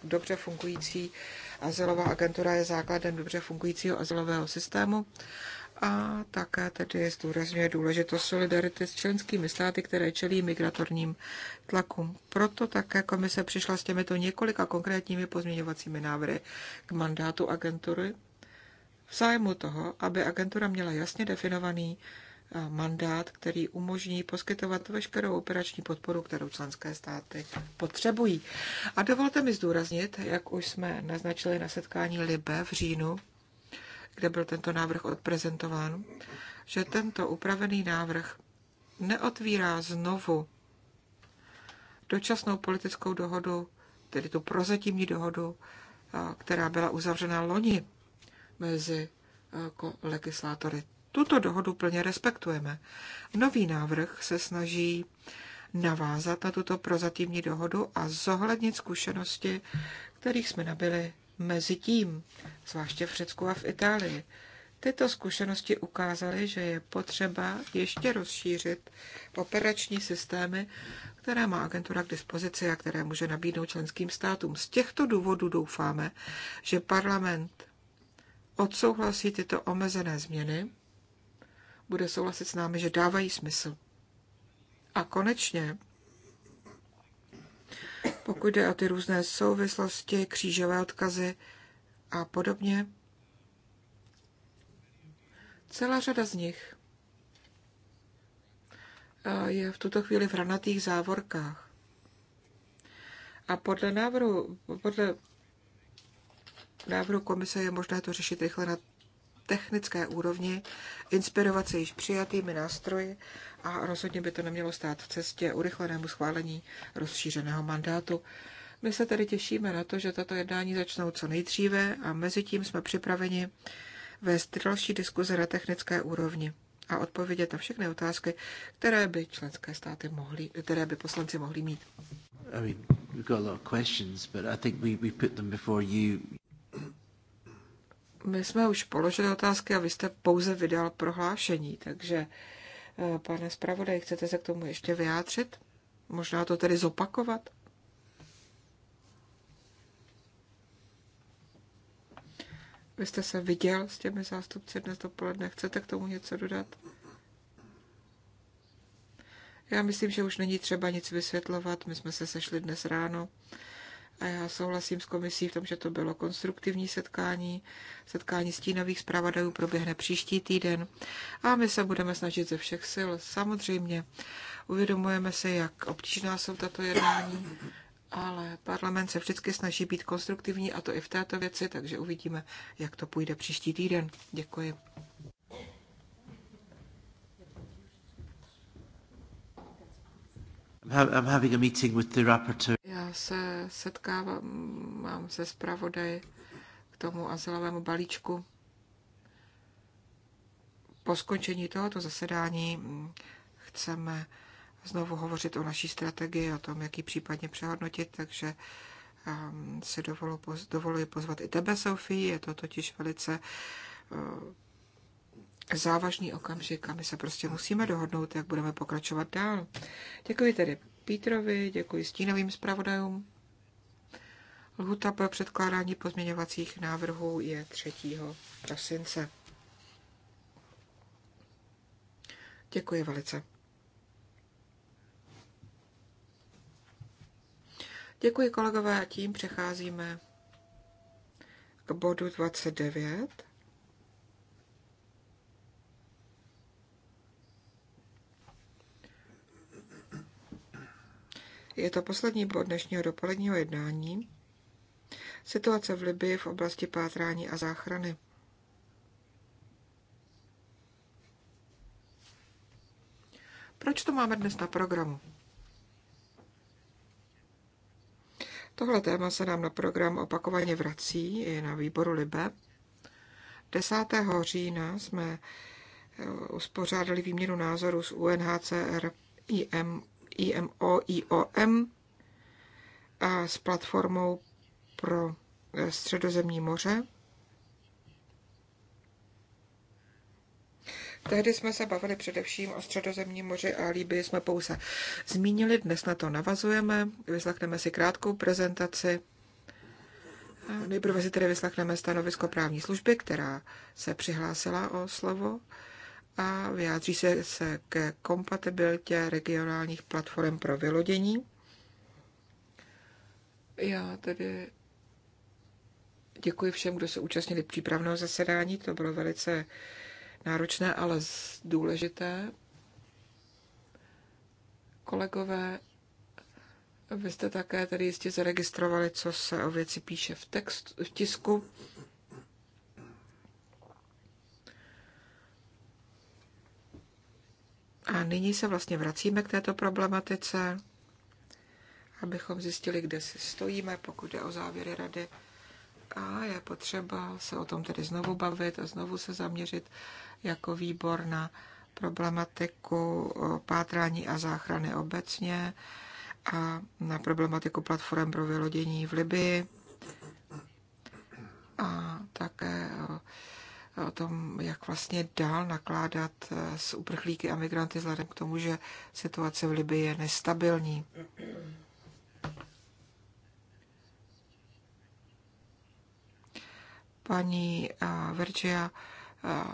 dobře fungující Azylová agentura je základem dobře fungujícího azylového systému a také tedy zdůrazňuje důležitost solidarity s členskými státy, které čelí migratorním tlakům. Proto také komise přišla s těmito několika konkrétními pozměňovacími návrhy k mandátu agentury v zájmu toho, aby agentura měla jasně definovaný mandát, který umožní poskytovat veškerou operační podporu, kterou členské státy potřebují. A dovolte mi zdůraznit, jak už jsme naznačili na setkání Libe v říjnu, kde byl tento návrh odprezentován, že tento upravený návrh neotvírá znovu dočasnou politickou dohodu, tedy tu prozatímní dohodu, která byla uzavřena loni mezi legislátory tuto dohodu plně respektujeme. Nový návrh se snaží navázat na tuto prozatímní dohodu a zohlednit zkušenosti, kterých jsme nabili mezi tím, zvláště v Řecku a v Itálii. Tyto zkušenosti ukázaly, že je potřeba ještě rozšířit operační systémy, které má agentura k dispozici a které může nabídnout členským státům. Z těchto důvodů doufáme, že parlament odsouhlasí tyto omezené změny bude souhlasit s námi, že dávají smysl. A konečně, pokud jde o ty různé souvislosti, křížové odkazy a podobně, celá řada z nich eh, je v tuto chvíli v ranatých závorkách. A podle návrhu, podle návrhu komise je možné to řešit rychle na technické úrovni, inspirovat se již přijatými nástroji a rozhodně by to nemělo stát v cestě urychlenému schválení rozšířeného mandátu. My se tedy těšíme na to, že tato jednání začnou co nejdříve a mezi tím jsme připraveni vést další diskuze na technické úrovni a odpovědět na všechny otázky, které by členské státy mohly, které by poslanci mohli mít. I mean, we've got a lot of questions, but I think we, we put them before you my jsme už položili otázky a vy jste pouze vydal prohlášení, takže eh, pane zpravodaj, chcete se k tomu ještě vyjádřit? Možná to tedy zopakovat? Vy jste se viděl s těmi zástupci dnes dopoledne. Chcete k tomu něco dodat? Já myslím, že už není třeba nic vysvětlovat. My jsme se sešli dnes ráno a já souhlasím s komisí v tom, že to bylo konstruktivní setkání. Setkání stínových zpravodajů proběhne příští týden a my se budeme snažit ze všech sil. Samozřejmě uvědomujeme se, jak obtížná jsou tato jednání, ale parlament se vždycky snaží být konstruktivní a to i v této věci, takže uvidíme, jak to půjde příští týden. Děkuji. I'm having a meeting with the rapporteur se setkávám se zpravodaj k tomu azylovému balíčku. Po skončení tohoto zasedání mm, chceme znovu hovořit o naší strategii, o tom, jak ji případně přehodnotit, takže ehm, si dovolu, dovoluji pozvat i tebe, Sofii. Je to totiž velice eh, závažný okamžik a my se prostě musíme dohodnout, jak budeme pokračovat dál. Děkuji tedy Pítrovi, děkuji stínovým zpravodajům. Lhuta pro předkládání pozměňovacích návrhů je 3. prosince. Děkuji velice. Děkuji kolegové a tím přecházíme k bodu 29. je to poslední bod dnešního dopoledního jednání. Situace v Libii v oblasti pátrání a záchrany. Proč to máme dnes na programu? Tohle téma se nám na program opakovaně vrací i na výboru Libe. 10. října jsme eh, uspořádali výměnu názorů s UNHCR, IM, IMO, IOM a s platformou pro e, středozemní moře. Tehdy jsme se bavili především o středozemní moři a líby jsme pouze zmínili. Dnes na to navazujeme, vyslechneme si krátkou prezentaci. Nejprve si tedy vyslechneme stanovisko právní služby, která se přihlásila o slovo a vyjádří se, se ke kompatibilitě regionálních platform pro vylodění. Já tedy děkuji všem, kdo se účastnili přípravného zasedání. To bylo velice náročné, ale důležité. Kolegové, vy jste také tady jistě zaregistrovali, co se o věci píše v, textu, v tisku. A nyní se vlastně vracíme k této problematice, abychom zjistili, kde si stojíme, pokud je o závěry rady. A je potřeba se o tom tedy znovu bavit a znovu se zaměřit jako výbor na problematiku pátrání a záchrany obecně a na problematiku platform pro vylodění v Libii a také o tom, jak vlastně dál nakládat eh, s uprchlíky a migranty vzhledem k tomu, že situace v Libii je nestabilní. Paní eh, Verčia eh,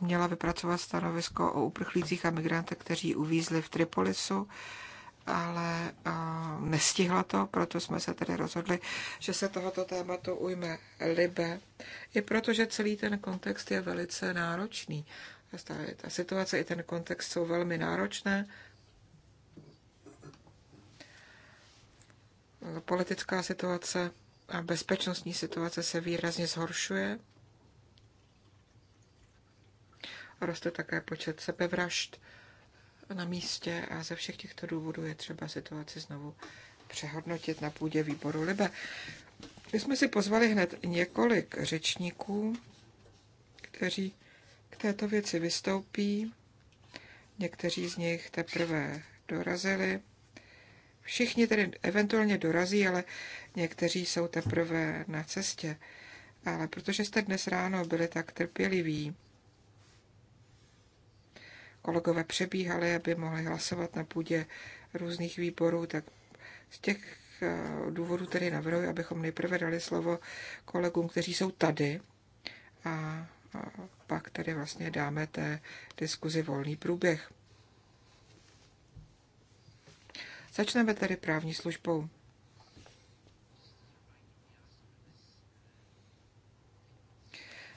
měla vypracovat stanovisko o uprchlících a migrantech, kteří uvízli v Tripolisu ale nestihla to, proto jsme se tedy rozhodli, že se tohoto tématu ujme Libe, i protože celý ten kontext je velice náročný. Ta situace i ten kontext jsou velmi náročné. Politická situace a bezpečnostní situace se výrazně zhoršuje. Roste také počet sebevražd na místě a ze všech těchto důvodů je třeba situaci znovu přehodnotit na půdě výboru Libe. My jsme si pozvali hned několik řečníků, kteří k této věci vystoupí. Někteří z nich teprve dorazili. Všichni tedy eventuálně dorazí, ale někteří jsou teprve na cestě. Ale protože jste dnes ráno byli tak trpěliví, kolegové přebíhali, aby mohli hlasovat na půdě různých výborů, tak z těch eh, důvodů tedy navrhuji, abychom nejprve dali slovo kolegům, kteří jsou tady a pak tedy vlastně dáme té diskuzi volný průběh. Začneme tedy právní službou.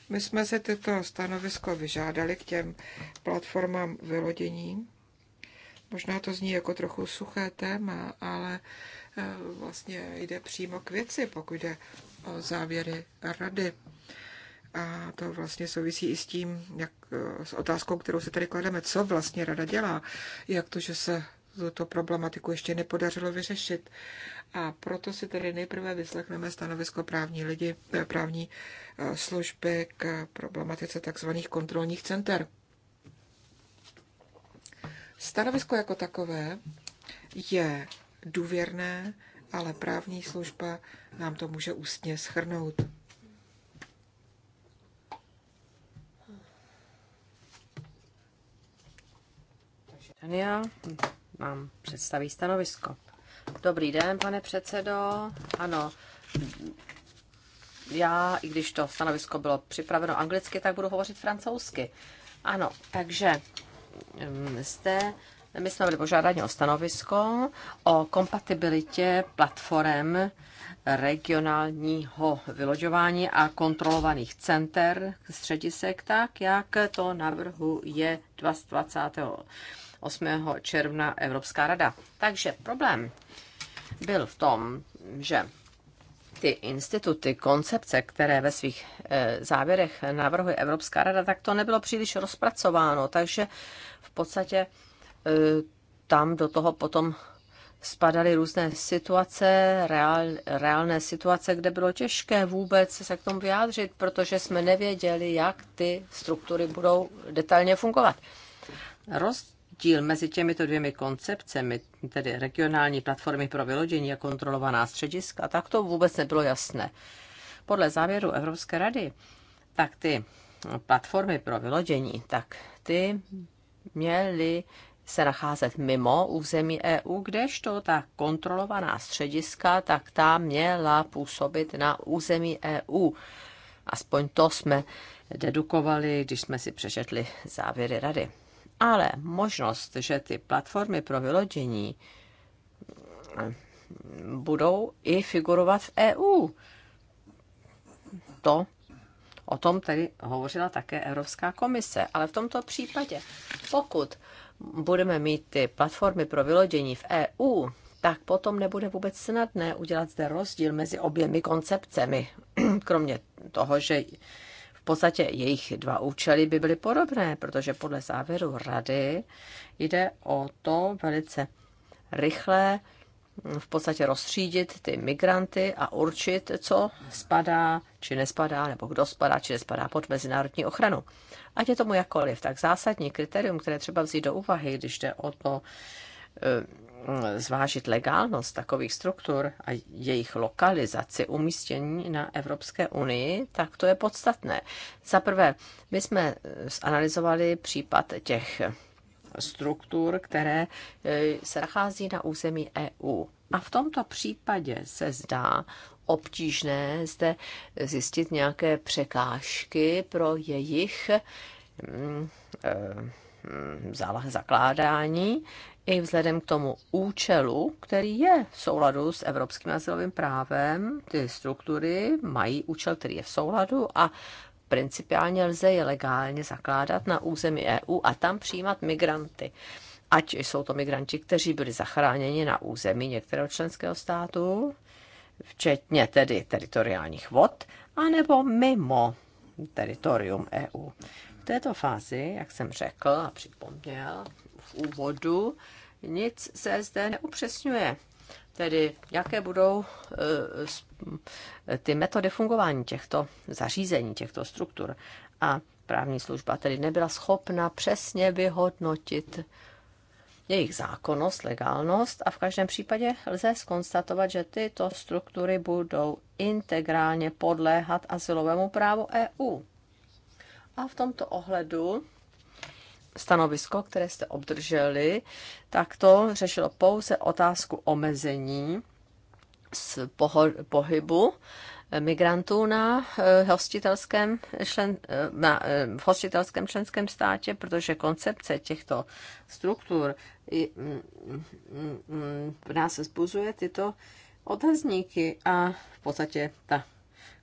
My jsme si tyto stanovisko vyžádali k těm platformám vylodění. Možná to zní jako trochu suché téma, ale eh, vlastně jde přímo k věci, pokud jde o závěry rady. A to vlastně souvisí i s tím, jak, eh, s otázkou, kterou se tady klademe, co vlastně rada dělá, jak to, že se tuto problematiku ještě nepodařilo vyřešit. A proto si tedy nejprve vyslechneme stanovisko právní, lidi, eh, právní eh, služby k problematice tzv. kontrolních center. Stanovisko jako takové je důvěrné, ale právní služba nám to může ústně schrnout. Daniel, vám představí stanovisko. Dobrý den, pane předsedo. Ano, já, i když to stanovisko bylo připraveno anglicky, tak budu hovořit francouzsky. Ano, takže jste, mm, my jsme byli požádáni o stanovisko o kompatibilitě platform regionálního vyloďování a kontrolovaných center středisek, tak jak to navrhuje 20. 8. června Evropská rada. Takže problém byl v tom, že ty instituty, koncepce, které ve svých eh, závěrech navrhuje Evropská rada, tak to nebylo příliš rozpracováno, takže v podstatě eh, tam do toho potom spadaly různé situace, reál, reálné situace, kde bylo těžké vůbec se k tomu vyjádřit, protože jsme nevěděli, jak ty struktury budou detailně fungovat. Roz, rozdíl mezi těmito dvěmi koncepcemi, tedy regionální platformy pro vylodění a kontrolovaná střediska, tak to vůbec nebylo jasné. Podle závěru Evropské rady, tak ty platformy pro vylodění, tak ty měly se nacházet mimo území EU, kdežto ta kontrolovaná střediska, tak ta měla působit na území EU. Aspoň to jsme dedukovali, když jsme si přečetli závěry rady. Ale možnost, že ty platformy pro vylodění eh, budou i figurovat v EU. To o tom tedy hovořila také Evropská komise. Ale v tomto případě, pokud budeme mít ty platformy pro vylodění v EU, tak potom nebude vůbec snadné udělat zde rozdíl mezi oběmi koncepcemi. Kromě toho, že podstatě jejich dva účely by byly podobné, protože podle závěru rady jde o to velice rychle mm, v podstatě rozstřídit ty migranty a určit, co spadá či nespadá, nebo kdo spadá či nespadá pod mezinárodní ochranu. Ať je tomu jakkoliv, tak zásadní kritérium, které třeba vzít do úvahy, když jde o to, zvážit legálnost takových struktur a jejich lokalizaci, umístění na Evropské unii, tak to je podstatné. Za prvé, my jsme zanalizovali případ těch struktur, které e, se nachází na území EU. A v tomto případě se zdá obtížné zde zjistit nějaké překážky pro jejich mm, e, mm, zakládání, i vzhledem k tomu účelu, který je v souladu s evropským azylovým právem, ty struktury mají účel, který je v souladu a principiálně lze je legálně zakládat na území EU a tam přijímat migranty. Ať jsou to migranti, kteří byli zachráněni na území některého členského státu, včetně tedy teritoriálních vod, anebo mimo teritorium EU. V této fázi, jak jsem řekl a připomněl, v úvodu, nic se zde neupřesňuje. Tedy jaké budou e, ty metody fungování těchto zařízení, těchto struktur. A právní služba tedy nebyla schopna přesně vyhodnotit jejich zákonnost, legálnost a v každém případě lze skonstatovat, že tyto struktury budou integrálně podléhat asilovému právu EU. A v tomto ohledu stanovisko, které jste obdrželi, tak to řešilo pouze otázku omezení z poho- pohybu eh, migrantů na eh, hostitelském, člen, eh, na v hostitelském členském státě, protože koncepce těchto struktur v mm, mm, mm, nás zbuzuje tyto otazníky a v podstatě ta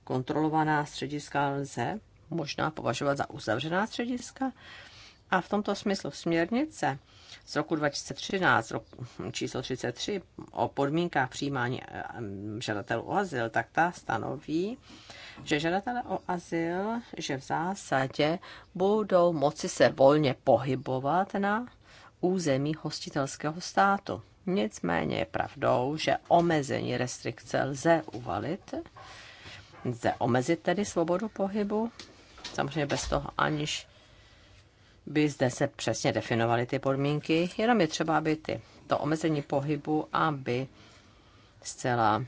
kontrolovaná střediska lze možná považovat za uzavřená střediska, a v tomto smyslu směrnice z roku 2013, roku číslo 33, o podmínkách přijímání eh, žadatelů o azyl, tak ta stanoví, že žadatelé o azyl, že v zásadě budou moci se volně pohybovat na území hostitelského státu. Nicméně je pravdou, že omezení restrikce lze uvalit, lze omezit tedy svobodu pohybu, samozřejmě bez toho, aniž by zde se přesně definovaly ty podmínky, jenom je třeba, aby ty, to omezení pohybu, aby zcela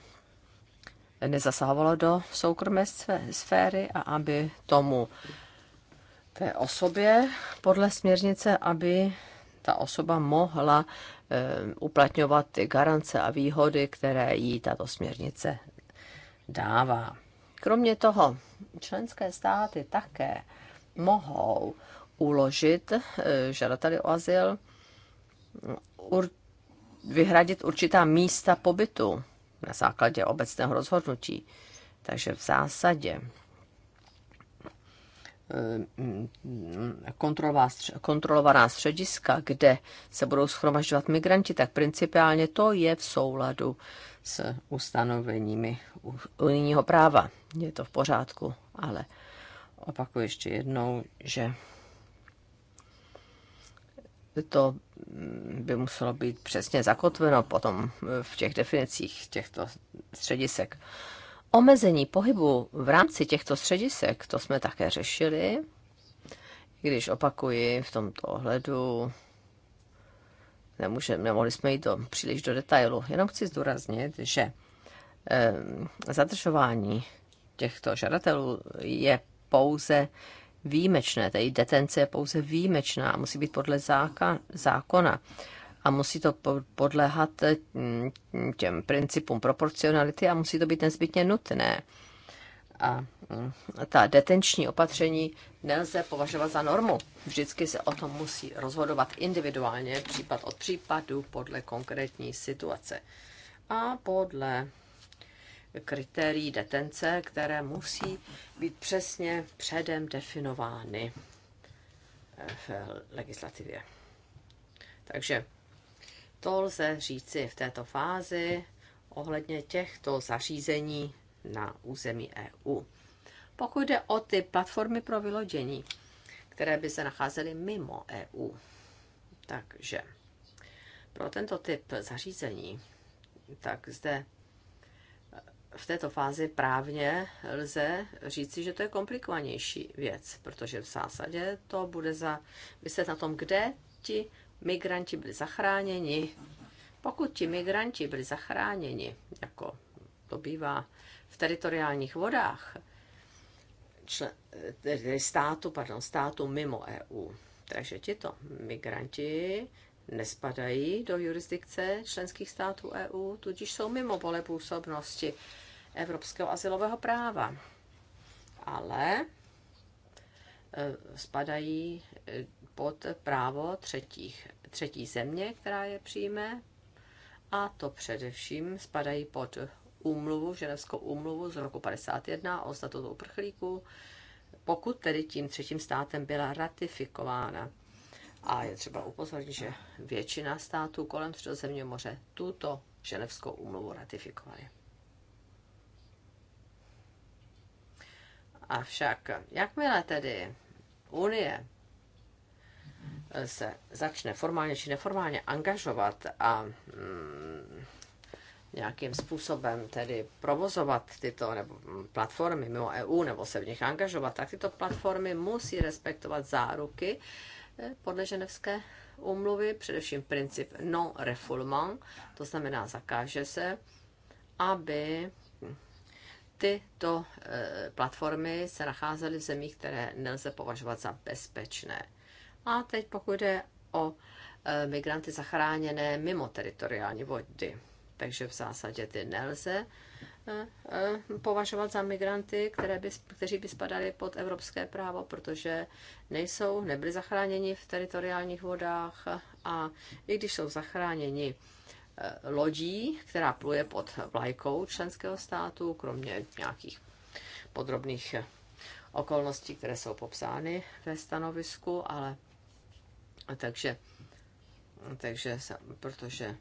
nezasahovalo do soukromé sféry a aby tomu té osobě podle směrnice, aby ta osoba mohla eh, uplatňovat ty garance a výhody, které jí tato směrnice dává. Kromě toho, členské státy také mohou uložit eh, žadateli o azyl ur, vyhradit určitá místa pobytu na základě obecného rozhodnutí. Takže v zásadě eh, kontrolovaná střediska, kde se budou schromažďovat migranti, tak principiálně to je v souladu s ustanoveními unijního práva. Je to v pořádku, ale opakuji ještě jednou, že to mm, by muselo být přesně zakotveno potom eh, v těch definicích těchto středisek. Omezení pohybu v rámci těchto středisek, to jsme také řešili, když opakuji v tomto ohledu, nemůže, nemohli jsme jít do, příliš do detailu. Jenom chci zdůraznit, že eh, zadržování těchto žadatelů je pouze výjimečné. Tedy detence je pouze výjimečná, musí být podle záka, zákona a musí to podléhat mm, těm principům proporcionality a musí to být nezbytně nutné. A mm, ta detenční opatření nelze považovat za normu. Vždycky se o tom musí rozhodovat individuálně, případ od případu, podle konkrétní situace a podle kritérií detence, které musí být přesně předem definovány eh, v legislativě. Takže to lze říci v této fázi ohledně těchto zařízení na území EU. Pokud jde o ty platformy pro vylodění, které by se nacházely mimo EU, takže pro tento typ zařízení, tak zde v této fázi právně lze říci, že to je komplikovanější věc, protože v zásadě to bude za vyset na tom, kde ti migranti byli zachráněni. Pokud ti migranti byli zachráněni, jako to bývá v teritoriálních vodách, člen, tedy státu, pardon, státu mimo EU, takže tito migranti nespadají do jurisdikce členských států EU, tudíž jsou mimo pole působnosti evropského asilového práva. Ale e, spadají e, pod právo třetích, třetí země, která je přijme, a to především spadají pod úmluvu, ženevskou úmluvu z roku 51 o statutu uprchlíků, pokud tedy tím třetím státem byla ratifikována. A je třeba upozornit, že většina států kolem Středozemního moře tuto ženevskou úmluvu ratifikovaly. Avšak, jakmile tedy Unie se začne formálně či neformálně angažovat a mm, nějakým způsobem tedy provozovat tyto nebo mm, platformy mimo EU nebo se v nich angažovat, tak tyto platformy musí respektovat záruky, podle ženevské úmluvy, především princip non refoulement, to znamená zakáže se, aby tyto e, platformy se nacházely v zemích, které nelze považovat za bezpečné. A teď pokud jde o e, migranty zachráněné mimo teritoriální vody, takže v zásadě ty nelze Eh, považovat za migranty, které by, kteří by spadali pod evropské právo, protože nejsou, nebyli zachráněni v teritoriálních vodách a i když jsou zachráněni eh, lodí, která pluje pod vlajkou členského státu, kromě nějakých podrobných eh, okolností, které jsou popsány ve stanovisku, ale takže, takže protože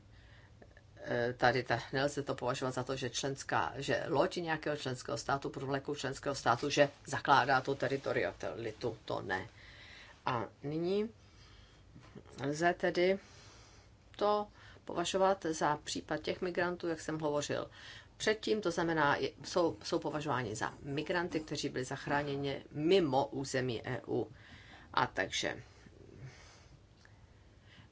tady ta, nelze to považovat za to, že, členská, že loď nějakého členského státu, průvleku členského státu, že zakládá tu teritorialitu, to ne. A nyní lze tedy to považovat za případ těch migrantů, jak jsem hovořil předtím, to znamená, jsou, jsou považováni za migranty, kteří byli zachráněni mimo území EU. A takže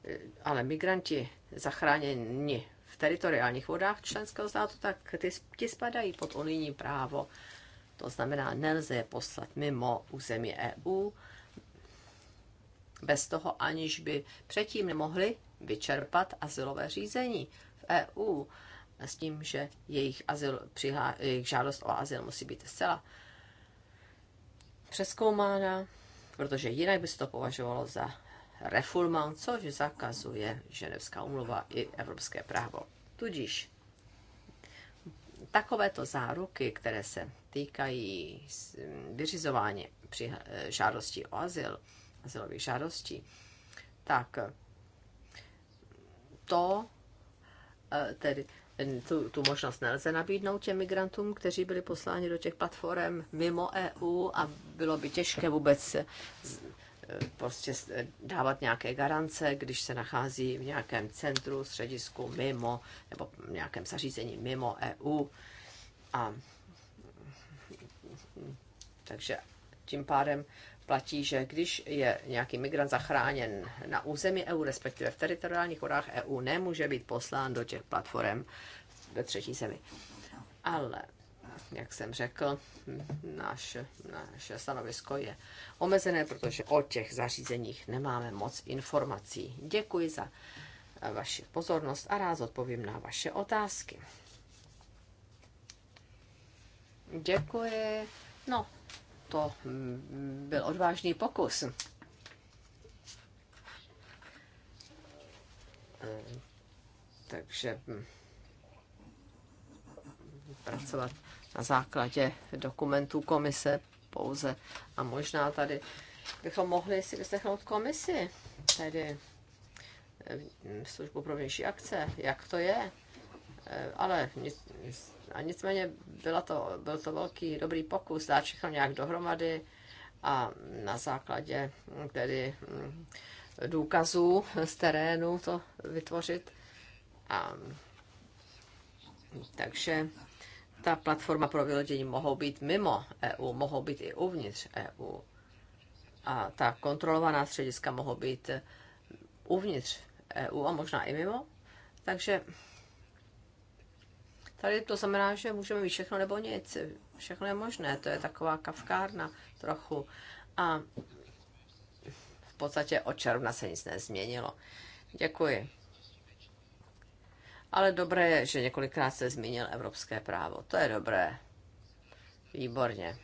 e, ale migranti zachráněni teritoriálních vodách členského státu, tak ty, ty spadají pod unijní právo. To znamená, nelze je poslat mimo území EU bez toho, aniž by předtím nemohli vyčerpat asilové řízení v EU s tím, že jejich, azyl, přihlá, jejich žádost o azyl musí být zcela přeskoumána, protože jinak by se to považovalo za reforma, což zakazuje Ženevská umluva i evropské právo. Tudíž takovéto záruky, které se týkají vyřizování při žádosti o azyl, azylových žádostí, tak to e, tedy tu, tu možnost nelze nabídnout těm migrantům, kteří byli posláni do těch platform mimo EU a bylo by těžké vůbec prostě dávat nějaké garance, když se nachází v nějakém centru, středisku mimo, nebo v nějakém zařízení mimo EU. A takže tím pádem platí, že když je nějaký migrant zachráněn na území EU, respektive v teritoriálních vodách EU, nemůže být poslán do těch platform ve třetí zemi. Ale jak jsem řekl, naš, naše stanovisko je omezené, protože o těch zařízeních nemáme moc informací. Děkuji za vaši pozornost a rád odpovím na vaše otázky. Děkuji. No, to byl odvážný pokus. Takže hm, pracovat na základě dokumentů komise pouze. A možná tady bychom mohli si vyslechnout komisi, tedy eh, službu pro vnější akce, jak to je. Eh, ale nic, a nicméně byla to, byl to velký dobrý pokus dát všechno nějak dohromady a na základě hm, tedy hm, důkazů z terénu to vytvořit. A, hm, takže ta platforma pro vylodění mohou být mimo EU, mohou být i uvnitř EU. A ta kontrolovaná střediska mohou být uvnitř EU a možná i mimo. Takže tady to znamená, že můžeme mít všechno nebo nic. Všechno je možné, to je taková kavkárna trochu. A v podstatě od června se nic nezměnilo. Děkuji. Ale dobré je, že několikrát se zmínil evropské právo. To je dobré. Výborně.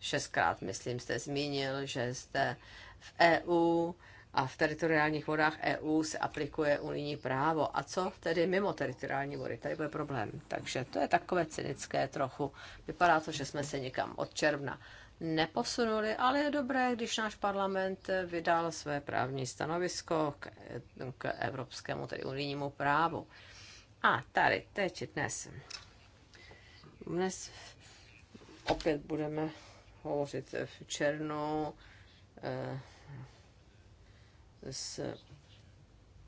Šestkrát, myslím, jste zmínil, že jste v EU a v teritoriálních vodách EU se aplikuje unijní právo. A co tedy mimo teritoriální vody? Tady bude problém. Takže to je takové cynické trochu. Vypadá to, že jsme se někam od června neposunuli, ale je dobré, když náš parlament vydal své právní stanovisko k, k evropskému, tedy unijnímu právu. A tady, teď, dnes. Dnes opět budeme hovořit v černu eh, s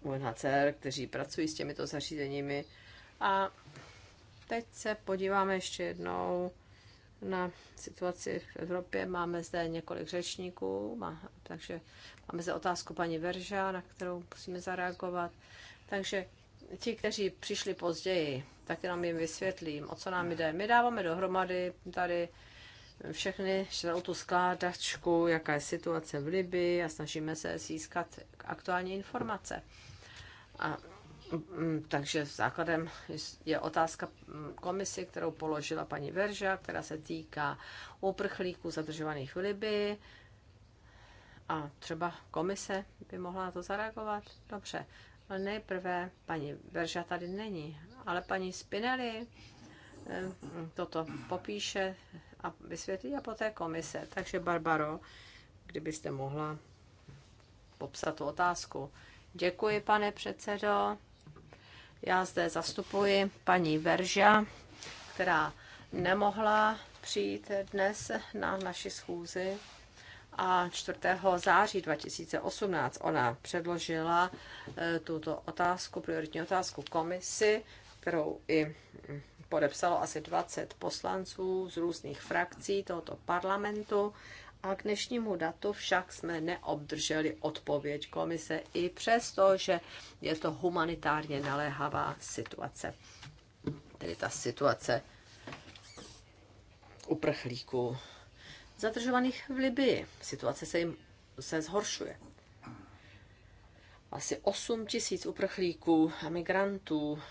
UNHCR, kteří pracují s těmito zařízeními. A teď se podíváme ještě jednou na situaci v Evropě. Máme zde několik řečníků, má, takže máme zde otázku paní Verža, na kterou musíme zareagovat. Takže ti, kteří přišli později, tak nám jim vysvětlím, o co nám jde. My dáváme dohromady tady všechny čtvrtou tu skládačku, jaká je situace v Libii a snažíme se získat aktuální informace. A Mm, takže základem je otázka komisi, kterou položila paní Verža, která se týká uprchlíků zadržovaných v Libii. A třeba komise by mohla na to zareagovat? Dobře. Ale nejprve paní Verža tady není, ale paní Spinelli eh, toto popíše a vysvětlí a poté komise. Takže Barbaro, kdybyste mohla popsat tu otázku. Děkuji, pane předsedo. Já zde zastupuji paní Verža, která nemohla přijít dnes na naši schůzi. A 4. září 2018 ona předložila eh, tuto otázku, prioritní otázku komisi, kterou i hm, podepsalo asi 20 poslanců z různých frakcí tohoto parlamentu a k dnešnímu datu však jsme neobdrželi odpověď komise i přesto, že je to humanitárně naléhavá situace. Tedy ta situace uprchlíků zadržovaných v Libii. Situace se jim se zhoršuje. Asi 8 tisíc uprchlíků a migrantů,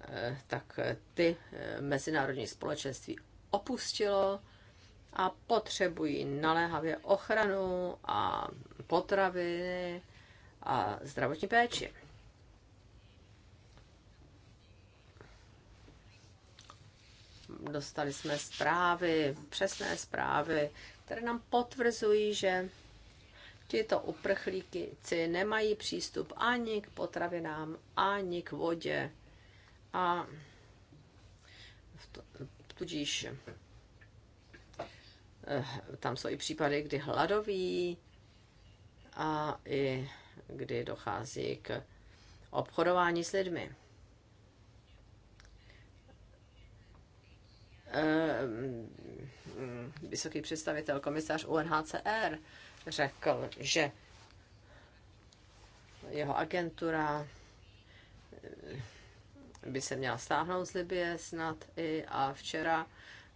eh, tak ty eh, mezinárodní společenství opustilo a potřebují naléhavě ochranu a potraviny a zdravotní péči. Dostali jsme zprávy, přesné zprávy, které nám potvrzují, že tyto uprchlíci nemají přístup ani k potravinám, ani k vodě. A tudíž Eh, tam jsou i případy, kdy hladoví a i kdy dochází k obchodování s lidmi. Eh, vysoký představitel, komisař UNHCR řekl, že jeho agentura eh, by se měla stáhnout z Libie snad i a včera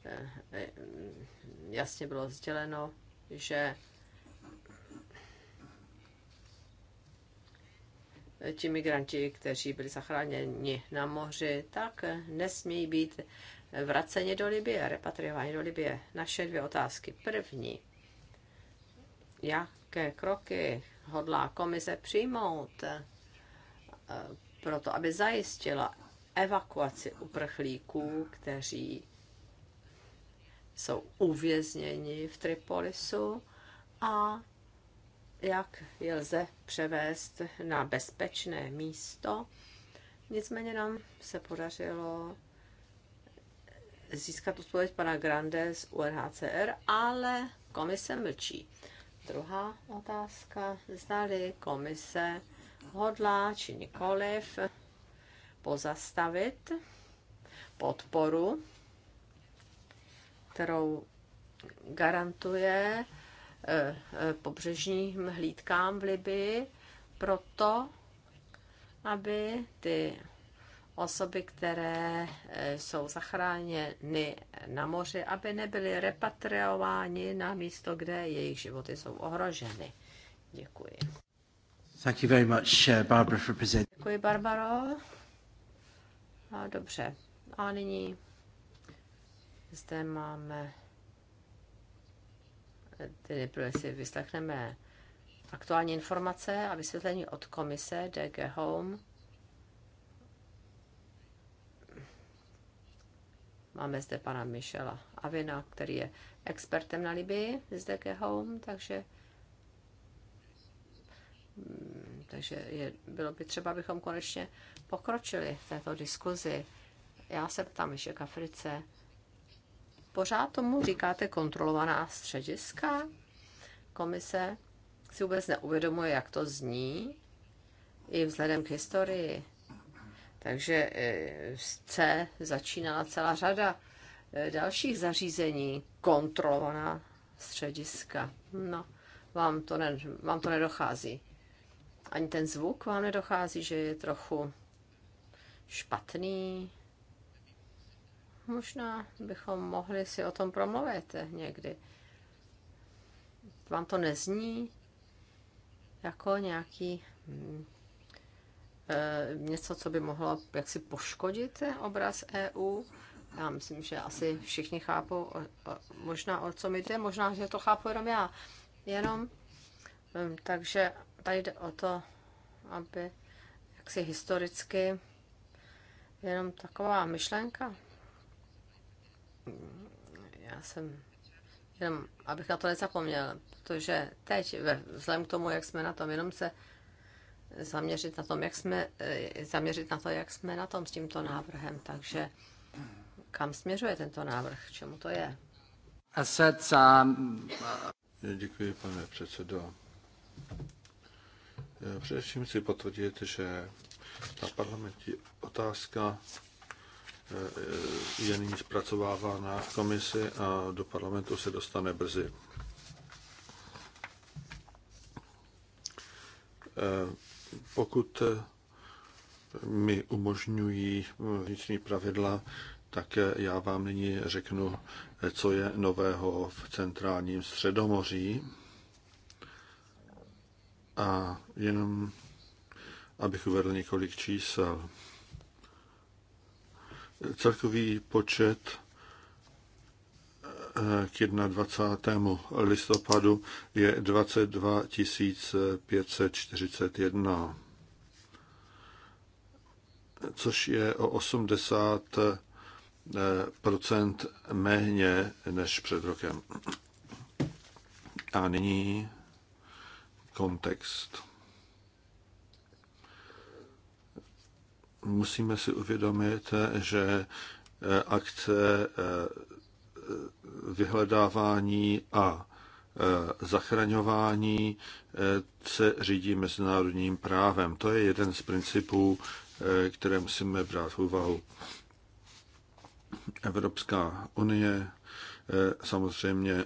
Eh, eh, jasně bylo sděleno, že ti migranti, kteří byli zachráněni na moři, tak nesmí být vraceni do Libie, repatriováni do Libie. Naše dvě otázky. První, jaké kroky hodlá komise přijmout eh, proto, aby zajistila evakuaci uprchlíků, kteří jsou uvězněni v Tripolisu a jak je lze převést na bezpečné místo. Nicméně nám se podařilo získat odpověď pana Grande z UNHCR, ale komise mlčí. Druhá otázka, zdali komise hodlá či nikoliv pozastavit podporu kterou garantuje eh, eh, pobřežním hlídkám v Libii, proto, aby ty osoby, které eh, jsou zachráněny na moři, aby nebyly repatriovány na místo, kde jejich životy jsou ohroženy. Děkuji. Thank you very much, uh, Barbara, for presenting. Děkuji, Barbaro. A dobře. A nyní zde máme, tedy nejprve si vyslechneme aktuální informace a vysvětlení od komise DG Home. Máme zde pana Michela Avina, který je expertem na Libii z DG Home, takže takže je, bylo by třeba, abychom konečně pokročili v této diskuzi. Já se ptám ještě k Africe, Pořád tomu říkáte kontrolovaná střediska? Komise si vůbec neuvědomuje, jak to zní, i vzhledem k historii. Takže e, z C začínala celá řada e, dalších zařízení, kontrolovaná střediska. No, vám to, ne, vám to nedochází. Ani ten zvuk vám nedochází, že je trochu špatný. Možná bychom mohli si o tom promluvit někdy. Vám to nezní jako nějaký mm, e, něco, co by mohlo jaksi poškodit obraz EU. Já myslím, že asi všichni chápou možná, o co mi jde, možná, že to chápu jenom já. Jenom, mm, takže tady jde o to, aby jaksi historicky jenom taková myšlenka já jsem jenom, abych na to nezapomněl, protože teď, vzhledem k tomu, jak jsme na tom, jenom se zaměřit na, tom, jak jsme, eh, zaměřit na to, jak jsme na tom s tímto návrhem. Takže kam směřuje tento návrh? Čemu to je? Děkuji, pane předsedo. Především chci potvrdit, že ta parlamentní otázka je nyní zpracovávána v komisi a do parlamentu se dostane brzy. Eh, pokud eh, mi umožňují eh, vnitřní pravidla, tak já vám nyní řeknu, co je nového v centrálním středomoří. A jenom abych uvedl několik čísel celkový počet eh, k 21. listopadu je 22 541, což je o 80 eh, méně než před rokem. A nyní kontext. musíme si uvědomit, že eh, akce eh, vyhledávání a eh, zachraňování se řídí mezinárodním právem. To je jeden z principů, které musíme brát v úvahu. Evropská unie samozřejmě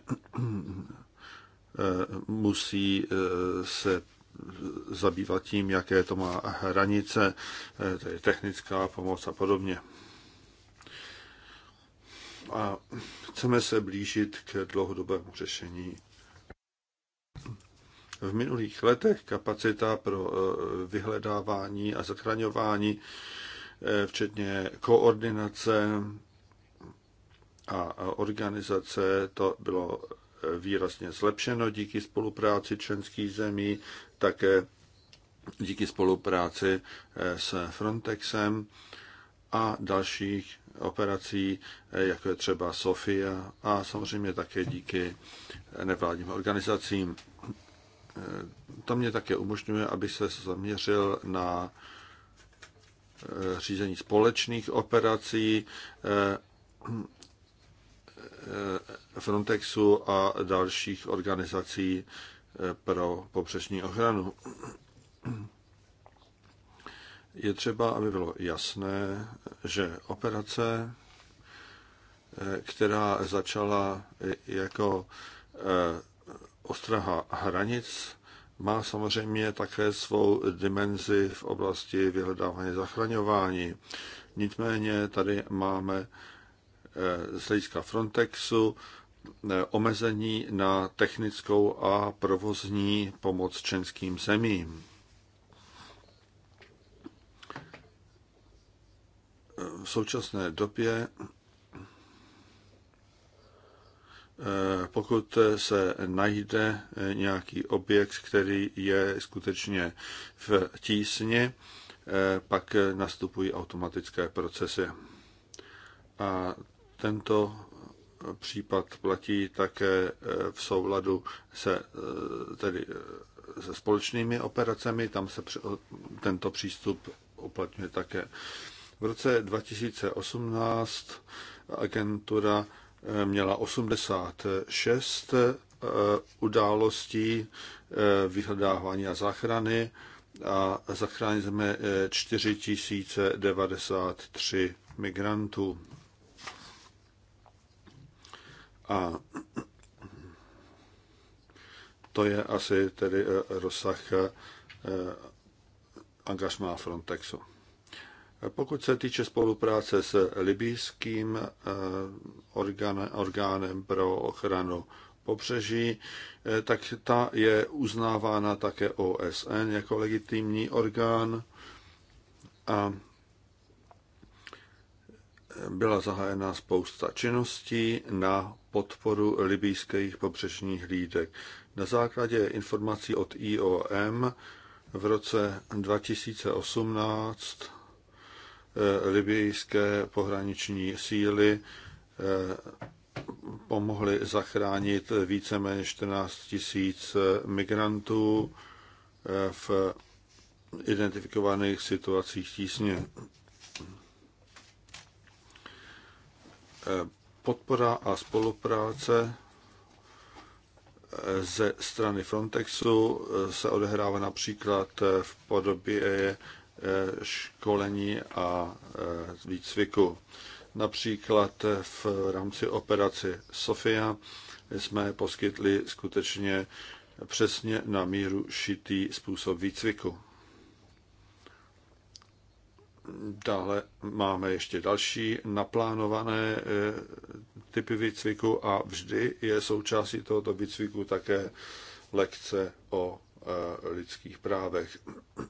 musí se zabývat tím, jaké to má hranice, eh, tedy technická pomoc a podobně. A chceme se blížit k dlouhodobému řešení. V minulých letech kapacita pro eh, vyhledávání a zachraňování, eh, včetně koordinace a organizace, to bylo výrazně zlepšeno díky spolupráci členských zemí také díky spolupráci eh, s Frontexem a dalších operací, eh, jako je třeba Sofia a samozřejmě také díky eh, nevládním organizacím. To mě také umožňuje, aby se zaměřil na řízení společných operací Frontexu a dalších organizací pro pobřežní ochranu. Je třeba, aby bylo jasné, že operace, eh, která začala jako eh, ostraha hranic, má samozřejmě také svou dimenzi v oblasti vyhledávání zachraňování. Nicméně tady máme eh, z hlediska Frontexu Eh, omezení na technickou a provozní pomoc členským zemím. V současné době, eh, pokud se najde nějaký objekt, který je skutečně v tísni, eh, pak nastupují automatické procesy. A tento případ platí také eh, v souladu se, eh, tedy eh, se společnými operacemi, tam se tento přístup uplatňuje také. V roce 2018 agentura měla 86 událostí vyhledávání a záchrany a zachránili jsme 4093 migrantů. A to je asi tedy eh, rozsah eh, angažmá Frontexu. Eh, pokud se týče spolupráce s libýským orgánem pro ochranu pobřeží, tak ta je uznávána také OSN jako legitimní orgán a byla zahájena spousta činností na podporu libijských pobřežních hlídek. Na základě informací od IOM v roce 2018 eh, libijské pohraniční síly eh, pomohly zachránit více méně 14 tisíc eh, migrantů v identifikovaných situacích tísně podpora a spolupráce eh, ze strany Frontexu eh, se odehrává například eh, v podobě školení a výcviku. Například v rámci operace Sofia jsme poskytli skutečně přesně na míru šitý způsob výcviku. Dále máme ještě další naplánované eh, typy výcviku a vždy je součástí tohoto výcviku také lekce o eh, lidských právech. Eh,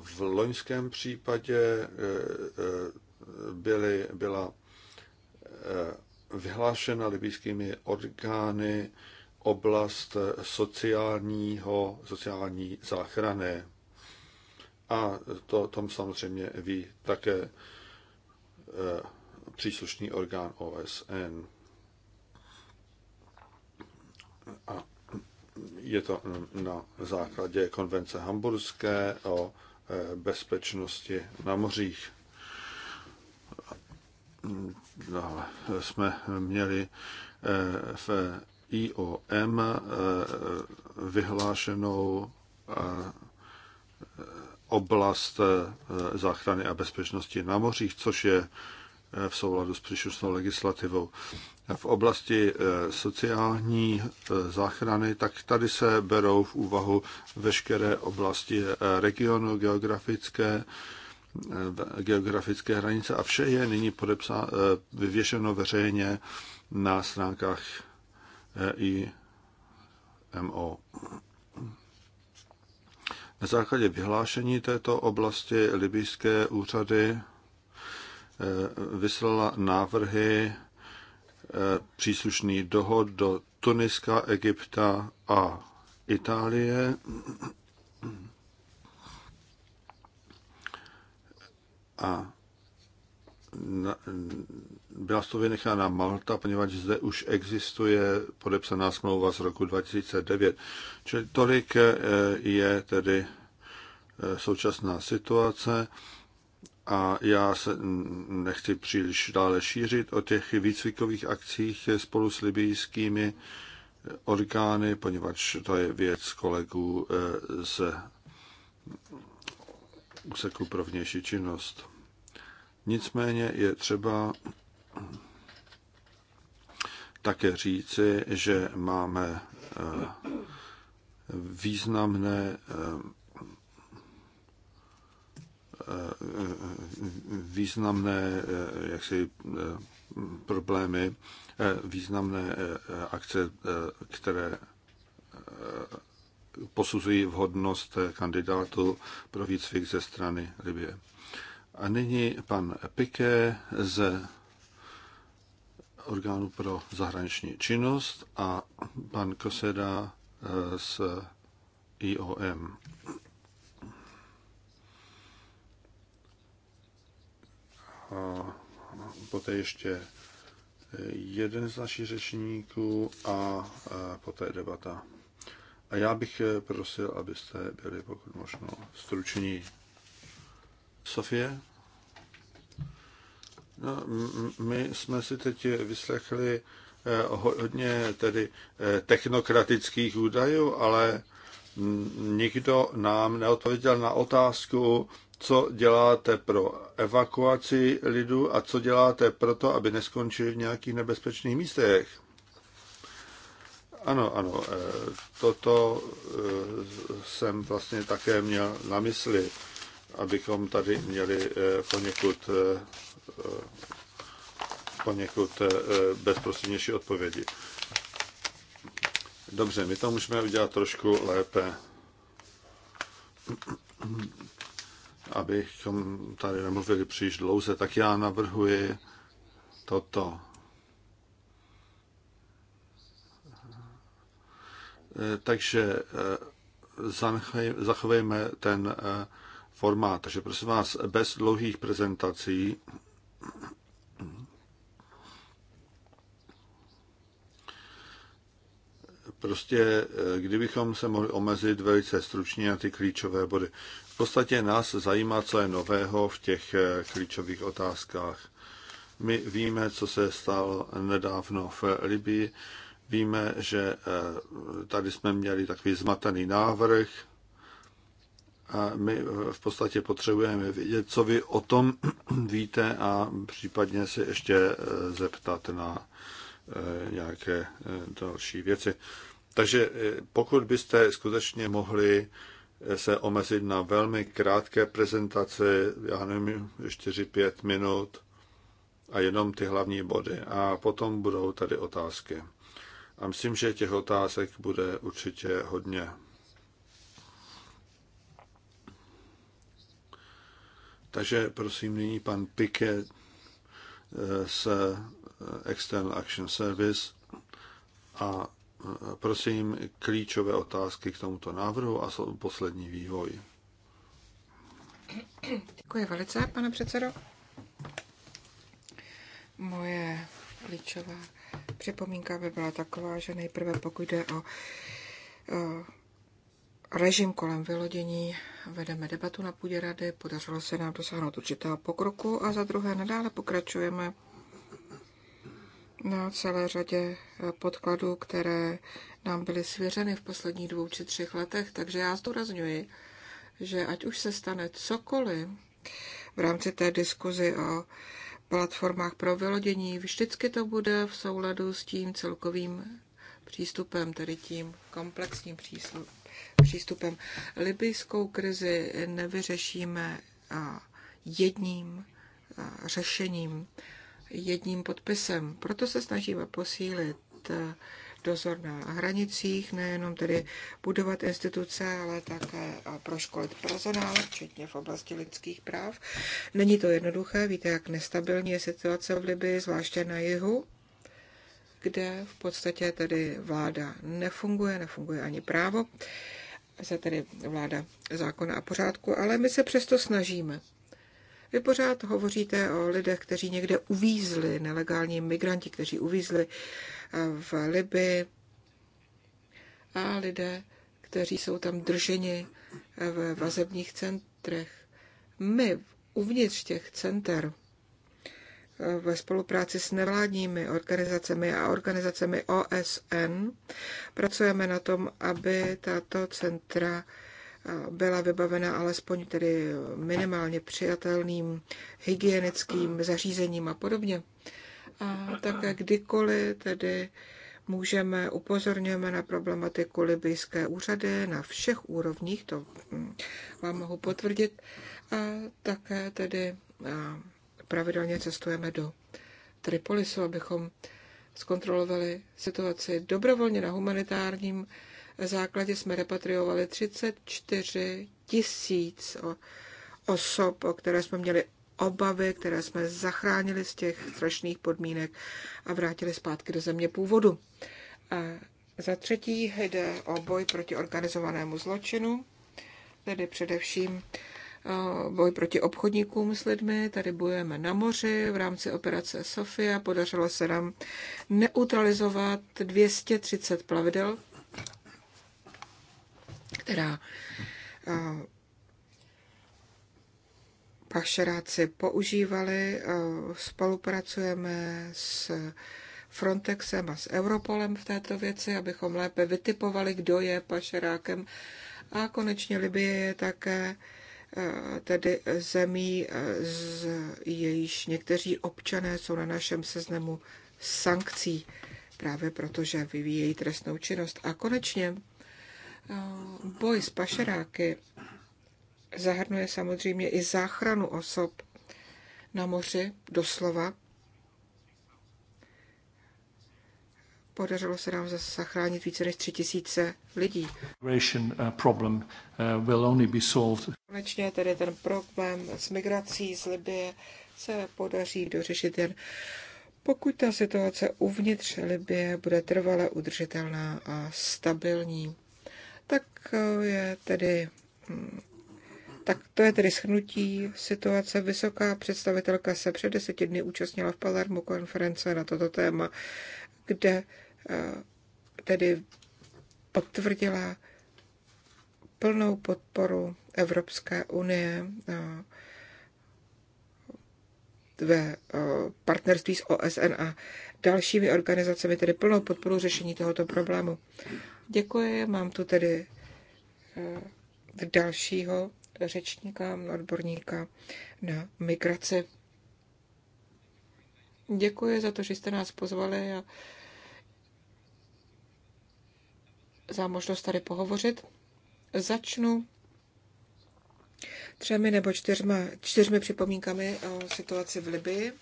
v loňském případě byly, byla vyhlášena libijskými orgány oblast sociálního, sociální záchrany a to tom samozřejmě ví také eh, příslušný orgán OSN. A je to na základě konvence hamburské o eh, bezpečnosti na mořích. No, jsme měli eh, v IOM vyhlášenou oblast eh, záchrany a bezpečnosti na mořích, což je eh, v souladu s příslušnou legislativou. V oblasti eh, sociální záchrany, tak tady se berou v úvahu veškeré oblasti regionu, geografické, geografické hranice a vše je nyní podepsá, vyvěšeno veřejně na stránkách IMO. Na základě vyhlášení této oblasti libijské úřady eh, vyslala návrhy eh, příslušný dohod do Tuniska, Egypta a Itálie. A byla z toho vynechána Malta, poněvadž zde už existuje podepsaná smlouva z roku 2009. Čili tolik eh, je tedy eh, současná situace a já se nechci příliš dále šířit o těch výcvikových akcích spolu s libijskými eh, orgány, poněvadž to je věc kolegů z úseku pro vnější činnost. Nicméně je třeba také říci, že máme eh, významné eh, významné eh, jaksi, problémy, významné akce, které posuzují vhodnost kandidátu pro výcvik ze strany Libie. A nyní pan Piké ze orgánu pro zahraniční činnost a pan Koseda eh, z IOM. A poté ještě jeden z našich řečníků a eh, poté debata. A já bych eh, prosil, abyste byli pokud možno struční. Sofie? No, my jsme si teď vyslechli eh, hodně tedy eh, technokratických údajů, ale nikdo nám neodpověděl na otázku, co děláte pro evakuaci lidu a co děláte pro to, aby neskončili v nějakých nebezpečných místech. Ano, ano, eh, toto jsem vlastně také měl na mysli abychom tady měli eh, poněkud, eh, eh, poněkud bezprostřednější odpovědi. Dobře, my to můžeme udělat trošku lépe, abychom tady nemluvili příliš dlouze, tak já navrhuji toto. Takže zachovejme ten formát. Takže prosím vás, bez dlouhých prezentací. Prostě, eh, kdybychom se mohli omezit velice stručně na ty klíčové body. V podstatě nás zajímá, co je nového v těch eh, klíčových otázkách. My víme, co se stalo nedávno v Libii. Víme, že eh, tady jsme měli takový zmatený návrh, a my eh, v podstatě potřebujeme vědět, co vy o tom víte a případně se ještě eh, zeptat na eh, nějaké další věci. Takže pokud byste skutečně mohli se omezit na velmi krátké prezentace, já nevím, 4-5 minut a jenom ty hlavní body. A potom budou tady otázky. A myslím, že těch otázek bude určitě hodně. Takže prosím nyní pan Pike eh, z eh, External Action Service a eh, prosím klíčové otázky k tomuto návrhu a poslední vývoj. Děkuji velice, pane předsedo. Moje klíčová připomínka by byla taková, že nejprve pokud jde o režim kolem vylodění, vedeme debatu na půdě rady, podařilo se nám dosáhnout určitého pokroku a za druhé nadále pokračujeme na celé řadě eh, podkladů, které nám byly svěřeny v posledních dvou či třech letech. Takže já zdůrazňuji, že ať už se stane cokoliv v rámci té diskuzi o platformách pro vylodění, vždycky to bude v souladu s tím celkovým přístupem, tedy tím komplexním přístupem přístupem. Libijskou krizi nevyřešíme jedním řešením, jedním podpisem. Proto se snažíme posílit e, dozor na hranicích, nejenom tedy budovat instituce, ale také proškolit personál, včetně v oblasti lidských práv. Není to jednoduché, víte, jak nestabilní je situace v Libii, zvláště na jihu, kde v podstatě tedy vláda nefunguje, nefunguje ani právo se tedy vláda zákona a pořádku, ale my se přesto snažíme. Vy pořád hovoříte o lidech, kteří někde uvízli, nelegální migranti, kteří uvízli eh, v Liby a lidé, kteří jsou tam drženi eh, v vazebních centrech. My uvnitř těch center ve spolupráci s nevládními organizacemi a organizacemi OSN. Pracujeme na tom, aby tato centra eh, byla vybavena alespoň tedy minimálně přijatelným hygienickým zařízením a podobně. A také kdykoliv tedy můžeme, upozorňujeme na problematiku libijské úřady na všech úrovních, to hm, vám mohu potvrdit, a také tedy a pravidelně cestujeme do Tripolisu, abychom zkontrolovali situaci. Dobrovolně na humanitárním základě jsme repatriovali 34 tisíc osob, o které jsme měli obavy, které jsme zachránili z těch strašných podmínek a vrátili zpátky do země původu. A za třetí jde o boj proti organizovanému zločinu, tedy především boj proti obchodníkům s lidmi. Tady bojujeme na moři v rámci operace Sofia. Podařilo se nám neutralizovat 230 plavidel, která pašeráci používali. Spolupracujeme s Frontexem a s Europolem v této věci, abychom lépe vytipovali, kdo je pašerákem. A konečně Libie je také tedy zemí, z jejíž někteří občané jsou na našem seznamu sankcí, právě protože vyvíjejí trestnou činnost. A konečně boj s pašeráky zahrnuje samozřejmě i záchranu osob na moři, doslova, Podařilo se nám zachránit více než 3000 lidí. Uh, uh, Konečně tedy ten problém s migrací z Libie se podaří dořešit jen pokud ta situace uvnitř Libie bude trvale udržitelná a stabilní. Tak uh, je tedy mm, tak to je tedy schnutí situace. Vysoká představitelka se před deseti dny účastnila v Palermo konference na toto téma, kde Eh, tedy potvrdila plnou podporu Evropské unie eh, ve eh, partnerství s OSN a dalšími organizacemi, tedy plnou podporu řešení tohoto problému. Děkuji, mám tu tedy dalšího řečníka, odborníka na migraci. Děkuji za to, že jste nás pozvali a za možnost tady pohovořit. Začnu třemi nebo čtyřma, čtyřmi připomínkami o situaci v Libii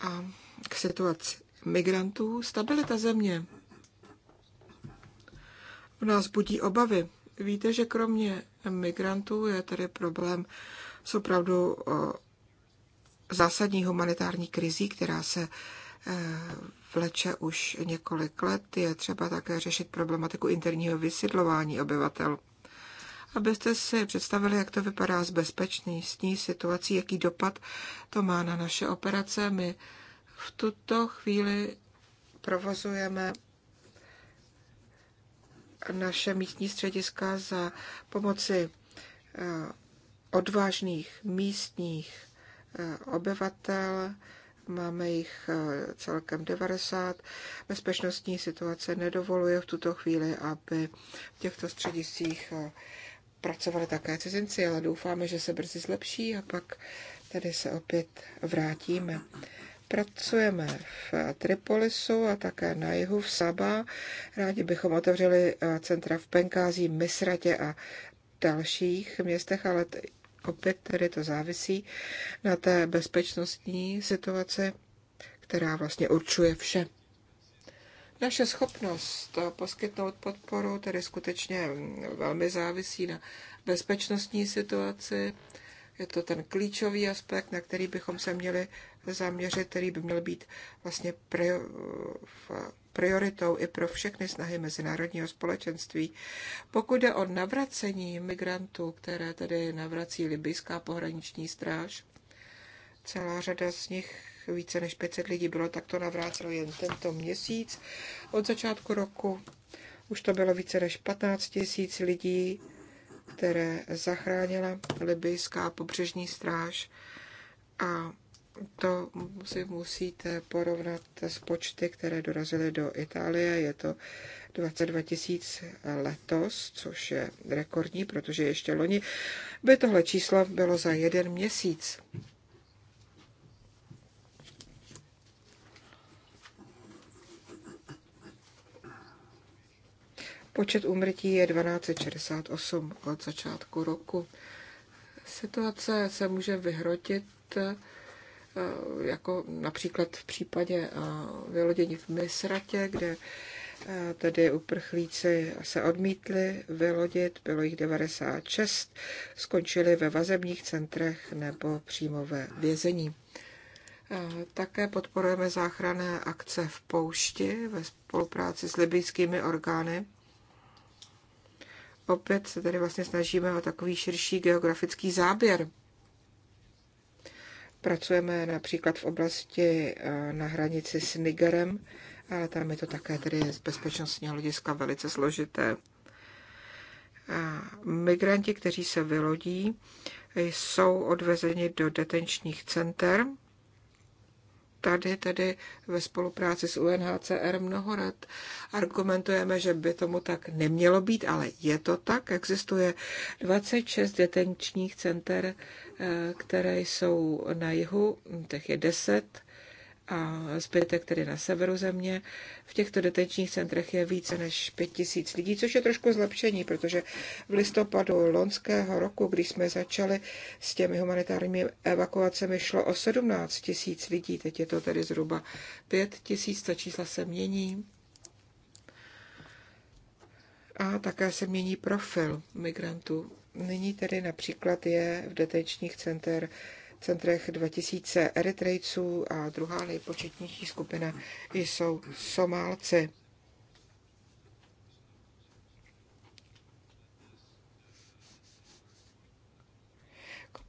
a k situaci migrantů. Stabilita země v nás budí obavy. Víte, že kromě migrantů je tady problém s opravdu zásadní humanitární krizí, která se Eh, vleče už několik let. Je třeba také řešit problematiku interního vysidlování obyvatel. Abyste si představili, jak to vypadá s bezpečnostní situací, jaký dopad to má na naše operace, my v tuto chvíli provozujeme naše místní střediska za pomoci eh, odvážných místních eh, obyvatel, máme jich eh, celkem 90. Bezpečnostní situace nedovoluje v tuto chvíli, aby v těchto střediscích eh, pracovali také cizinci, ale doufáme, že se brzy zlepší a pak tady se opět vrátíme. Pracujeme v Tripolisu a také na jihu v Saba. Rádi bychom otevřeli eh, centra v Penkází, Misratě a dalších městech, ale Opět tedy to závisí na té bezpečnostní situaci, která vlastně určuje vše. Naše schopnost poskytnout podporu tedy skutečně velmi závisí na bezpečnostní situaci. Je to ten klíčový aspekt, na který bychom se měli zaměřit, který by měl být vlastně prioritou i pro všechny snahy mezinárodního společenství. Pokud jde o navracení migrantů, které tedy navrací libyská pohraniční stráž, celá řada z nich více než 500 lidí bylo takto navráceno jen tento měsíc. Od začátku roku už to bylo více než 15 tisíc lidí, které zachránila libyská pobřežní stráž a to si musíte porovnat s počty, které dorazily do Itálie. Je to 22 tisíc letos, což je rekordní, protože ještě loni by tohle číslo bylo za jeden měsíc. Počet úmrtí je 1268 od začátku roku. Situace se může vyhrotit Eh, jako například v případě eh, vylodění v Misratě, kde eh, tedy uprchlíci se odmítli vylodit, bylo jich 96, skončili ve vazebních centrech nebo přímo ve vězení. Také podporujeme záchranné akce v poušti ve spolupráci s libijskými orgány. Opět se tady vlastně snažíme o takový širší geografický záběr. Pracujeme například v oblasti eh, na hranici s Nigerem, ale tam je to také tedy z bezpečnostního hlediska velice složité. A eh, migranti, kteří se vylodí, jsou odvezeni do detenčních center, tady tedy ve spolupráci s UNHCR mnoho let argumentujeme, že by tomu tak nemělo být, ale je to tak. Existuje 26 detenčních center, eh, které jsou na jihu, těch je 10 a zbytek tedy na severu země. V těchto detenčních centrech je více než 5000 lidí, což je trošku zlepšení, protože v listopadu loňského roku, když jsme začali s těmi humanitárními evakuacemi, šlo o 17 tisíc lidí, teď je to tedy zhruba 5 tisíc, ta čísla se mění. A také se mění profil migrantů. Nyní tedy například je v detenčních centrech centrech 2000 Eritrejců a druhá nejpočetnější skupina jsou Somálci.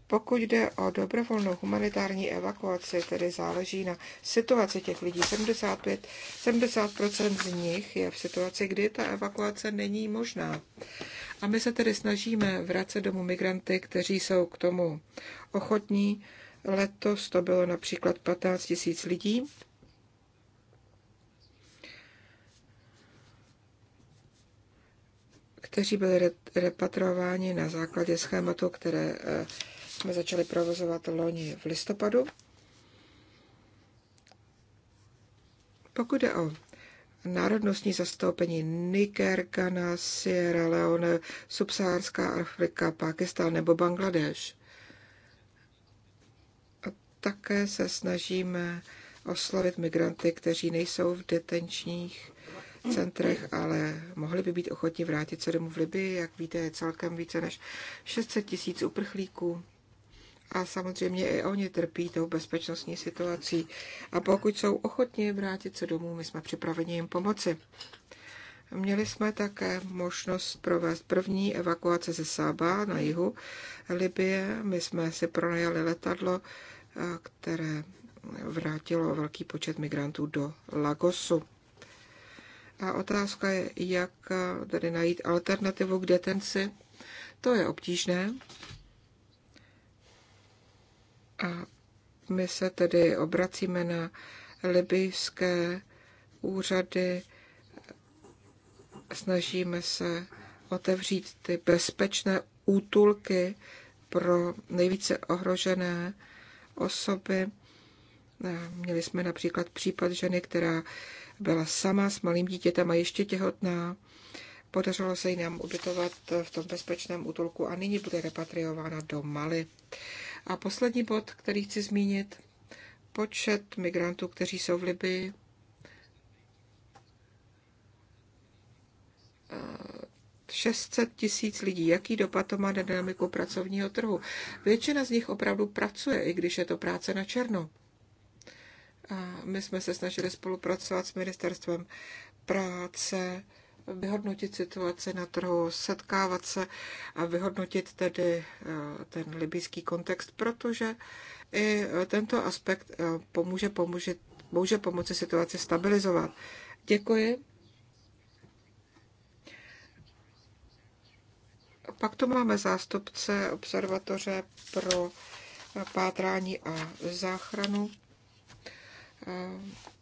Pokud jde o dobrovolnou humanitární evakuaci, tedy záleží na situaci těch lidí. 75, 70% z nich je v situaci, kdy ta evakuace není možná. A my se tedy snažíme vracet domů migranty, kteří jsou k tomu ochotní. Letos to bylo například 15 tisíc lidí. kteří byli repatrováni na základě schématu, které eh, jsme začali provozovat loni v listopadu. Pokud jde o národnostní zastoupení Niger, Ghana, Sierra Leone, subsaharská Afrika, Pakistan nebo Bangladeš. Také se snažíme oslovit migranty, kteří nejsou v detenčních centrech, ale mohli by být ochotni vrátit se domů v Libii. Jak víte, je celkem více než 600 tisíc uprchlíků. A samozřejmě i oni trpí tou bezpečnostní situací. A pokud jsou ochotni vrátit se domů, my jsme připraveni jim pomoci. Měli jsme také možnost provést první evakuace ze Sába na jihu Libie. My jsme si pronajali letadlo které vrátilo velký počet migrantů do Lagosu. A otázka je, jak tady najít alternativu k detenci. To je obtížné. A my se tedy obracíme na libijské úřady, snažíme se otevřít ty bezpečné útulky pro nejvíce ohrožené osoby. Měli jsme například případ ženy, která byla sama s malým dítětem a ještě těhotná. Podařilo se jí nám ubytovat v tom bezpečném útulku a nyní bude repatriována do Mali. A poslední bod, který chci zmínit, počet migrantů, kteří jsou v Libii, 600 tisíc lidí. Jaký dopad to má na dynamiku pracovního trhu? Většina z nich opravdu pracuje, i když je to práce na černo. A my jsme se snažili spolupracovat s ministerstvem práce, vyhodnotit situaci na trhu, setkávat se a vyhodnotit tedy eh, ten libýský kontext, protože i eh, tento aspekt eh, pomůže, pomůže, může pomoci situaci stabilizovat. Děkuji. Pak tu máme zástupce observatoře pro pátrání a záchranu. Eh,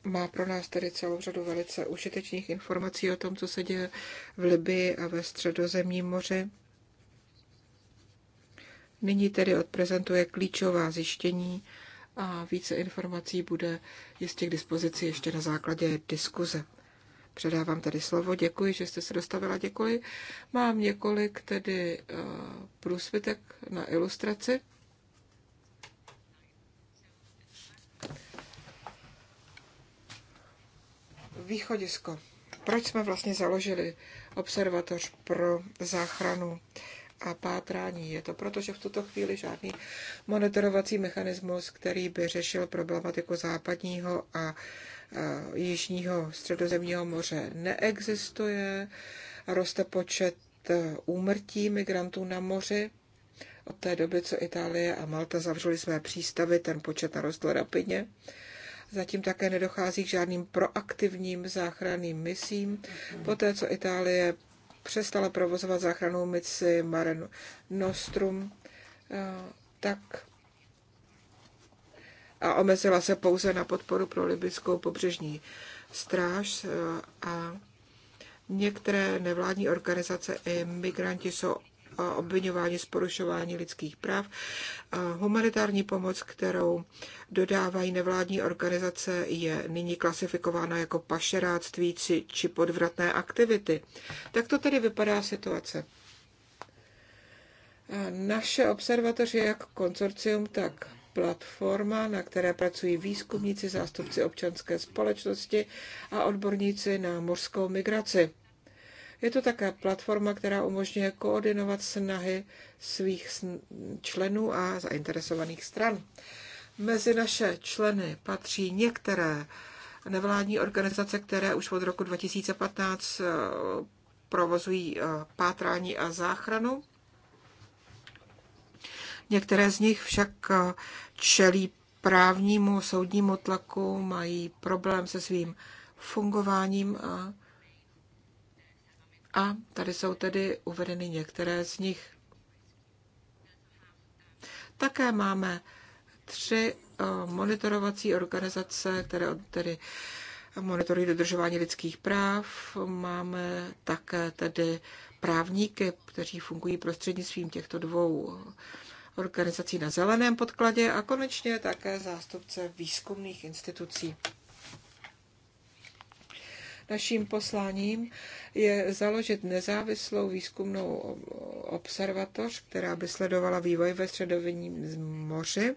má pro nás tedy celou řadu velice užitečných informací o tom, co se děje v Libii a ve středozemním moři. Nyní tedy odprezentuje klíčová zjištění a více informací bude jistě k dispozici ještě na základě diskuze. Předávám tady slovo. Děkuji, že jste se dostavila. Děkuji. Mám několik tedy eh, průsvitek na ilustraci. Východisko. Proč jsme vlastně založili observatoř pro záchranu a pátrání. Je to proto, že v tuto chvíli žádný monitorovací mechanismus, který by řešil problematiku západního a Jižního středozemního moře neexistuje, roste počet e, úmrtí migrantů na moři. Od té doby, co Itálie a Malta zavřely své přístavy, ten počet narostl rapidně. Zatím také nedochází k žádným proaktivním záchranným misím. Poté, co Itálie přestala provozovat záchranou misi Mare Nostrum, e, tak a omezila se pouze na podporu pro libyskou pobřežní stráž eh, a některé nevládní organizace i migranti jsou eh, obvinováni z porušování lidských práv. Humanitární pomoc, kterou dodávají nevládní organizace, je nyní klasifikována jako pašeráctví či, podvratné aktivity. Tak to tedy vypadá situace. Naše observatoř je jak konzorcium, tak platforma, na které pracují výzkumníci, zástupci občanské společnosti a odborníci na mořskou migraci. Je to také platforma, která umožňuje koordinovat snahy svých členů a zainteresovaných stran. Mezi naše členy patří některé nevládní organizace, které už od roku 2015 eh, provozují eh, pátrání a záchranu. Některé z nich však eh, čelí právnímu soudnímu tlaku, mají problém se svým fungováním a, a tady jsou tedy uvedeny některé z nich. Také máme tři eh, monitorovací organizace, které tedy monitorují dodržování lidských práv. Máme také tedy právníky, kteří fungují prostřednictvím těchto dvou organizací na zeleném podkladě a konečně také zástupce výzkumných institucí. Naším posláním je založit nezávislou výzkumnou observatoř, která by sledovala vývoj ve středovinním moři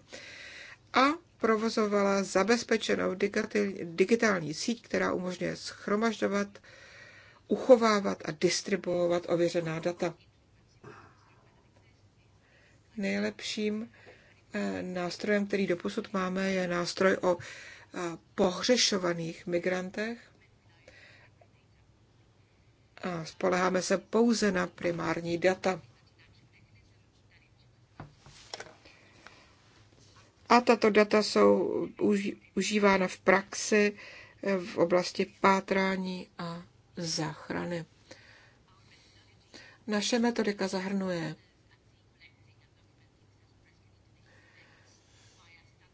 a provozovala zabezpečenou digitální síť, která umožňuje schromažďovat, uchovávat a distribuovat ověřená data nejlepším eh, nástrojem, který doposud máme, je nástroj o eh, pohřešovaných migrantech. A spoleháme se pouze na primární data. A tato data jsou užívána v praxi eh, v oblasti pátrání a záchrany. Naše metodika zahrnuje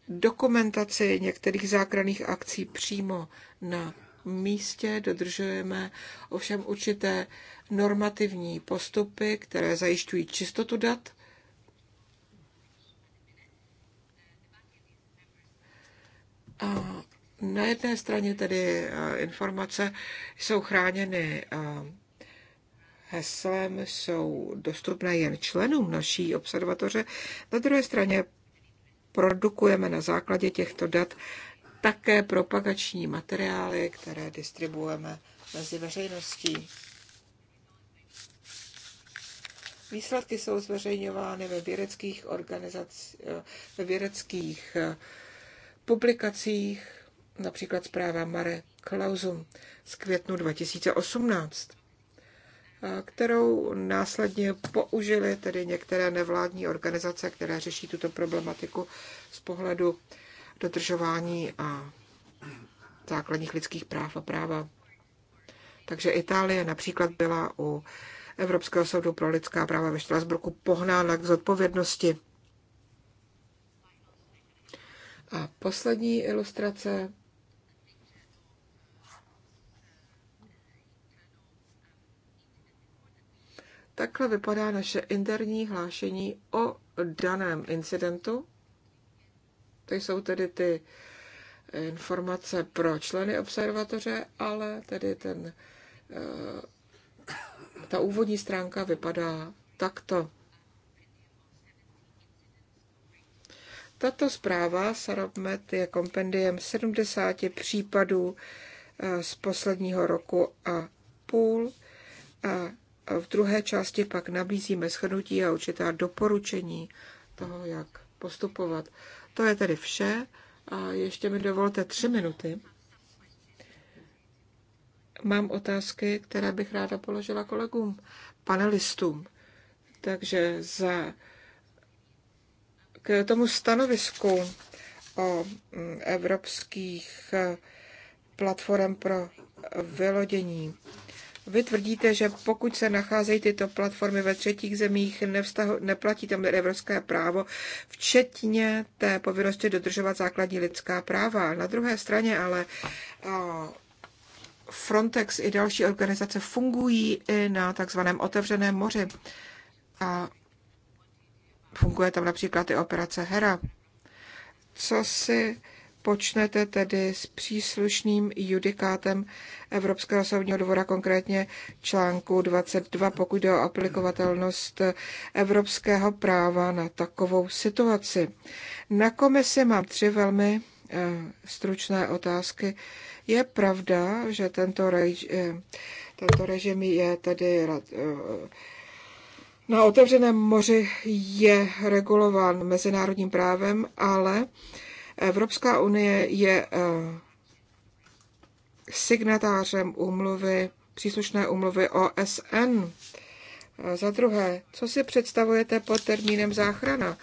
dokumentaci některých zákranných akcí přímo na místě, dodržujeme ovšem určité normativní postupy, které zajišťují čistotu dat. A na jedné straně tedy eh, informace jsou chráněny eh, heslem, jsou dostupné jen členům naší observatoře, na druhé straně produkujeme na základě těchto dat také propagační materiály, které distribuujeme mezi veřejností. Výsledky jsou zveřejňovány ve vědeckých, ve vědeckých eh, publikacích, například zpráva Mare Clausum z květnu 2018. Eh, kterou následně použili tedy některé nevládní organizace, které řeší tuto problematiku z pohledu dodržování a základních lidských práv a práva. Takže Itálie například byla u Evropského soudu pro lidská práva ve Štrasburku pohnána k zodpovědnosti. A poslední ilustrace Takhle vypadá naše interní hlášení o daném incidentu. To jsou tedy ty eh, informace pro členy observatoře, ale tedy ten, eh, ta úvodní stránka vypadá takto. Tato zpráva Sarabmet je kompendiem 70 případů eh, z posledního roku a půl a v druhé části pak nabízíme shrnutí a určitá doporučení toho, jak postupovat. To je tedy vše a ještě mi dovolte tři minuty. Mám otázky, které bych ráda položila kolegům, panelistům. Takže za k tomu stanovisku o mm, evropských eh, platform pro vylodění. Vy tvrdíte, že pokud se nacházejí tyto platformy ve třetích zemích, nevztahu, neplatí tam evropské právo, včetně té povinnosti dodržovat základní lidská práva. Na druhé straně ale Frontex i další organizace fungují i na takzvaném otevřeném moři. A funguje tam například i operace Hera. Co si počnete tedy s příslušným judikátem Evropského soudního dvora, konkrétně článku 22, pokud jde o aplikovatelnost evropského práva na takovou situaci. Na komisi mám tři velmi eh, stručné otázky. Je pravda, že tento, rež, eh, tento režim je tedy eh, na otevřeném moři je regulován mezinárodním právem, ale Evropská unie je eh, signatářem umluvy, příslušné umluvy OSN. Eh, za druhé, co si představujete pod termínem záchrana?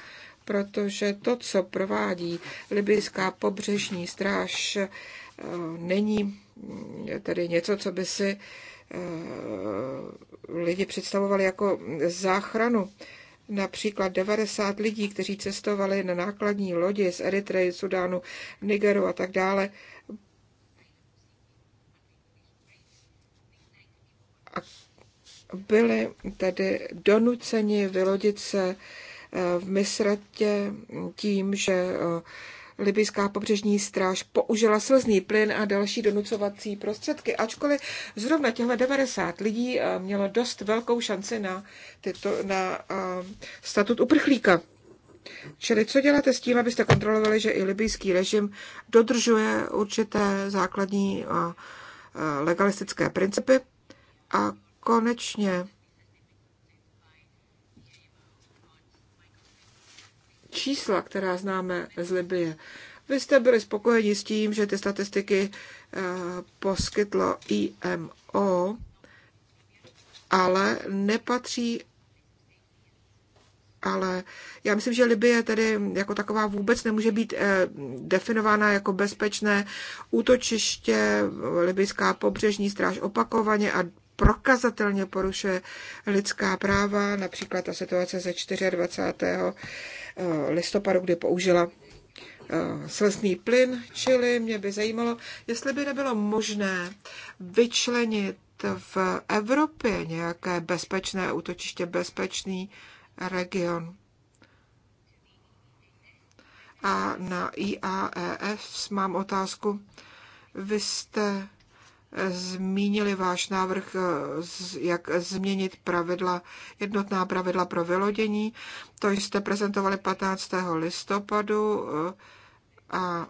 Protože to, co provádí libyská pobřežní stráž, eh, není mm, tedy něco, co by si lidi představovali jako záchranu například 90 lidí, kteří cestovali na nákladní lodi z Eritreji, Sudánu, Nigeru a tak dále, a byli tedy donuceni vylodit se eh, v Misratě tím, že eh, libyská pobřežní stráž použila slzný plyn a další donucovací prostředky, ačkoliv zrovna těchto 90 lidí eh, mělo dost velkou šanci na, tyto, na eh, statut uprchlíka. Čili co děláte s tím, abyste kontrolovali, že i libyský režim dodržuje určité základní eh, legalistické principy? A konečně čísla, která známe z Libie. Vy jste byli spokojeni s tím, že ty statistiky eh, poskytlo IMO, ale nepatří ale já myslím, že Libie tedy jako taková vůbec nemůže být eh, definována jako bezpečné útočiště. Libyská pobřežní stráž opakovaně a prokazatelně porušuje lidská práva, například ta situace ze 24. Eh, listopadu, kdy použila eh, slzný plyn, čili mě by zajímalo, jestli by nebylo možné vyčlenit v Evropě nějaké bezpečné útočiště, bezpečný region. A na IAEF mám otázku. Vy jste zmínili váš návrh, eh, jak změnit pravidla, jednotná pravidla pro vylodění. To jste prezentovali 15. listopadu eh, a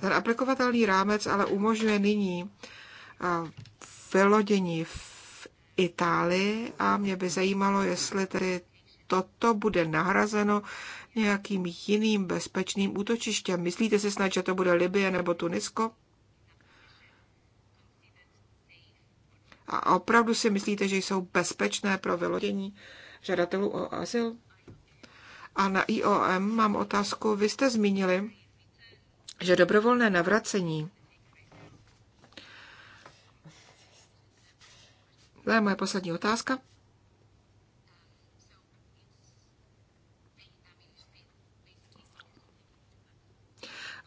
ten aplikovatelný rámec ale umožňuje nyní eh, vylodění v Itálii a mě by zajímalo, jestli tedy toto bude nahrazeno nějakým jiným bezpečným útočištěm. Myslíte si snad, že to bude Libie nebo Tunisko? A opravdu si myslíte, že jsou bezpečné pro vylodění žadatelů o azyl? A na IOM mám otázku. Vy jste zmínili, že dobrovolné navracení To je moje poslední otázka.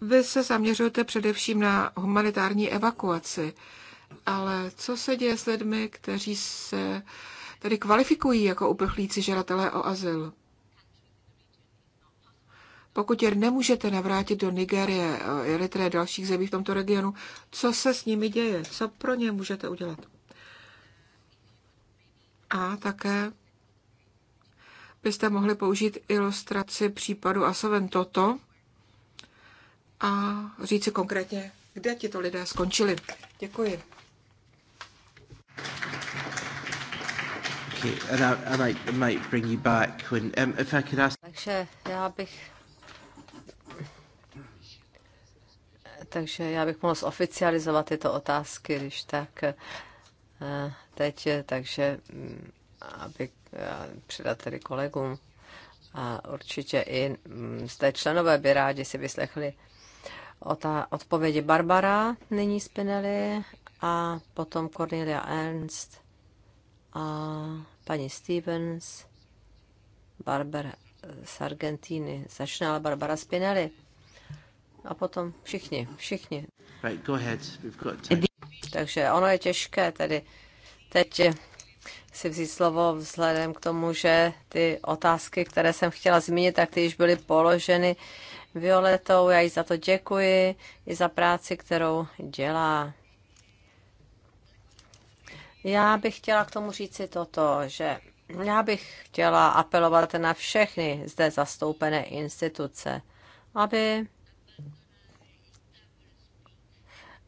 Vy se zaměřujete především na humanitární evakuaci, ale co se děje s lidmi, kteří se tedy kvalifikují jako uprchlíci žadatelé o azyl? Pokud je nemůžete navrátit do Nigérie, Eritre a dalších zemí v tomto regionu, co se s nimi děje? Co pro ně můžete udělat? A také byste mohli použít ilustraci případu Asoven Toto, a říci konkrétně, kde tito lidé skončili. Děkuji. Um, takže já bych takže já bych mohl zoficializovat tyto otázky, když tak eh, teď, takže mm, abych eh, předat tedy kolegům. A určitě i mm, zde členové by rádi si vyslechli o ta odpovědi Barbara, nyní Spinelli, a potom Cornelia Ernst a paní Stevens, Barbara z Argentíny. Začínala Barbara Spinelli. A potom všichni, všichni. Right, go ahead. We've got time. Takže ono je těžké tedy teď si vzít slovo vzhledem k tomu, že ty otázky, které jsem chtěla zmínit, tak ty již byly položeny Violetou. Já jí za to děkuji, i za práci, kterou dělá. Já bych chtěla k tomu říci toto, že já bych chtěla apelovat na všechny zde zastoupené instituce, aby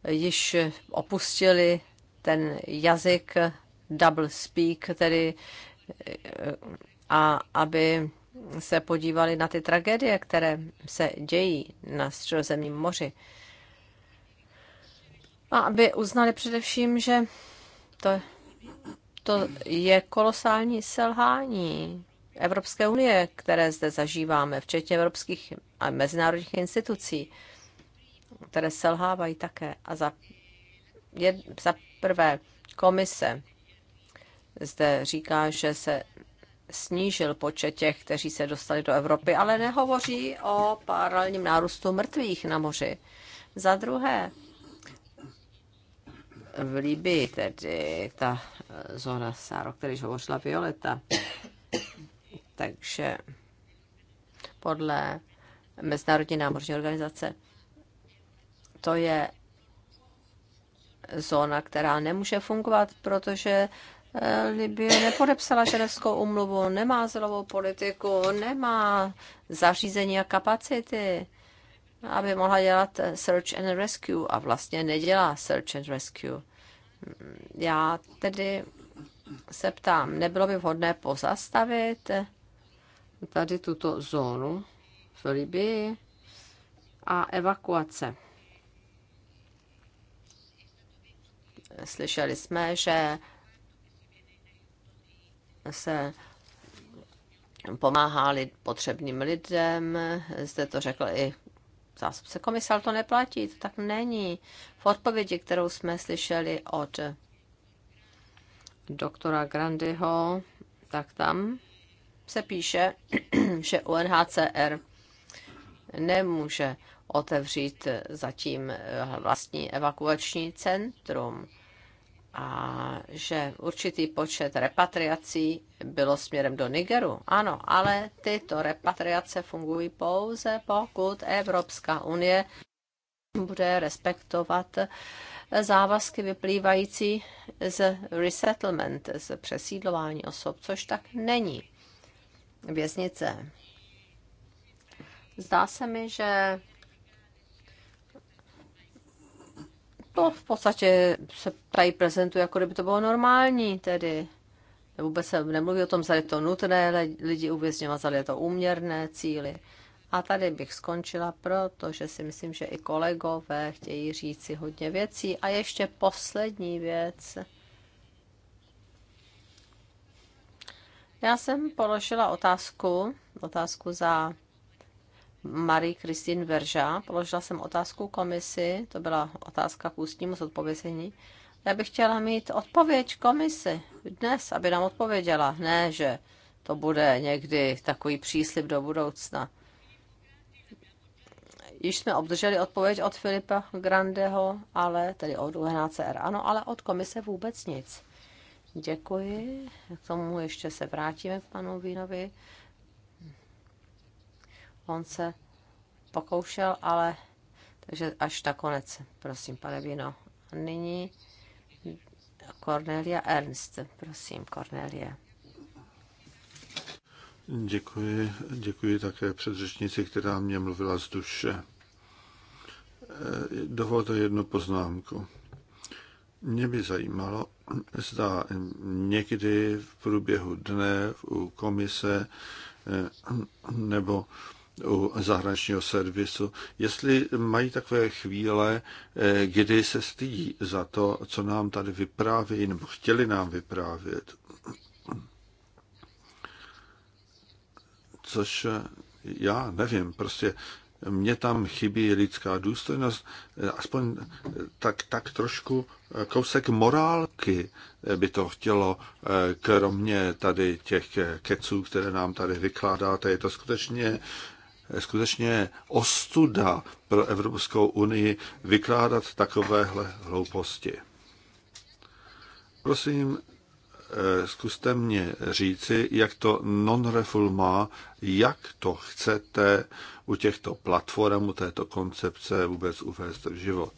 již opustili ten jazyk double speak, tedy a aby se podívali na ty tragédie, které se dějí na středozemním moři. A aby uznali především, že to, to je kolosální selhání Evropské unie, které zde zažíváme, včetně evropských a mezinárodních institucí, které selhávají také. A za, je, za prvé komise zde říká, že se snížil počet těch, kteří se dostali do Evropy, ale nehovoří o paralelním nárůstu mrtvých na moři. Za druhé, v Libii, tedy ta zóna Sáro, který hovořila Violeta. Takže podle Mezinárodní námořní organizace to je zóna, která nemůže fungovat, protože Eh, Libie nepodepsala ženevskou umluvu, nemá zelovou politiku, nemá zařízení a kapacity, aby mohla dělat search and rescue a vlastně nedělá search and rescue. Mm, já tedy se ptám, nebylo by vhodné pozastavit tady tuto zónu v Libii a evakuace. Slyšeli jsme, že se pomáhá lid, potřebným lidem. Zde to řekl i zástupce komise, ale to neplatí, to tak není. V odpovědi, kterou jsme slyšeli od doktora Grandyho, tak tam se píše, že UNHCR nemůže otevřít zatím vlastní evakuační centrum a že určitý počet repatriací bylo směrem do Nigeru. Ano, ale tyto repatriace fungují pouze, pokud Evropská unie bude respektovat závazky vyplývající z resettlement, z přesídlování osob, což tak není. Věznice. Zdá se mi, že to v podstatě se tady prezentuje, jako kdyby to bylo normální, tedy vůbec se nemluví o tom, zda je to nutné lidi uvězňovat, zda je to úměrné cíly. A tady bych skončila, protože si myslím, že i kolegové chtějí říci hodně věcí. A ještě poslední věc. Já jsem položila otázku, otázku za Marie-Christine Verža. Položila jsem otázku komisi, to byla otázka k ústnímu zodpovězení. Já bych chtěla mít odpověď komisi dnes, aby nám odpověděla. Ne, že to bude někdy takový příslip do budoucna. Již jsme obdrželi odpověď od Filipa Grandeho, ale tedy od UNHCR, ano, ale od komise vůbec nic. Děkuji. K tomu ještě se vrátíme k panu Vínovi. On se pokoušel, ale takže až na konec, prosím, pane Vino. Nyní Cornelia Ernst, prosím, Cornelia. Děkuji, děkuji také předřečnici, která mě mluvila z duše. Eh, dovolte jednu poznámku. Mě by zajímalo, zda někdy v průběhu dne u komise eh, nebo u zahraničního servisu, jestli mají takové chvíle, eh, kdy se stydí za to, co nám tady vyprávějí nebo chtěli nám vyprávět. Což eh, já nevím, prostě mně tam chybí lidská důstojnost, eh, aspoň tak, tak trošku kousek morálky by to chtělo, kromě tady těch keců, které nám tady vykládáte. Je to skutečně skutečně ostuda pro Evropskou unii vykládat takovéhle hlouposti. Prosím, eh, zkuste mě říci, jak to non-refulma, jak to chcete u těchto platform, u této koncepce vůbec uvést v život.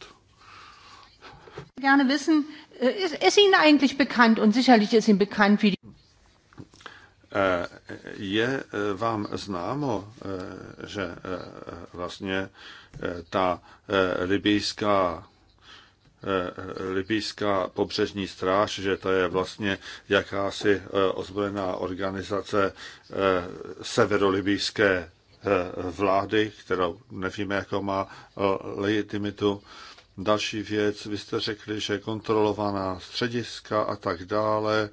Gerne wissen, äh, ist, ist Ihnen eigentlich bekannt und sicherlich ist Ihnen bekannt, wie die je vám známo, že vlastně ta libijská libijská pobřežní stráž, že to je vlastně jakási ozbrojená organizace severolibijské vlády, kterou nevíme, jakou má legitimitu Další věc, vy jste řekli, že kontrolovaná střediska a tak dále,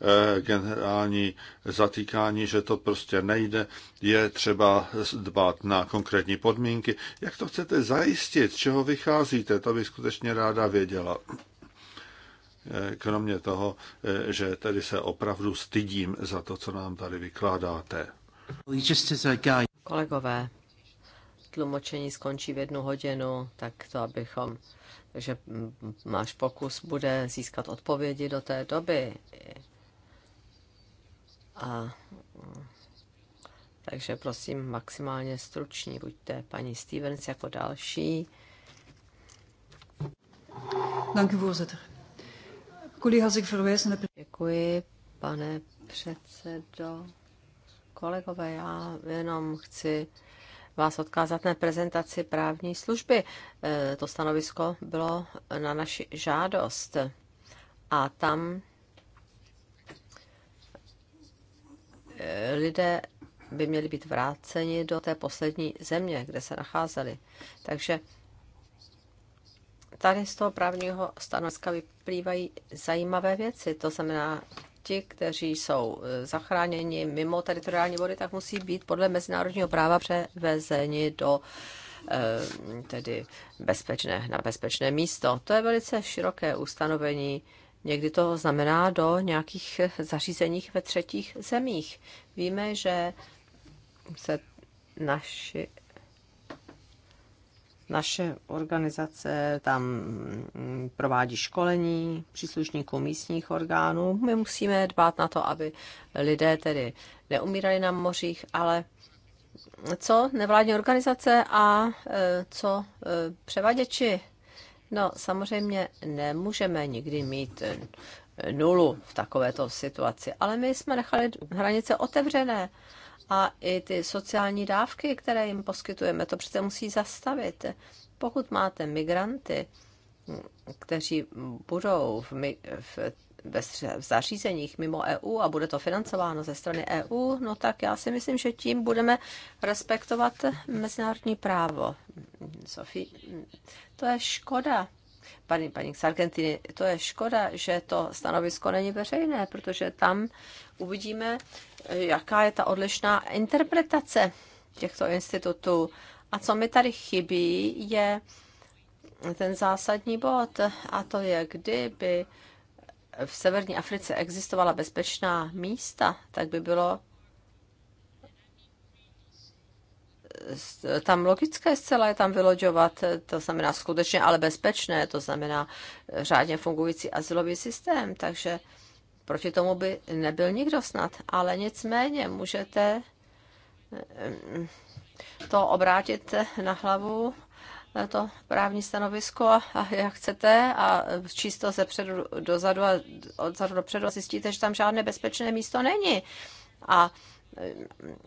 eh, generální zatýkání, že to prostě nejde, je třeba dbát na konkrétní podmínky. Jak to chcete zajistit? Z čeho vycházíte? To bych skutečně ráda věděla. Eh, kromě toho, eh, že tedy se opravdu stydím za to, co nám tady vykládáte. Kolegové, tlumočení skončí v jednu hodinu, tak to abychom, takže máš pokus bude získat odpovědi do té doby. A, takže prosím, maximálně struční buďte. Paní Stevens jako další. Děkuji, pane předsedo. Kolegové, já jenom chci vás odkázat na prezentaci právní služby. E, to stanovisko bylo na naši žádost a tam e, lidé by měli být vráceni do té poslední země, kde se nacházeli. Takže tady z toho právního stanoviska vyplývají zajímavé věci. To znamená, ti, kteří jsou e, zachráněni mimo teritoriální vody, tak musí být podle mezinárodního práva převezeni do e, tedy bezpečné, na bezpečné místo. To je velice široké ustanovení. Někdy to znamená do nějakých zařízeních ve třetích zemích. Víme, že se naši naše organizace tam provádí školení příslušníků místních orgánů. My musíme dbát na to, aby lidé tedy neumírali na mořích, ale co nevládní organizace a e, co e, převaděči? No, samozřejmě nemůžeme nikdy mít nulu v takovéto situaci, ale my jsme nechali hranice otevřené a i ty sociální dávky, které jim poskytujeme, to přece musí zastavit. Pokud máte migranty, kteří budou v, v, v, v zařízeních mimo EU a bude to financováno ze strany EU, no tak já si myslím, že tím budeme respektovat mezinárodní právo. Sofie, to je škoda. Paní, paní z Argentiny, to je škoda, že to stanovisko není veřejné, protože tam uvidíme, jaká je ta odlišná interpretace těchto institutů. A co mi tady chybí, je ten zásadní bod, a to je, kdyby v severní Africe existovala bezpečná místa, tak by bylo tam logické zcela je tam vyloďovat, to znamená skutečně, ale bezpečné, to znamená řádně fungující asilový systém. Takže Proti tomu by nebyl nikdo snad, ale nicméně můžete eh, to obrátit na hlavu, eh, to právní stanovisko a jak chcete a číst to ze předu dozadu a odzadu dopředu a zjistíte, že tam žádné bezpečné místo není. A eh,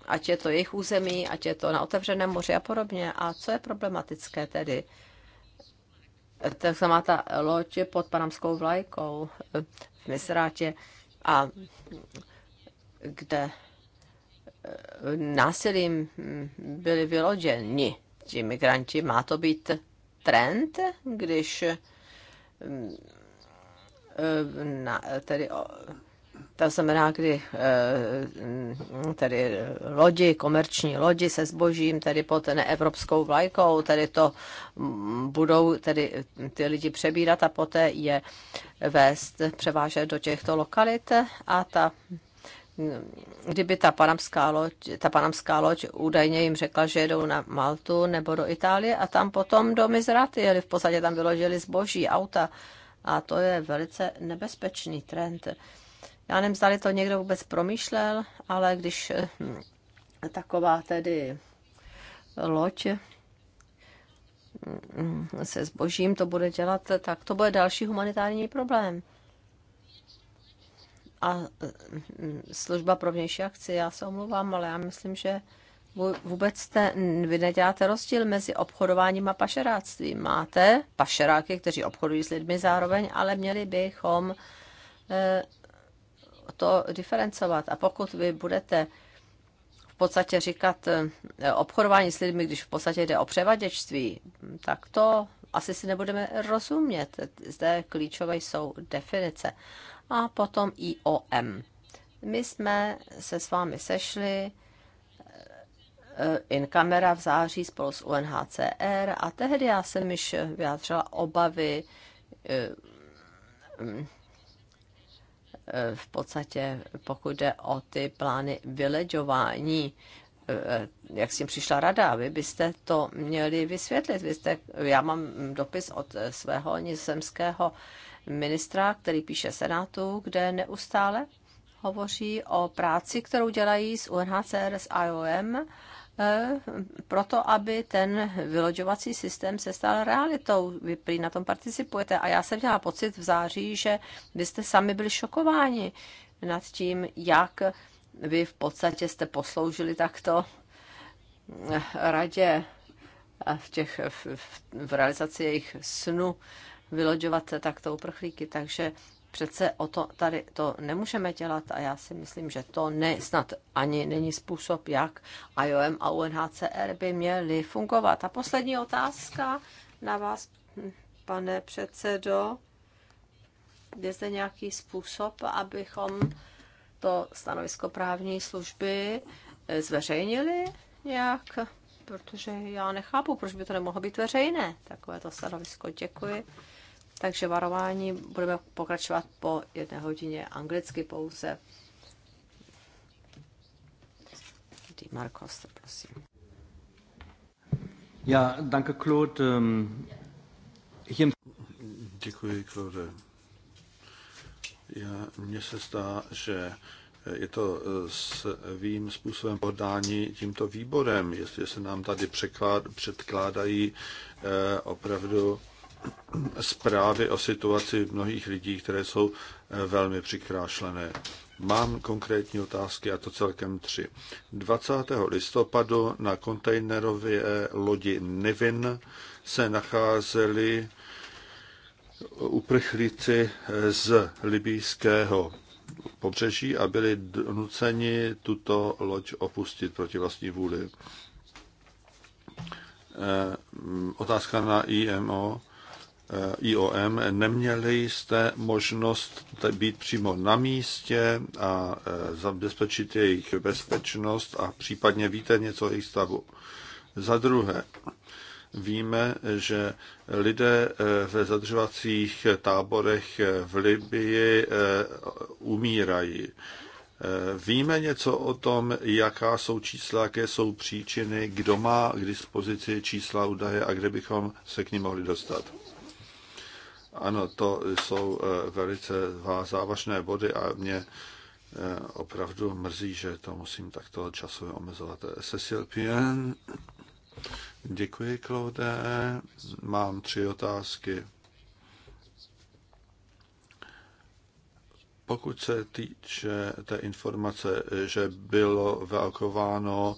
ať je to jejich území, ať je to na otevřeném moři a podobně. A co je problematické tedy? Tak se má ta loď pod panamskou vlajkou v Misrátě a kde eh, násilím byli vyloděni ti migranti. Má to být trend, když mm, eh, na, tedy to znamená, kdy eh, tedy lodi, komerční lodi se zbožím, tedy pod neevropskou vlajkou, tedy to budou tedy ty lidi přebírat a poté je vést, převážet do těchto lokalit a ta kdyby ta panamská loď, ta panamská loď údajně jim řekla, že jedou na Maltu nebo do Itálie a tam potom do Mizraty jeli, v podstatě tam vyložili zboží, auta a to je velice nebezpečný trend. Já nevím, zda to někdo vůbec promýšlel, ale když eh, hm, taková tedy loď hm, se zbožím to bude dělat, tak to bude další humanitární problém. A hm, služba pro vnější akci, já se omluvám, ale já myslím, že vůbec jste, vy neděláte rozdíl mezi obchodováním a pašeráctvím. Máte pašeráky, kteří obchodují s lidmi zároveň, ale měli bychom eh, to diferencovat. A pokud vy budete v podstatě říkat eh, obchodování s lidmi, když v podstatě jde o převaděčství, tak to asi si nebudeme rozumět. Zde klíčové jsou definice. A potom IOM. My jsme se s vámi sešli eh, in camera v září spolu s UNHCR a tehdy já jsem již vyjádřila obavy eh, v podstatě, pokud jde o ty plány vyleďování, eh, jak s tím přišla rada, vy byste to měli vysvětlit. Vy jste, já mám dopis od svého nizozemského ministra, který píše Senátu, kde neustále hovoří o práci, kterou dělají s UNHCR, s IOM E, proto, aby ten vyloďovací systém se stal realitou. Vy prý na tom participujete a já jsem měla pocit v září, že vy jste sami byli šokováni nad tím, jak vy v podstatě jste posloužili takto radě v, těch, v, v, v realizaci jejich snu vyloďovat takto uprchlíky. Takže Přece o to tady to nemůžeme dělat a já si myslím, že to ne, snad ani není způsob, jak IOM a UNHCR by měly fungovat. A poslední otázka na vás, pane předsedo. Je zde nějaký způsob, abychom to stanovisko právní služby eh, zveřejnili nějak? Protože já nechápu, proč by to nemohlo být veřejné, takové to stanovisko. Děkuji. Takže varování budeme pokračovat po jedné hodině anglicky pouze. Di Marcos, prosím. Ja, danke, Claude. Hier... Ähm, Děkuji, Claude. Já, mně se zdá, že je to e, s vým způsobem podání tímto výborem, jestli se nám tady překlád, předkládají eh, opravdu zprávy o situaci mnohých lidí, které jsou eh, velmi přikrášlené. Mám konkrétní otázky a to celkem tři. 20. listopadu na kontejnerově lodi Nevin se nacházeli uprchlíci eh, z libýského pobřeží a byli nuceni tuto loď opustit proti vlastní vůli. Eh, otázka na IMO Eh, IOM, neměli jste možnost být přímo na místě a eh, zabezpečit jejich bezpečnost a případně víte něco o jejich stavu. Za druhé, víme, že lidé eh, ve zadržovacích táborech v Libii umírají. Víme něco o tom, jaká jsou čísla, jaké jsou příčiny, kdo má k dispozici čísla údaje a kde bychom se k ním mohli dostat? Ano, to jsou eh, velice závažné body a mě eh, opravdu mrzí, že to musím takto časově omezovat. Cecil Pien. Děkuji, Claude. Mám tři otázky. Pokud se týče té informace, že bylo velkováno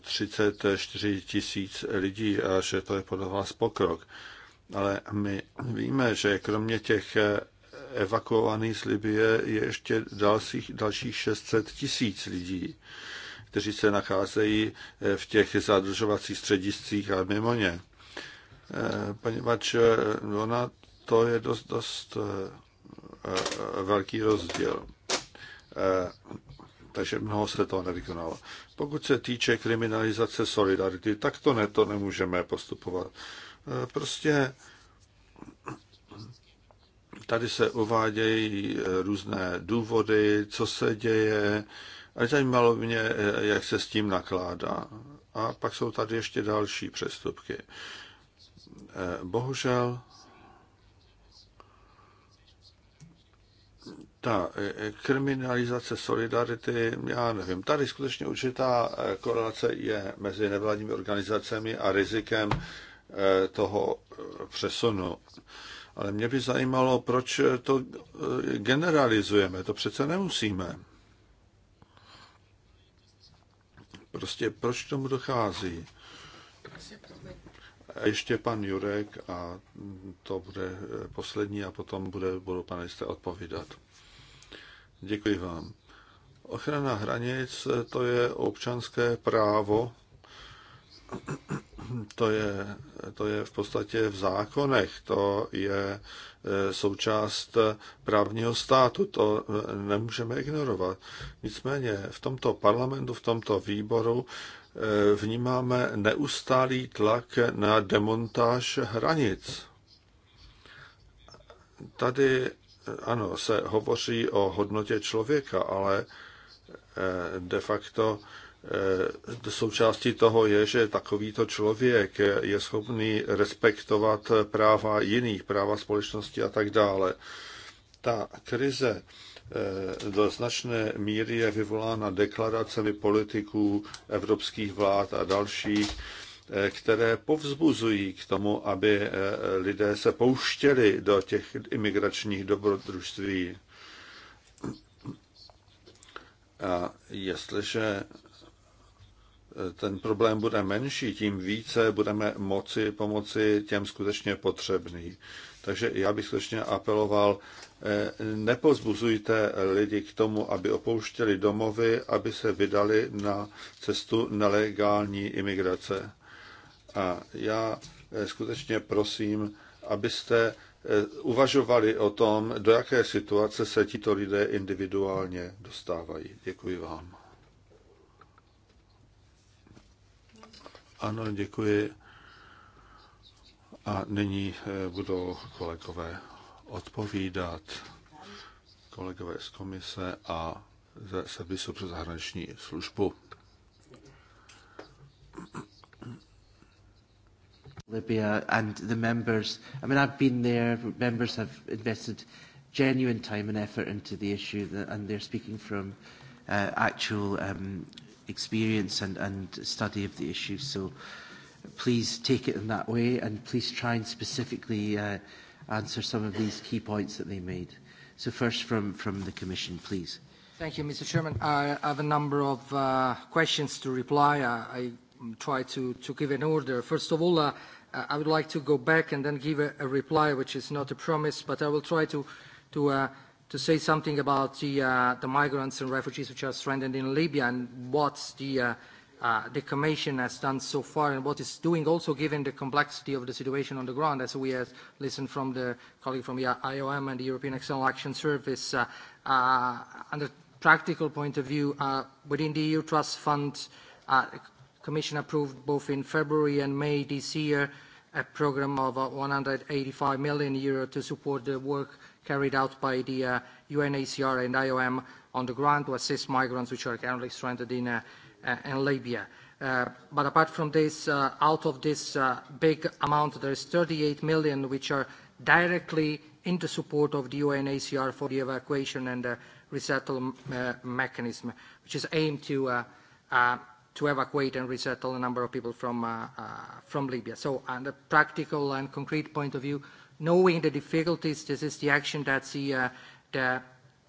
34 eh, tisíc lidí a že to je podle vás pokrok, ale my víme, že kromě těch eh, evakuovaných z Libie je ještě dalších, dalších 600 tisíc lidí, kteří se nacházejí eh, v těch zadržovacích střediscích a mimo ně. Eh, poněvadž ona no, to je dost, dost velký rozdíl. Takže mnoho se toho nevykonalo. Pokud se týče kriminalizace solidarity, tak to ne, to nemůžeme postupovat. Eh, prostě tady se uvádějí eh, různé důvody, co se děje, a zajímalo mě, eh, jak se s tím nakládá. A pak jsou tady ještě další přestupky. Bohužel ta kriminalizace solidarity, já nevím, tady skutečně určitá korelace je mezi nevládními organizacemi a rizikem Eh, toho eh, přesunu. Ale mě by zajímalo, proč eh, to generalizujeme. To přece nemusíme. Prostě proč tomu dochází? A ještě pan Jurek a to bude poslední a potom bude, budou jste odpovídat. Děkuji vám. Ochrana hranic to je občanské právo to je, to je v podstatě v zákonech, to je eh, součást právního státu, to eh, nemůžeme ignorovat. Nicméně v tomto parlamentu, v tomto výboru eh, vnímáme neustálý tlak na demontáž hranic. Tady, ano, se hovoří o hodnotě člověka, ale de facto E, součástí toho je, že takovýto člověk je schopný respektovat práva jiných, práva společnosti a tak dále. Ta krize e, do značné míry je vyvolána deklaracemi politiků, evropských vlád a dalších, e, které povzbuzují k tomu, aby lidé se pouštěli do těch imigračních dobrodružství. A jestliže ten problém bude menší, tím více budeme moci pomoci těm skutečně potřebným. Takže já bych skutečně apeloval, eh, nepozbuzujte lidi k tomu, aby opouštěli domovy, aby se vydali na cestu nelegální imigrace. A já eh, skutečně prosím, abyste eh, uvažovali o tom, do jaké situace se tito lidé individuálně dostávají. Děkuji vám. Ano, děkuji. A nyní eh, budou kolegové odpovídat, kolegové z komise a ze servisu pro zahraniční službu. Libya and the members. I mean, I've been there. Members have invested genuine time and effort into the issue, that, and they're speaking from uh, actual um, experience and, and study of the issue. So please take it in that way and please try and specifically uh, answer some of these key points that they made. So first from, from the Commission, please. Thank you, Mr. Chairman. I have a number of uh, questions to reply. I, I try to, to give an order. First of all, uh, I would like to go back and then give a, a reply, which is not a promise, but I will try to, to uh, to say something about the, uh, the migrants and refugees which are stranded in Libya and what the, uh, uh, the Commission has done so far and what it's doing, also given the complexity of the situation on the ground, as we have listened from the colleague from the IOM and the European External Action Service. Uh, uh, the practical point of view, uh, within the EU Trust Fund, uh, Commission approved both in February and May this year a program of uh, 185 million euro to support the work carried out by the uh, UNHCR and IOM on the ground to assist migrants which are currently stranded in, uh, uh, in Libya. Uh, but apart from this, uh, out of this uh, big amount, there is 38 million which are directly in the support of the UNHCR for the evacuation and the resettlement uh, mechanism, which is aimed to, uh, uh, to evacuate and resettle a number of people from, uh, uh, from Libya. So on the practical and concrete point of view, knowing the difficulties, this is the action that the, uh, the,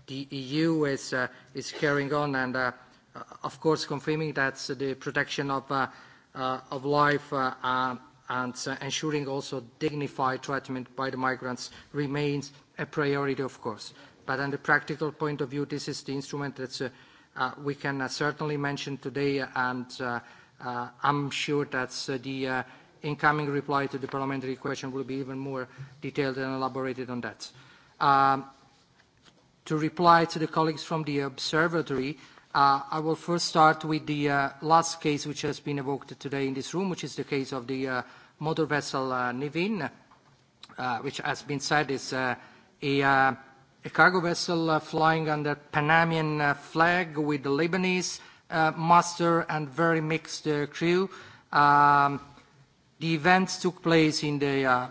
the EU is, uh, is carrying on and, uh, uh, of course, confirming that the protection of, uh, uh, of life uh, uh, and uh, ensuring also dignified treatment by the migrants remains a priority, of course. But on the practical point of view, this is the instrument that uh, uh, we can uh, certainly mention today, and uh, uh, I'm sure that uh, the uh, incoming reply to the parliamentary question will be even more detailed and elaborated on that. Um, to reply to the colleagues from the observatory, uh, I will first start with the uh, last case which has been evoked today in this room, which is the case of the uh, motor vessel Nivin, which has been said is a, cargo vessel flying under Panamanian flag with the Lebanese master and very mixed crew. Um, The events took place in the uh,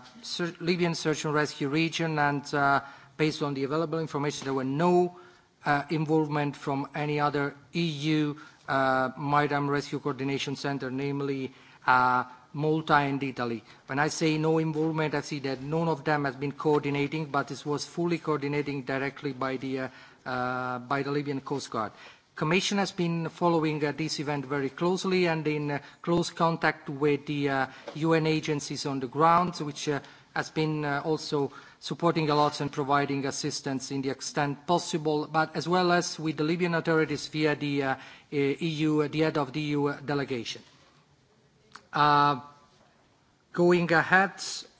Libyan search and rescue region and uh, based on the available information, there were no uh, involvement from any other EU uh, Maritime Rescue Coordination Center, namely uh, Malta and Italy. When I say no involvement, I see that none of them has been coordinating, but this was fully coordinating directly by the, uh, uh, by the Libyan Coast Guard. Commission has been following uh, this event very closely and in uh, close contact with the uh, UN agencies on the ground, which uh, has been uh, also supporting a lot and providing assistance in the extent possible, but as well as with the Libyan authorities via the uh, EU, e uh, the head of the EU uh, delegation. Uh, going ahead,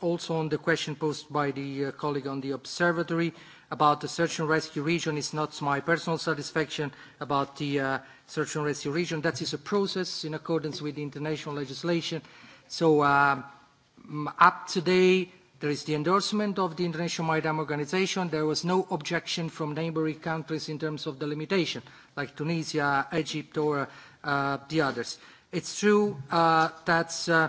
also on the question posed by the uh, colleague on the observatory, uh, about the search and rescue region. It's not my personal satisfaction about the uh, search and rescue region. That is a process in accordance with international legislation. So um, up today, there is the endorsement of the International Maritime Organization. There was no objection from neighboring countries in terms of the limitation, like Tunisia, Egypt, or uh, the others. It's true uh, that uh,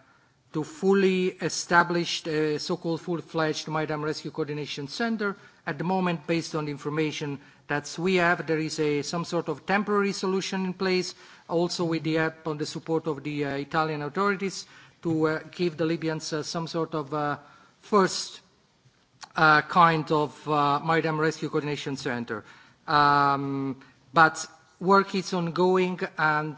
to fully establish a uh, so-called full-fledged maritime rescue coordination center. At the moment, based on the information that we have, there is some sort of temporary solution in place, also with the help and the support of the uh, Italian authorities, to uh, give the Libyans some sort of first kind of maritime rescue coordination center. Um, but work is ongoing and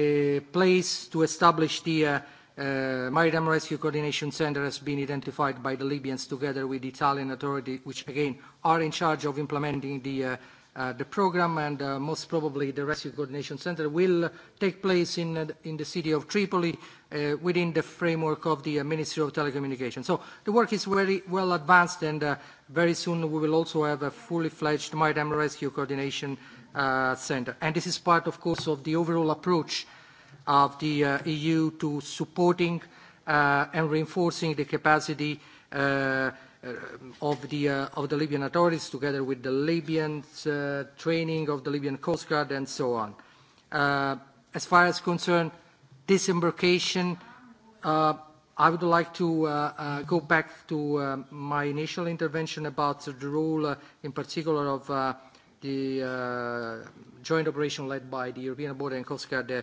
a place to establish the Uh, Maritime Rescue Coordination Center has been identified by the Libyans together with the Italian authority, which again are in charge of implementing the, uh, uh, the program, and uh, most probably the Rescue Coordination Center will take place in, uh, in the city of Tripoli uh, within the framework of the uh, Ministry of Telecommunications. So the work is very well advanced, and uh, very soon we will also have a fully fledged Maritime Rescue Coordination uh, Center. And this is part, of course, of the overall approach of the uh, EU to supporting uh, and reinforcing the capacity uh, uh, of, the, uh, of the Libyan authorities together with the Libyan uh, training of the Libyan Coast Guard and so on. Uh, as far as concern disembarkation, uh, I would like to uh, uh, go back to uh, my initial intervention about the role uh, in particular of uh, the uh, joint operation led by the European Border and Coast Guard uh,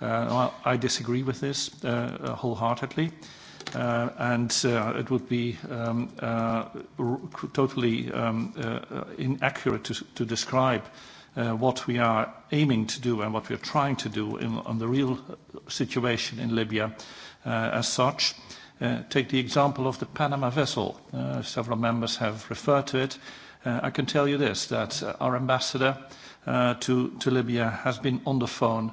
Uh, I disagree with this uh, uh, wholeheartedly. and it would be um, totally um, inaccurate to, describe what we are aiming to do and what we are trying to do on the real situation in Libya as such. take the example of the Panama vessel. several members have referred to it. I can tell you this, that our ambassador to, Libya has been on the phone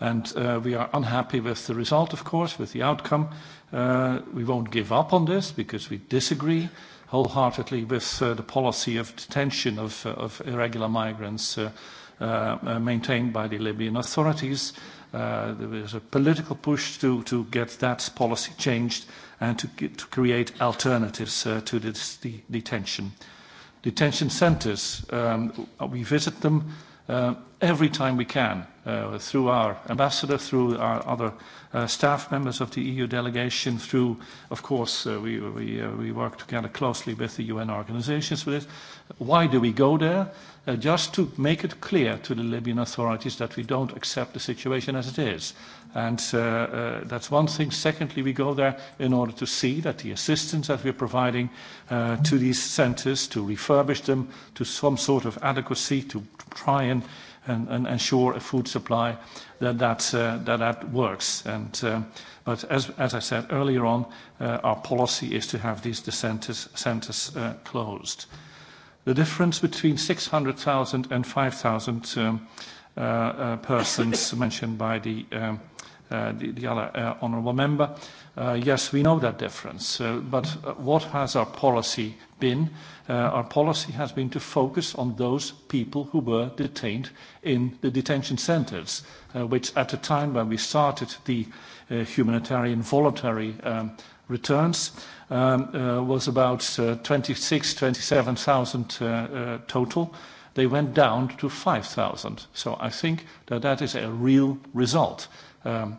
And uh, we are unhappy with the result, of course, with the outcome. Uh, we won't give up on this because we disagree wholeheartedly with uh, the policy of detention of, irregular migrants maintained by the Libyan authorities. there is a political push to, get that policy changed and to, get, to create alternatives to this detention. Detention centres, um, we visit them uh, every time we can uh, through our ambassador, through our other uh, staff members of the EU delegation, through, of course, uh, we, we, uh, we work together closely with the UN organizations for this. Why do we go there? Uh, just to make it clear to the Libyan authorities that we don't accept the situation as it is. And uh, uh, that's one thing. Secondly, we go there in order to see that the assistance that we're providing uh, to these centers, to refurbish them to some sort of adequacy, to try and, ensure a food supply that that, uh, that, works. Uh, but as, I said earlier on, uh, our policy is to have these centers, closed. The difference between 600,000 and 5,000 um, persons mentioned by the, um, other honorable honourable member Uh, yes, we know that difference, uh, but uh, what has our policy been? our policy has been to focus on those people who were detained in the detention centers, which at the time when we started the humanitarian voluntary um, returns um, was about 26000 27,000 total. They went down to 5,000. So I think that that is a real result. Um,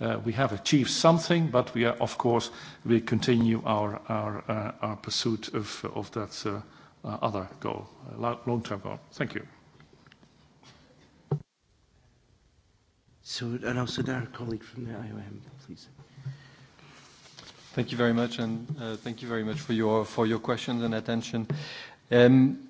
Uh, we have achieved something, but we are, of course, we continue our, uh, pursuit of, that uh, other goal, long-term goal. Thank you. So, and also our colleague from the IOM, please. Thank you very much, and thank you very much for your, for your questions and attention. Um,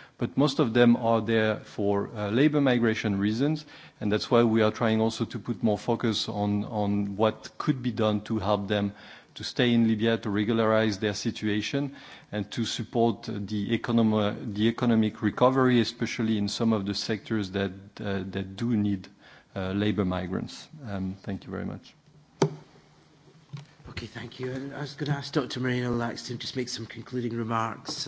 but most of them are there for uh, labor migration reasons, and that's why we are trying also to put more focus on, what could be done to help them to stay in Libya, to regularize their situation, and to support the, economic recovery, especially in some of the sectors that, uh, do need uh, labor migrants. Um, thank you very much. Okay, thank you. I was gonna ask Dr. Marina Laxton to just make some concluding remarks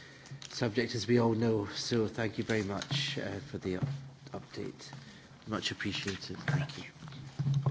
subject, as we all know. So thank you very much uh, for the update. Much appreciated. Thank you.